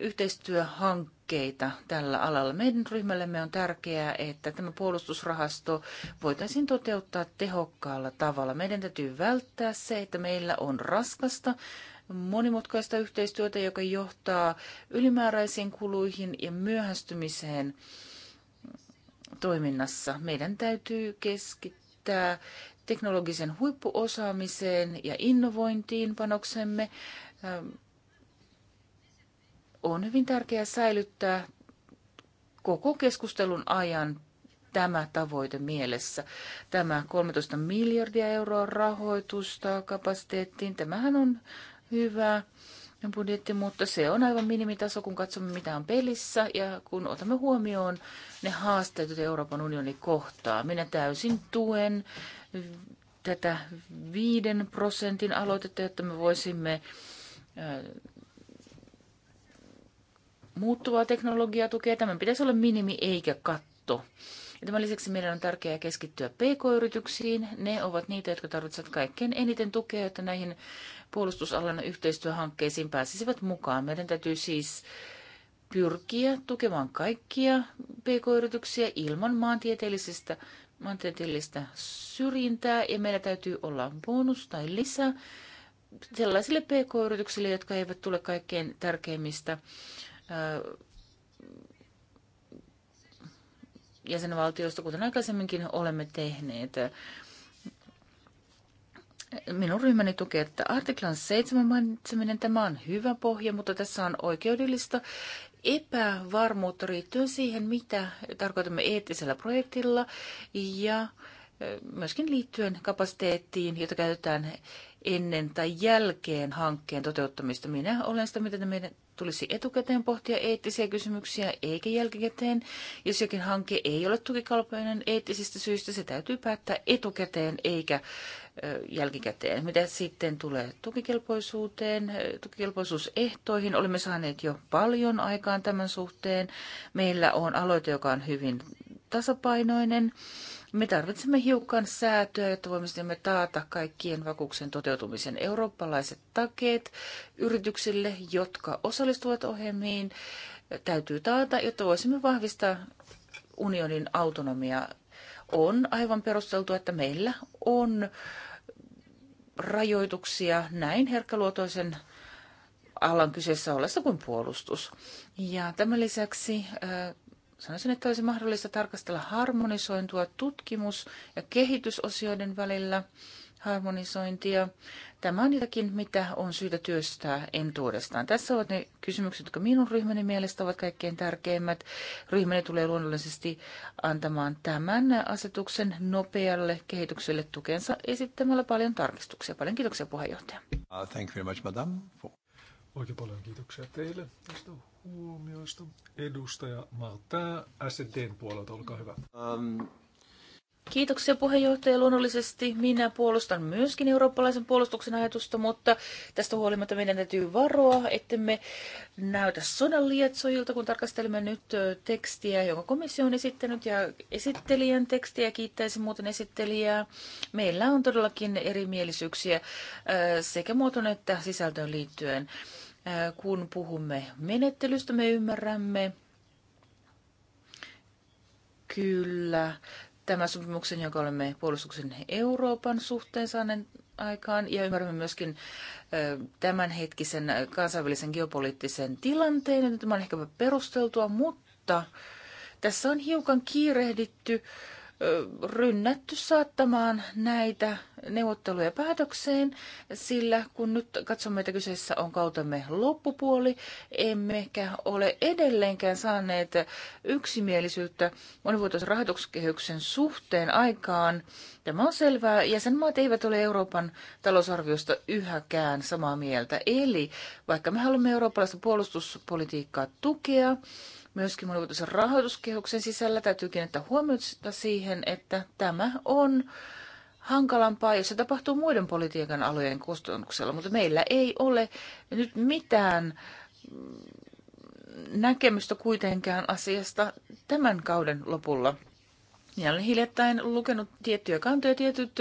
yhteistyöhankkeita tällä alalla. Meidän ryhmällemme on tärkeää, että tämä puolustusrahasto voitaisiin toteuttaa tehokkaalla tavalla. Meidän täytyy välttää se, että meillä on raskasta monimutkaista yhteistyötä, joka johtaa ylimääräisiin kuluihin ja myöhästymiseen toiminnassa. Meidän täytyy keskittää teknologisen huippuosaamiseen ja innovointiin panoksemme on hyvin tärkeää säilyttää koko keskustelun ajan tämä tavoite mielessä. Tämä 13 miljardia euroa rahoitusta kapasiteettiin, tämähän on hyvä budjetti, mutta se on aivan minimitaso, kun katsomme mitä on pelissä ja kun otamme huomioon ne haasteet, joita Euroopan unioni kohtaa. Minä täysin tuen tätä viiden prosentin aloitetta, jotta me voisimme muuttuvaa teknologiaa tukee. Tämän pitäisi olla minimi eikä katto. Ja tämän lisäksi meidän on tärkeää keskittyä pk-yrityksiin. Ne ovat niitä, jotka tarvitsevat kaikkein eniten tukea, jotta näihin puolustusalan yhteistyöhankkeisiin pääsisivät mukaan. Meidän täytyy siis pyrkiä tukemaan kaikkia pk-yrityksiä ilman maantieteellisestä maantieteellistä syrjintää ja meillä täytyy olla bonus tai lisä sellaisille pk-yrityksille, jotka eivät tule kaikkein tärkeimmistä jäsenvaltioista, kuten aikaisemminkin olemme tehneet. Minun ryhmäni tukee, että artiklan 7 mainitseminen tämä on hyvä pohja, mutta tässä on oikeudellista epävarmuutta liittyen siihen, mitä tarkoitamme eettisellä projektilla ja myöskin liittyen kapasiteettiin, jota käytetään ennen tai jälkeen hankkeen toteuttamista. Minä olen sitä, mitä meidän tulisi etukäteen pohtia eettisiä kysymyksiä eikä jälkikäteen. Jos jokin hanke ei ole tukikalpoinen eettisistä syistä, se täytyy päättää etukäteen eikä jälkikäteen. Mitä sitten tulee tukikelpoisuuteen, tukikelpoisuusehtoihin, olemme saaneet jo paljon aikaan tämän suhteen. Meillä on aloite, joka on hyvin tasapainoinen me tarvitsemme hiukan säätöä, jotta voimme taata kaikkien vakuuksen toteutumisen eurooppalaiset takeet yrityksille, jotka osallistuvat ohjelmiin. Täytyy taata, jotta voisimme vahvistaa unionin autonomiaa. On aivan perusteltua, että meillä on rajoituksia näin herkkäluotoisen alan kyseessä ollessa kuin puolustus. Ja tämän lisäksi sanoisin, että olisi mahdollista tarkastella harmonisointua tutkimus- ja kehitysosioiden välillä harmonisointia. Tämä on jotakin, mitä on syytä työstää entuudestaan. Tässä ovat ne kysymykset, jotka minun ryhmäni mielestä ovat kaikkein tärkeimmät. Ryhmäni tulee luonnollisesti antamaan tämän asetuksen nopealle kehitykselle tukensa esittämällä paljon tarkistuksia. Paljon kiitoksia puheenjohtaja. Uh, thank you very much, madam. Oikein paljon kiitoksia teille huomioista. Edustaja Martin SDn puolelta, olkaa hyvä. Um. Kiitoksia puheenjohtaja. Luonnollisesti minä puolustan myöskin eurooppalaisen puolustuksen ajatusta, mutta tästä huolimatta meidän täytyy varoa, että me näytä sodan lietsojilta, kun tarkastelemme nyt tekstiä, jonka komissio on esittänyt ja esittelijän tekstiä. Kiittäisin muuten esittelijää. Meillä on todellakin erimielisyyksiä sekä muotoon että sisältöön liittyen. Äh, kun puhumme menettelystä, me ymmärrämme kyllä tämä sopimuksen, jonka olemme puolustuksen Euroopan suhteen saaneet aikaan, ja ymmärrämme myöskin äh, tämänhetkisen kansainvälisen geopoliittisen tilanteen. Tämä on ehkä perusteltua, mutta tässä on hiukan kiirehditty rynnätty saattamaan näitä neuvotteluja päätökseen, sillä kun nyt katsomme, että kyseessä on kautemme loppupuoli, emmekä ole edelleenkään saaneet yksimielisyyttä monivuotoisen rahoituskehyksen suhteen aikaan. Tämä on selvää. Jäsenmaat eivät ole Euroopan talousarviosta yhäkään samaa mieltä. Eli vaikka me haluamme eurooppalaista puolustuspolitiikkaa tukea, myöskin monivuotisen rahoituskehuksen sisällä. Täytyy kiinnittää huomiota siihen, että tämä on hankalampaa, jos se tapahtuu muiden politiikan alojen kustannuksella, mutta meillä ei ole nyt mitään näkemystä kuitenkaan asiasta tämän kauden lopulla. Ja olen hiljattain lukenut tiettyjä kantoja, tietyt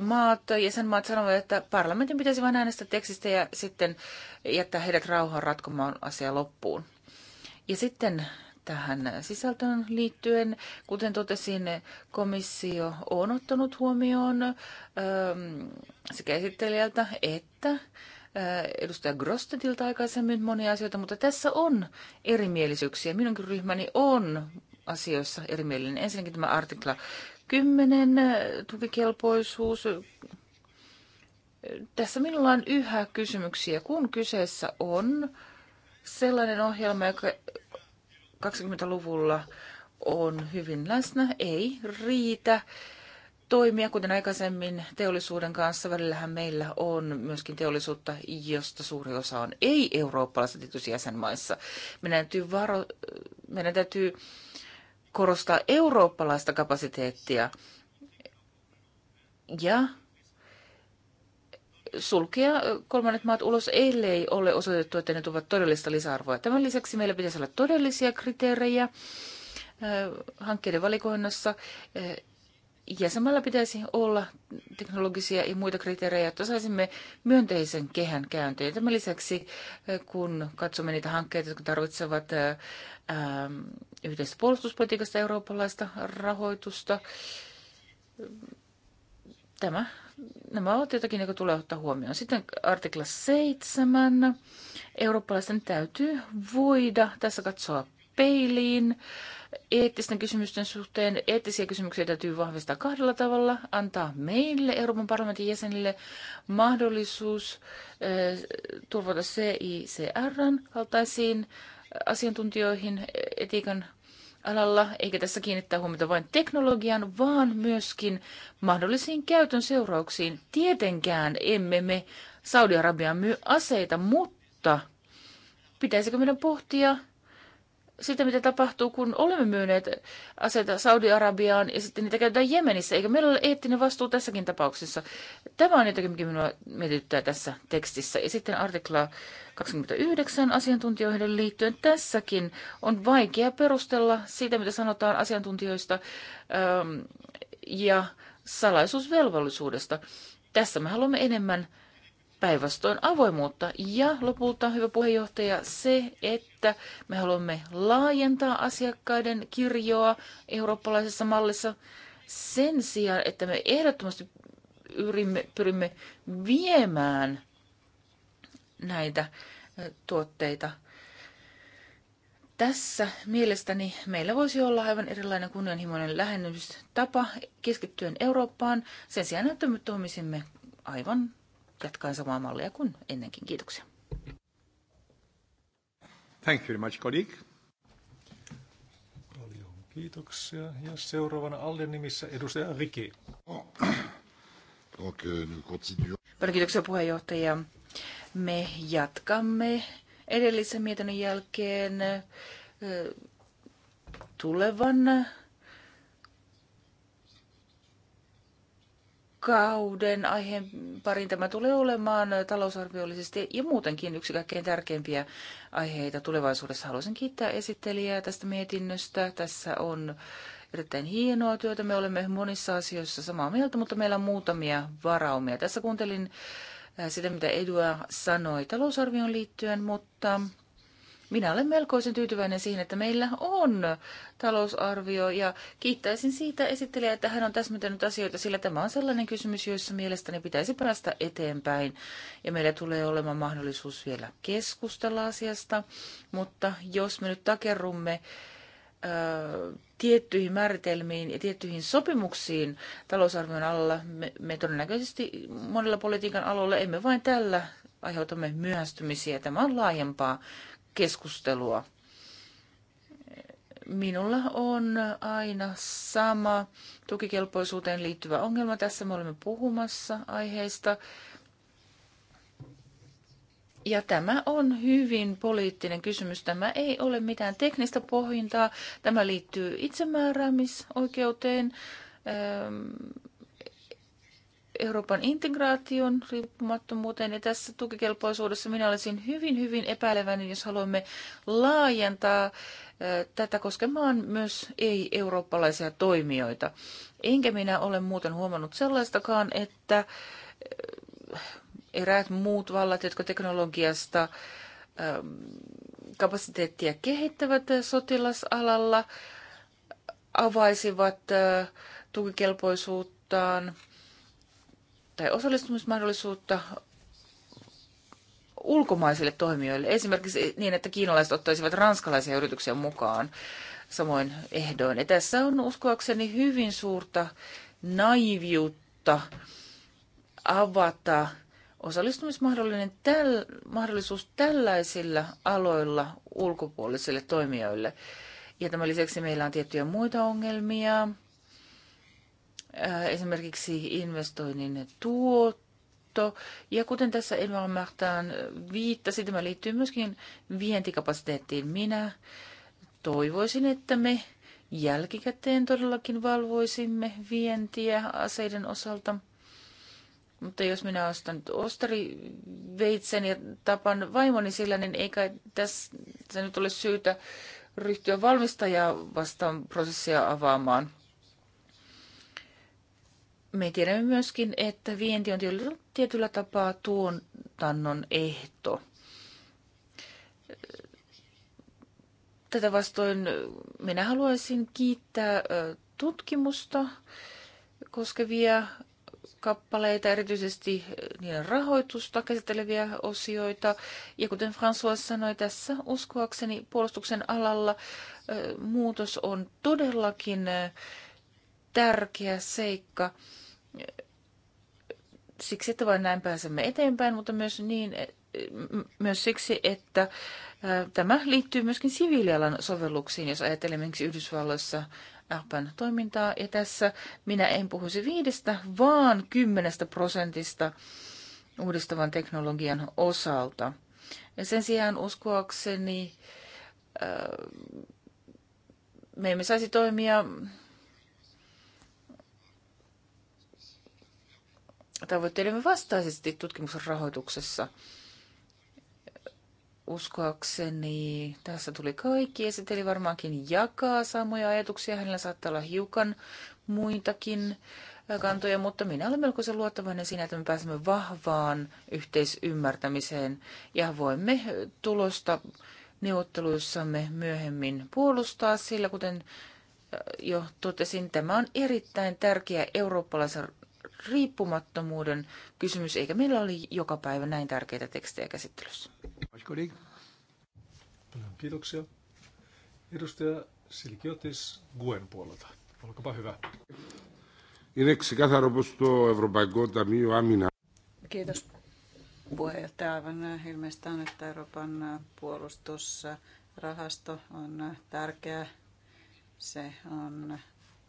maat, jäsenmaat sanovat, että parlamentin pitäisi vain äänestää tekstistä ja sitten jättää heidät rauhaan ratkomaan asia loppuun. Ja sitten tähän sisältöön liittyen, kuten totesin, komissio on ottanut huomioon ähm, sekä esittelijältä että äh, edustaja Grostetilta aikaisemmin monia asioita, mutta tässä on erimielisyyksiä. Minunkin ryhmäni on asioissa erimielinen. Ensinnäkin tämä artikla 10, äh, tukikelpoisuus. Tässä minulla on yhä kysymyksiä, kun kyseessä on äh, sellainen ohjelma, joka 20-luvulla on hyvin läsnä, ei riitä toimia, kuten aikaisemmin teollisuuden kanssa. Välillähän meillä on myöskin teollisuutta, josta suuri osa on ei eurooppalaiset tietyissä jäsenmaissa. Meidän täytyy, varo, meidän täytyy korostaa eurooppalaista kapasiteettia ja sulkea kolmannet maat ulos, ellei ole osoitettu, että ne tuovat todellista lisäarvoa. Tämän lisäksi meillä pitäisi olla todellisia kriteerejä hankkeiden valikoinnassa. Ja samalla pitäisi olla teknologisia ja muita kriteerejä, että saisimme myönteisen kehän käyntiin Tämän lisäksi, kun katsomme niitä hankkeita, jotka tarvitsevat yhteistä puolustuspolitiikasta eurooppalaista rahoitusta, tämä Nämä ovat jotakin, jotka tulee ottaa huomioon. Sitten artikla 7. Eurooppalaisten täytyy voida tässä katsoa peiliin. Eettisten kysymysten suhteen eettisiä kysymyksiä täytyy vahvistaa kahdella tavalla. Antaa meille Euroopan parlamentin jäsenille mahdollisuus eh, turvata CICRn kaltaisiin asiantuntijoihin etiikan alalla, eikä tässä kiinnittää huomiota vain teknologian, vaan myöskin mahdollisiin käytön seurauksiin. Tietenkään emme me Saudi-Arabiaan myy aseita, mutta pitäisikö meidän pohtia sitä, mitä tapahtuu, kun olemme myyneet aseita Saudi-Arabiaan ja sitten niitä käytetään Jemenissä, eikä meillä ole eettinen vastuu tässäkin tapauksessa. Tämä on jotakin, mikä minua mietityttää tässä tekstissä. Ja sitten artikla 29 asiantuntijoiden liittyen tässäkin on vaikea perustella siitä, mitä sanotaan asiantuntijoista ähm, ja salaisuusvelvollisuudesta. Tässä me haluamme enemmän päinvastoin avoimuutta. Ja lopulta, hyvä puheenjohtaja, se, että me haluamme laajentaa asiakkaiden kirjoa eurooppalaisessa mallissa sen sijaan, että me ehdottomasti yrimme, pyrimme viemään näitä tuotteita. Tässä mielestäni meillä voisi olla aivan erilainen kunnianhimoinen lähennystapa keskittyen Eurooppaan sen sijaan, että me toimisimme aivan jatkaa samaa mallia kuin ennenkin. Kiitoksia. Thank you very much, colleague. Paljon kiitoksia. Ja seuraavana Allen nimissä edustaja Riki. Euh, Paljon kiitoksia puheenjohtaja. Me jatkamme edellisen mietinnön jälkeen tulevan kauden aiheen parin tämä tulee olemaan talousarviollisesti ja muutenkin yksi kaikkein tärkeimpiä aiheita tulevaisuudessa. Haluaisin kiittää esittelijää tästä mietinnöstä. Tässä on erittäin hienoa työtä. Me olemme monissa asioissa samaa mieltä, mutta meillä on muutamia varaumia. Tässä kuuntelin äh, sitä, mitä Edua sanoi talousarvioon liittyen, mutta minä olen melkoisen tyytyväinen siihen, että meillä on talousarvio ja kiittäisin siitä esittelijää, että hän on täsmentänyt asioita, sillä tämä on sellainen kysymys, joissa mielestäni pitäisi päästä eteenpäin. Ja meillä tulee olemaan mahdollisuus vielä keskustella asiasta, mutta jos me nyt takerrumme tiettyihin määritelmiin ja tiettyihin sopimuksiin talousarvion alla. Me, me todennäköisesti monilla politiikan aloilla emme vain tällä aiheutamme myöhästymisiä. Tämä on laajempaa keskustelua. Minulla on aina sama tukikelpoisuuteen liittyvä ongelma. Tässä me olemme puhumassa aiheesta. Ja tämä on hyvin poliittinen kysymys. Tämä ei ole mitään teknistä pohjintaa. Tämä liittyy itsemääräämisoikeuteen. Öö, Euroopan integraation riippumattomuuteen ja tässä tukikelpoisuudessa minä olisin hyvin, hyvin epäileväinen, jos haluamme laajentaa tätä koskemaan myös ei-eurooppalaisia toimijoita. Enkä minä ole muuten huomannut sellaistakaan, että eräät muut vallat, jotka teknologiasta kapasiteettia kehittävät sotilasalalla, avaisivat tukikelpoisuuttaan – tai osallistumismahdollisuutta ulkomaisille toimijoille, esimerkiksi niin, että kiinalaiset ottaisivat ranskalaisia yrityksiä mukaan samoin ehdoin. Ja tässä on uskoakseni hyvin suurta naiviutta avata osallistumismahdollisuus täl, mahdollisuus tällaisilla aloilla ulkopuolisille toimijoille. Ja tämän lisäksi meillä on tiettyjä muita ongelmia, Äh, esimerkiksi investoinnin tuotto. Ja kuten tässä Edouard Martin viittasi, tämä liittyy myöskin vientikapasiteettiin. Minä toivoisin, että me jälkikäteen todellakin valvoisimme vientiä aseiden osalta. Mutta jos minä ostan nyt ostariveitsen ja tapan vaimoni sillä, niin eikä tässä nyt ole syytä ryhtyä valmistajaa vastaan prosessia avaamaan me tiedämme myöskin, että vienti on tietyllä tapaa tuotannon ehto. Tätä vastoin minä haluaisin kiittää tutkimusta koskevia kappaleita, erityisesti niiden rahoitusta käsitteleviä osioita. Ja kuten François sanoi tässä, uskoakseni puolustuksen alalla muutos on todellakin tärkeä seikka siksi, että vain näin pääsemme eteenpäin, mutta myös, niin, e, myös siksi, että tämä liittyy myöskin siviilialan sovelluksiin, jos ajattelemme Yhdysvalloissa Appan toimintaa. Ja tässä minä en puhuisi viidestä, vaan kymmenestä prosentista uudistavan teknologian osalta. Ja sen sijaan uskoakseni me emme saisi toimia tavoitteidemme vastaisesti tutkimusrahoituksessa. Uskoakseni tässä tuli kaikki. Esiteli varmaankin jakaa samoja ajatuksia. Hänellä saattaa olla hiukan muitakin kantoja, mutta minä olen melkoisen luottavainen siinä, että me pääsemme vahvaan yhteisymmärtämiseen ja voimme tulosta neuvotteluissamme myöhemmin puolustaa, sillä kuten jo totesin, tämä on erittäin tärkeä eurooppalaisen riippumattomuuden kysymys, eikä meillä ole joka päivä näin tärkeitä tekstejä käsittelyssä. Niin? kiitoksia. Edustaja Silkiotis Guen puolelta. Olkapa hyvä. Είναι ξεκάθαρο πως το Ευρωπαϊκό Ταμείο Kiitos puheenjohtaja. Aivan ilmeistä on, että Euroopan puolustusrahasto on tärkeä. Se on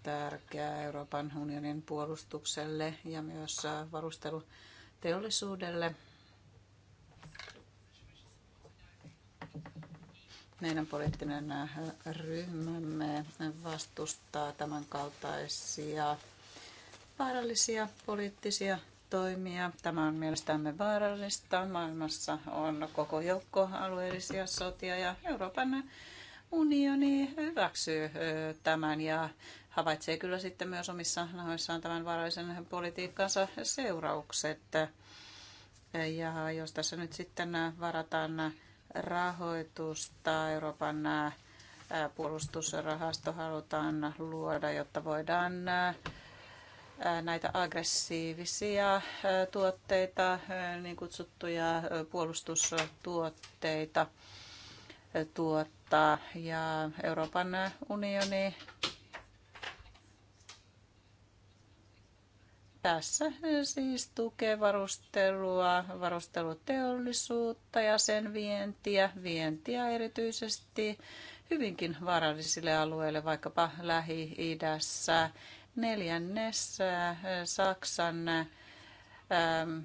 tärkeää Euroopan unionin puolustukselle ja myös varusteluteollisuudelle. Meidän poliittinen ryhmämme vastustaa tämän kaltaisia vaarallisia poliittisia toimia. Tämä on mielestämme vaarallista. Maailmassa on koko joukko alueellisia sotia ja Euroopan unioni hyväksyy tämän ja havaitsee kyllä sitten myös omissa nahoissaan tämän varaisen politiikkansa seuraukset. Ja jos tässä nyt sitten varataan rahoitusta Euroopan puolustusrahasto halutaan luoda, jotta voidaan näitä aggressiivisia tuotteita, niin kutsuttuja puolustustuotteita tuottaa. Ja Euroopan unioni Tässä siis tukee varustelua, varusteluteollisuutta ja sen vientiä, vientiä erityisesti hyvinkin vaarallisille alueille, vaikkapa Lähi-idässä. Neljännes äh, Saksan ähm,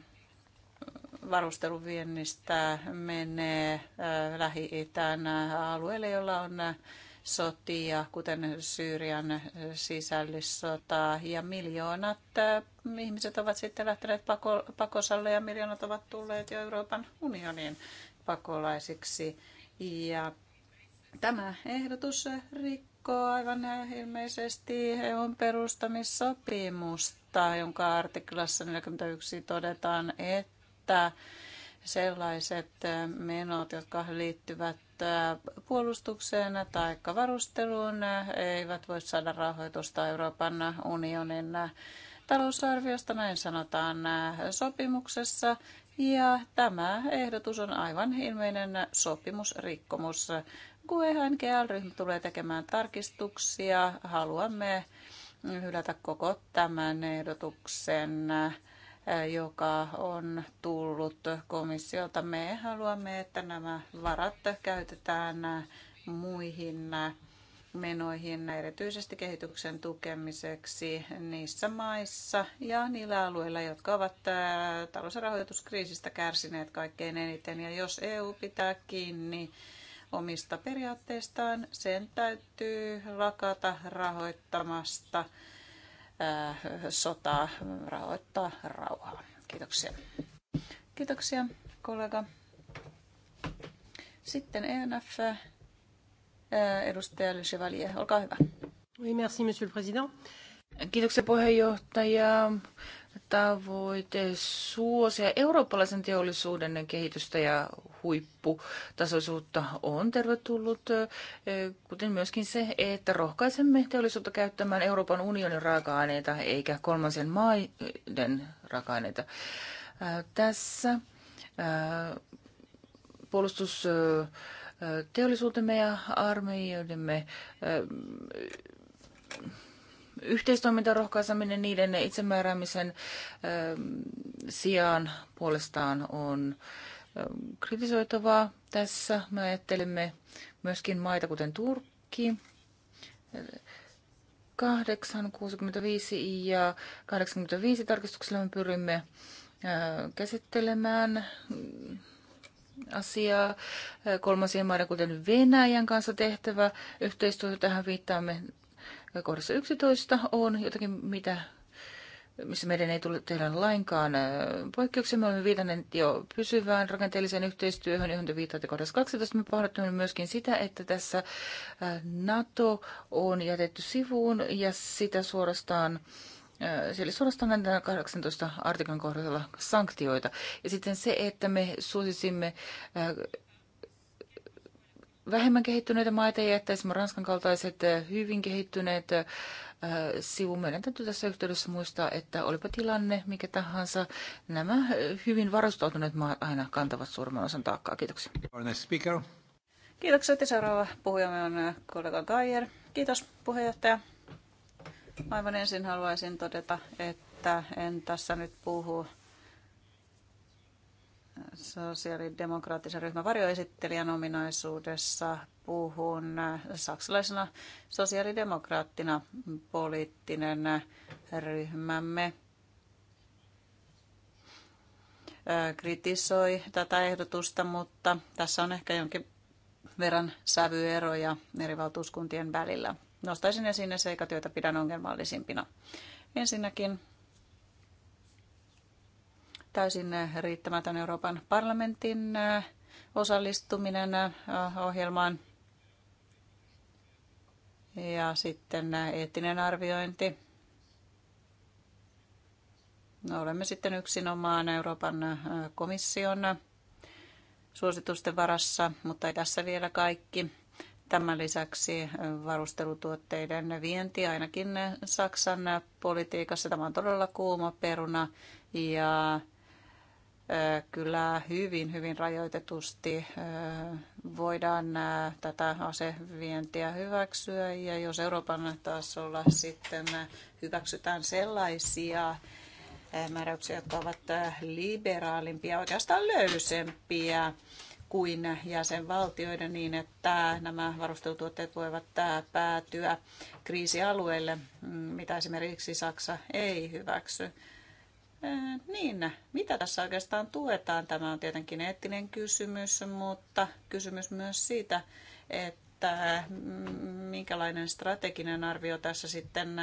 varusteluviennistä menee äh, Lähi-itään alueelle, jolla on äh, sotia, kuten Syyrian sisällissota, ja miljoonat äh, ihmiset ovat sitten lähteneet pako, pakosalle ja miljoonat ovat tulleet jo Euroopan unionin pakolaisiksi. Ja tämä ehdotus rikkoo aivan ilmeisesti EUn perustamissopimusta, jonka artiklassa 41 todetaan, että sellaiset menot, jotka liittyvät puolustukseen tai varusteluun eivät voi saada rahoitusta Euroopan unionin talousarviosta, näin sanotaan sopimuksessa. Ja tämä ehdotus on aivan ilmeinen sopimusrikkomus. GUEHNGL-ryhmä tulee tekemään tarkistuksia. Haluamme hylätä koko tämän ehdotuksen Eh, joka on tullut komissiolta. Me haluamme, että nämä varat käytetään muihin menoihin, erityisesti kehityksen tukemiseksi niissä maissa ja niillä alueilla, jotka ovat eh, talous- ja rahoituskriisistä kärsineet kaikkein eniten. Ja jos EU pitää kiinni omista periaatteistaan, sen täytyy lakata rahoittamasta Äh, sotaa rahoittaa rauhaa. Kiitoksia. Kiitoksia, kollega. Sitten ENF, äh, edustaja Le Chevalier, olkaa hyvä. Oui, merci, monsieur le président. Kiitoksia puheenjohtaja tavoite suosia eurooppalaisen teollisuuden kehitystä ja huipputasoisuutta on tervetullut, kuten myöskin se, että rohkaisemme teollisuutta käyttämään Euroopan unionin raaka-aineita eikä kolmansien maiden raaka-aineita. Tässä puolustusteollisuutemme ja armeijoidemme yhteistoiminta rohkaiseminen niiden itsemääräämisen sijaan puolestaan on kritisoitavaa tässä. Me ajattelemme myöskin maita kuten Turkki, 865- ja 85 tarkistuksella me pyrimme käsittelemään asiaa. Kolmansien maiden, kuten Venäjän kanssa tehtävä yhteistyö, tähän viittaamme kohdassa 11 on jotakin, mitä, missä meidän ei tule tehdä lainkaan äh, poikkeuksia. Me olemme viitanneet jo pysyvään rakenteelliseen yhteistyöhön, johon te viittaatte kohdassa 12. Me pahoittamme myöskin sitä, että tässä äh, NATO on jätetty sivuun ja sitä suorastaan äh, siellä suorastaan näitä 18 artikan kohdalla sanktioita. Ja sitten se, että me suosisimme vähemmän kehittyneitä maita ja esimerkiksi Ranskan kaltaiset eh, hyvin kehittyneet eh, sivu. Meidän täytyy tässä yhteydessä muistaa, että olipa tilanne mikä tahansa, nämä eh, hyvin varustautuneet maat aina kantavat suurimman osan taakkaa. Kiitoksia. Kiitoksia. ja seuraava puhujamme on kollega Gaier. Kiitos puheenjohtaja. Aivan ensin haluaisin todeta, että en tässä nyt puhu sosiaalidemokraattisen ryhmän varjoesittelijän ominaisuudessa puhun saksalaisena sosiaalidemokraattina poliittinen ryhmämme kritisoi tätä ehdotusta, mutta tässä on ehkä jonkin verran sävyeroja eri valtuuskuntien välillä. Nostaisin esiin ne seikat, joita pidän ongelmallisimpina. Ensinnäkin täysin riittämätön Euroopan parlamentin osallistuminen ohjelmaan ja sitten eettinen arviointi. No, olemme sitten yksinomaan Euroopan komission suositusten varassa, mutta ei tässä vielä kaikki. Tämän lisäksi varustelutuotteiden vienti ainakin Saksan politiikassa. Tämä on todella kuuma peruna ja kyllä hyvin, hyvin rajoitetusti voidaan tätä asevientiä hyväksyä. Ja jos Euroopan tasolla sitten hyväksytään sellaisia määräyksiä, jotka ovat liberaalimpia, oikeastaan löysempiä kuin jäsenvaltioiden niin, että nämä varustelutuotteet voivat päätyä kriisialueille, mm, mitä esimerkiksi Saksa ei hyväksy niin, mitä tässä oikeastaan tuetaan? Tämä on tietenkin eettinen kysymys, mutta kysymys myös siitä, että mm, minkälainen strateginen arvio tässä sitten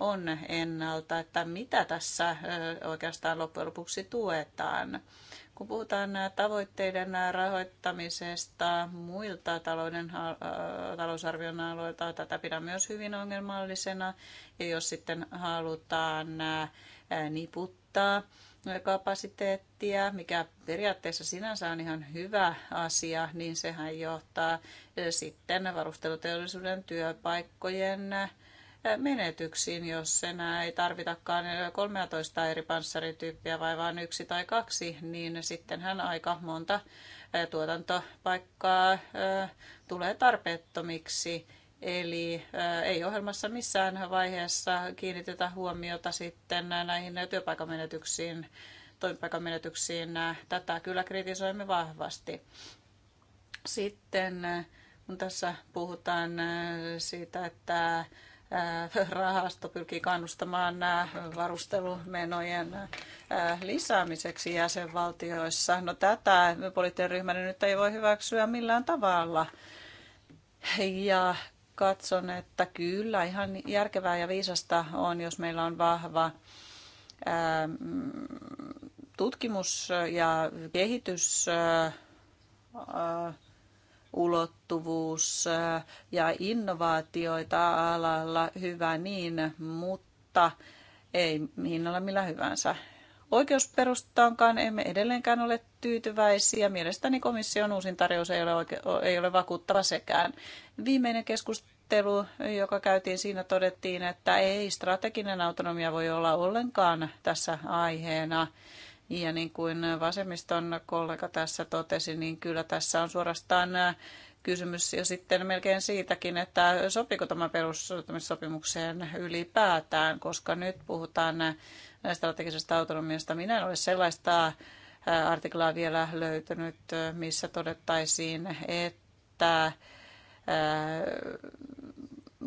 on ennalta, että mitä tässä oikeastaan loppujen lopuksi tuetaan. Kun puhutaan tavoitteiden rahoittamisesta muilta talouden, talousarvion aloilta, tätä pidän myös hyvin ongelmallisena. Ja jos sitten halutaan niputtaa, rajoittaa kapasiteettia, mikä periaatteessa sinänsä on ihan hyvä asia, niin sehän johtaa sitten varusteluteollisuuden työpaikkojen menetyksiin, jos enää ei tarvitakaan 13 eri panssarityyppiä vai vain yksi tai kaksi, niin sittenhän aika monta tuotantopaikkaa tulee tarpeettomiksi Eli ei ohjelmassa missään vaiheessa kiinnitetä huomiota sitten näihin työpaikamenetyksiin, toimipaikamenetyksiin. Tätä kyllä kritisoimme vahvasti. Sitten kun tässä puhutaan siitä, että rahasto pyrkii kannustamaan nämä varustelumenojen lisäämiseksi jäsenvaltioissa. No tätä poliittinen ryhmä nyt ei voi hyväksyä millään tavalla. Ja katson, että kyllä ihan järkevää ja viisasta on, jos meillä on vahva ähm, tutkimus- ja kehitysulottuvuus äh, äh, ja innovaatioita alalla hyvä niin, mutta ei hinnalla millä hyvänsä. Oikeusperustaankaan emme edelleenkään ole tyytyväisiä. Mielestäni komission uusin tarjous ei ole, oike- ei ole vakuuttava sekään. Viimeinen keskustelu, joka käytiin siinä, todettiin, että ei strateginen autonomia voi olla ollenkaan tässä aiheena. Ja niin kuin vasemmiston kollega tässä totesi, niin kyllä tässä on suorastaan kysymys ja sitten melkein siitäkin, että sopiiko tämä perussopimukseen ylipäätään, koska nyt puhutaan strategisesta autonomiasta. Minä en ole sellaista äh, artiklaa vielä löytynyt, äh, missä todettaisiin, että äh,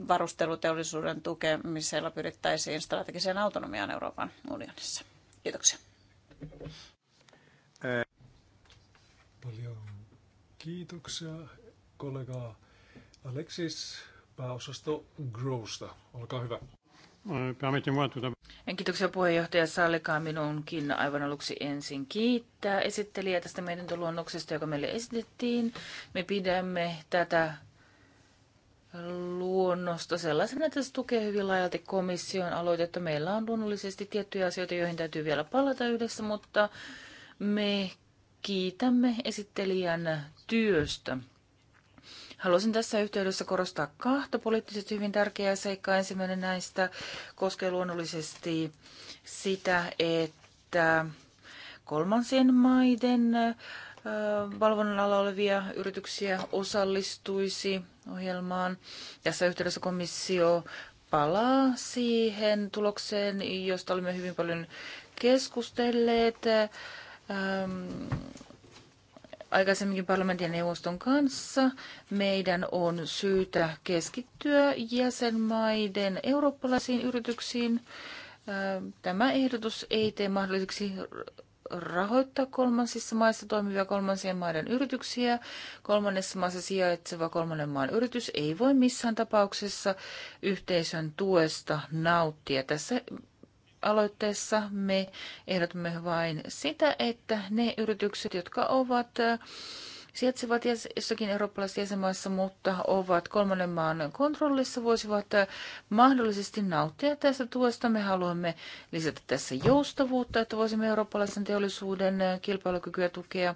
varusteluteollisuuden tukemisella pyrittäisiin strategiseen autonomiaan Euroopan unionissa. Kiitoksia. Paljon kiitoksia kollega Alexis pääosasto Grosta. Olkaa hyvä. Äh, kiitoksia puheenjohtaja. Sallikaa minunkin aivan aluksi ensin kiittää esittelijä tästä mietintöluonnoksesta, joka meille esitettiin. Me pidämme tätä luonnosta sellaisena, että se tukee hyvin laajalti komission aloitetta. Meillä on luonnollisesti tiettyjä asioita, joihin täytyy vielä palata yhdessä, mutta me kiitämme esittelijän työstä. Haluaisin tässä yhteydessä korostaa kahta poliittisesti hyvin tärkeää seikkaa. Ensimmäinen näistä koskee luonnollisesti sitä, että kolmansien maiden valvonnan alla olevia yrityksiä osallistuisi ohjelmaan. Tässä yhteydessä komissio palaa siihen tulokseen, josta olemme hyvin paljon keskustelleet. Ähm, aikaisemminkin parlamentin ja neuvoston kanssa, meidän on syytä keskittyä jäsenmaiden eurooppalaisiin yrityksiin. Tämä ehdotus ei tee mahdolliseksi rahoittaa kolmansissa maissa toimivia kolmansien maiden yrityksiä. Kolmannessa maassa sijaitseva kolmannen maan yritys ei voi missään tapauksessa yhteisön tuesta nauttia. Tässä aloitteessa me ehdotamme vain sitä, että ne yritykset, jotka ovat sijaitsevat jossakin eurooppalaisessa jäsenmaissa, mutta ovat kolmannen maan kontrollissa, voisivat mahdollisesti nauttia tästä tuosta. Me haluamme lisätä tässä joustavuutta, että voisimme eurooppalaisen teollisuuden kilpailukykyä tukea,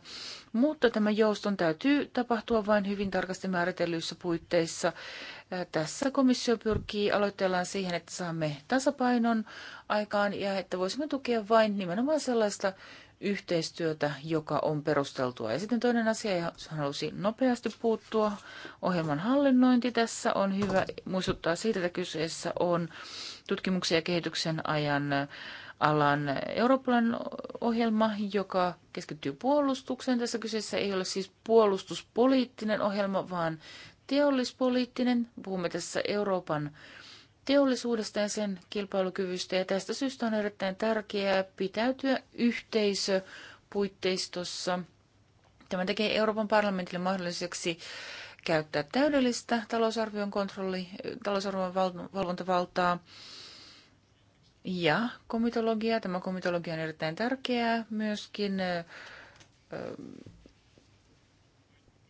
mutta tämä jouston täytyy tapahtua vain hyvin tarkasti määritellyissä puitteissa tässä komissio pyrkii aloitellaan siihen, että saamme tasapainon aikaan ja että voisimme tukea vain nimenomaan sellaista yhteistyötä, joka on perusteltua. Ja sitten toinen asia, johon halusi nopeasti puuttua, ohjelman hallinnointi tässä on hyvä muistuttaa siitä, että kyseessä on tutkimuksen ja kehityksen ajan alan eurooppalainen ohjelma, joka keskittyy puolustukseen. Tässä kyseessä ei ole siis puolustuspoliittinen ohjelma, vaan teollispoliittinen. Puhumme tässä Euroopan teollisuudesta ja sen kilpailukyvystä. Ja tästä syystä on erittäin tärkeää pitäytyä yhteisöpuitteistossa. Tämä tekee Euroopan parlamentille mahdolliseksi käyttää täydellistä talousarvion kontrolli, talousarvion valvontavaltaa ja komitologia. Tämä komitologia on erittäin tärkeää myöskin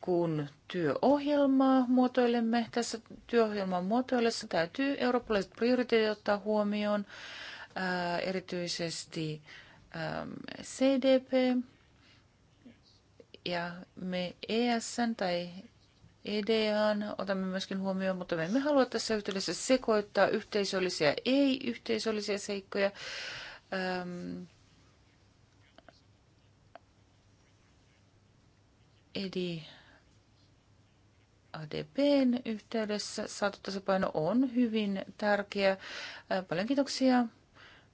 kun työohjelmaa muotoilemme, tässä työohjelman muotoillessa täytyy eurooppalaiset prioriteetit ottaa huomioon, äh, erityisesti ähm, CDP ja me ESN tai EDAn otamme myöskin huomioon, mutta me emme halua tässä yhteydessä sekoittaa yhteisöllisiä ei-yhteisöllisiä seikkoja. Ähm, eli ADPn yhteydessä saatu tasa-paino on hyvin tärkeä. Paljon kiitoksia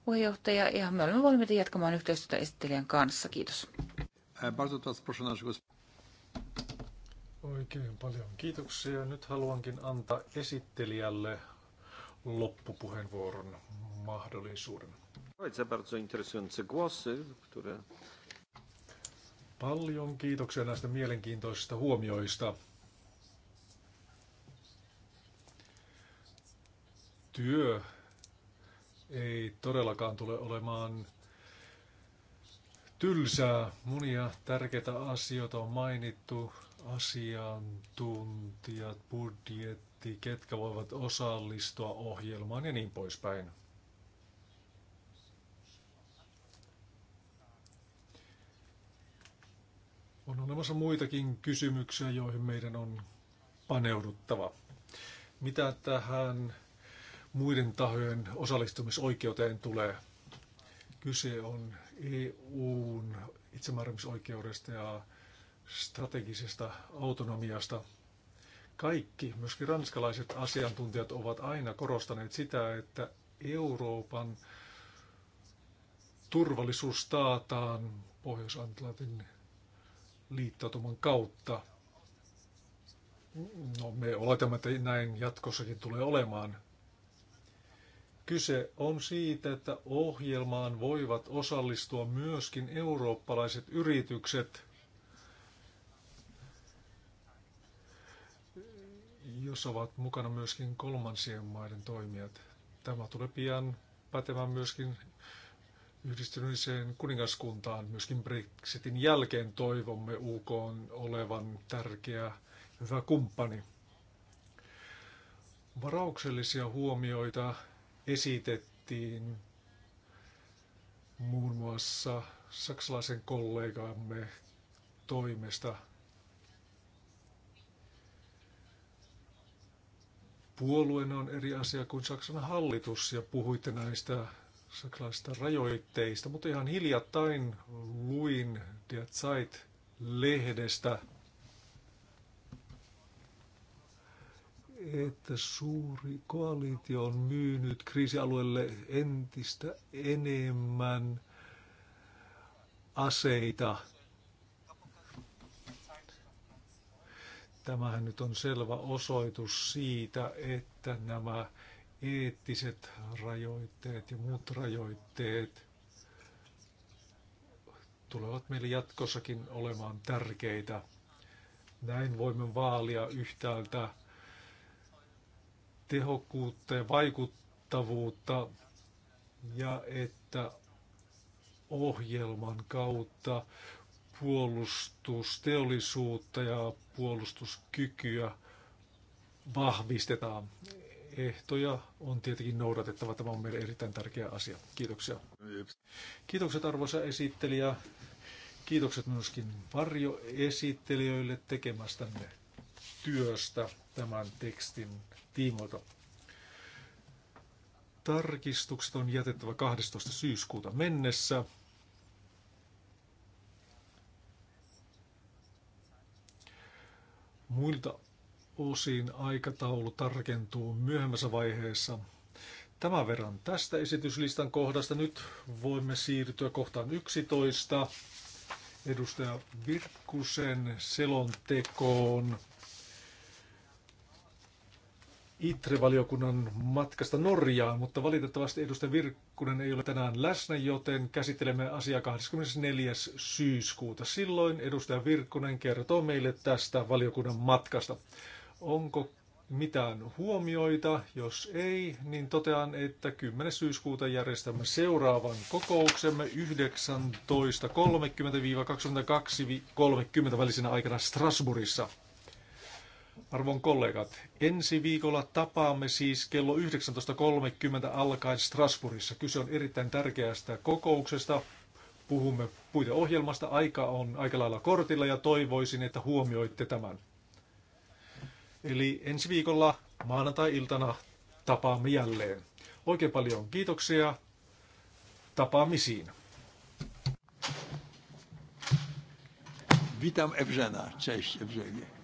puheenjohtaja ja me olemme valmiita jatkamaan yhteistyötä esittelijän kanssa. Kiitos. Oikein paljon kiitoksia. Nyt haluankin antaa esittelijälle loppupuheenvuoron mahdollisuuden. Paljon kiitoksia näistä mielenkiintoisista huomioista. työ ei todellakaan tule olemaan tylsää. Monia tärkeitä asioita on mainittu, asiantuntijat, budjetti, ketkä voivat osallistua ohjelmaan ja niin poispäin. On olemassa muitakin kysymyksiä, joihin meidän on paneuduttava. Mitä tähän muiden tahojen osallistumisoikeuteen tulee. Kyse on EUn itsemääräämisoikeudesta ja strategisesta autonomiasta. Kaikki, myöskin ranskalaiset asiantuntijat, ovat aina korostaneet sitä, että Euroopan turvallisuus taataan Pohjois-Atlantin liittoutuman kautta. No, me oletamme, että näin jatkossakin tulee olemaan. Kyse on siitä, että ohjelmaan voivat osallistua myöskin eurooppalaiset yritykset, jos ovat mukana myöskin kolmansien maiden toimijat. Tämä tulee pian pätemään myöskin yhdistyneeseen kuningaskuntaan myöskin Brexitin jälkeen toivomme UK on olevan tärkeä hyvä kumppani. Varauksellisia huomioita esitettiin muun muassa saksalaisen kollegamme toimesta. Puolueena on eri asia kuin Saksan hallitus ja puhuitte näistä saksalaisista rajoitteista, mutta ihan hiljattain luin Der Zeit-lehdestä että suuri koalitio on myynyt kriisialueelle entistä enemmän aseita. Tämähän nyt on selvä osoitus siitä, että nämä eettiset rajoitteet ja muut rajoitteet tulevat meille jatkossakin olemaan tärkeitä. Näin voimme vaalia yhtäältä tehokkuutta ja vaikuttavuutta ja että ohjelman kautta puolustusteollisuutta ja puolustuskykyä vahvistetaan. Ehtoja on tietenkin noudatettava. Tämä on meille erittäin tärkeä asia. Kiitoksia. Kiitokset arvoisa esittelijä. Kiitokset myöskin varjoesittelijöille tekemästänne työstä tämän tekstin tiimoilta. Tarkistukset on jätettävä 12. syyskuuta mennessä. Muilta osin aikataulu tarkentuu myöhemmässä vaiheessa. Tämän verran tästä esityslistan kohdasta. Nyt voimme siirtyä kohtaan 11. Edustaja Virkkusen selontekoon ITRE-valiokunnan matkasta Norjaan, mutta valitettavasti edustaja Virkkunen ei ole tänään läsnä, joten käsittelemme asiaa 24. syyskuuta. Silloin edustaja Virkkunen kertoo meille tästä valiokunnan matkasta. Onko mitään huomioita? Jos ei, niin totean, että 10. syyskuuta järjestämme seuraavan kokouksemme 19.30-22.30 välisenä aikana Strasbourgissa. Arvon kollegat, ensi viikolla tapaamme siis kello 19.30 alkaen Strasbourgissa. Kyse on erittäin tärkeästä kokouksesta. Puhumme puiteohjelmasta. Aika on aika lailla kortilla ja toivoisin, että huomioitte tämän. Eli ensi viikolla maanantai-iltana tapaamme jälleen. Oikein paljon kiitoksia. Tapaamisiin. Witam Ewżena. Cześć Ewżenie.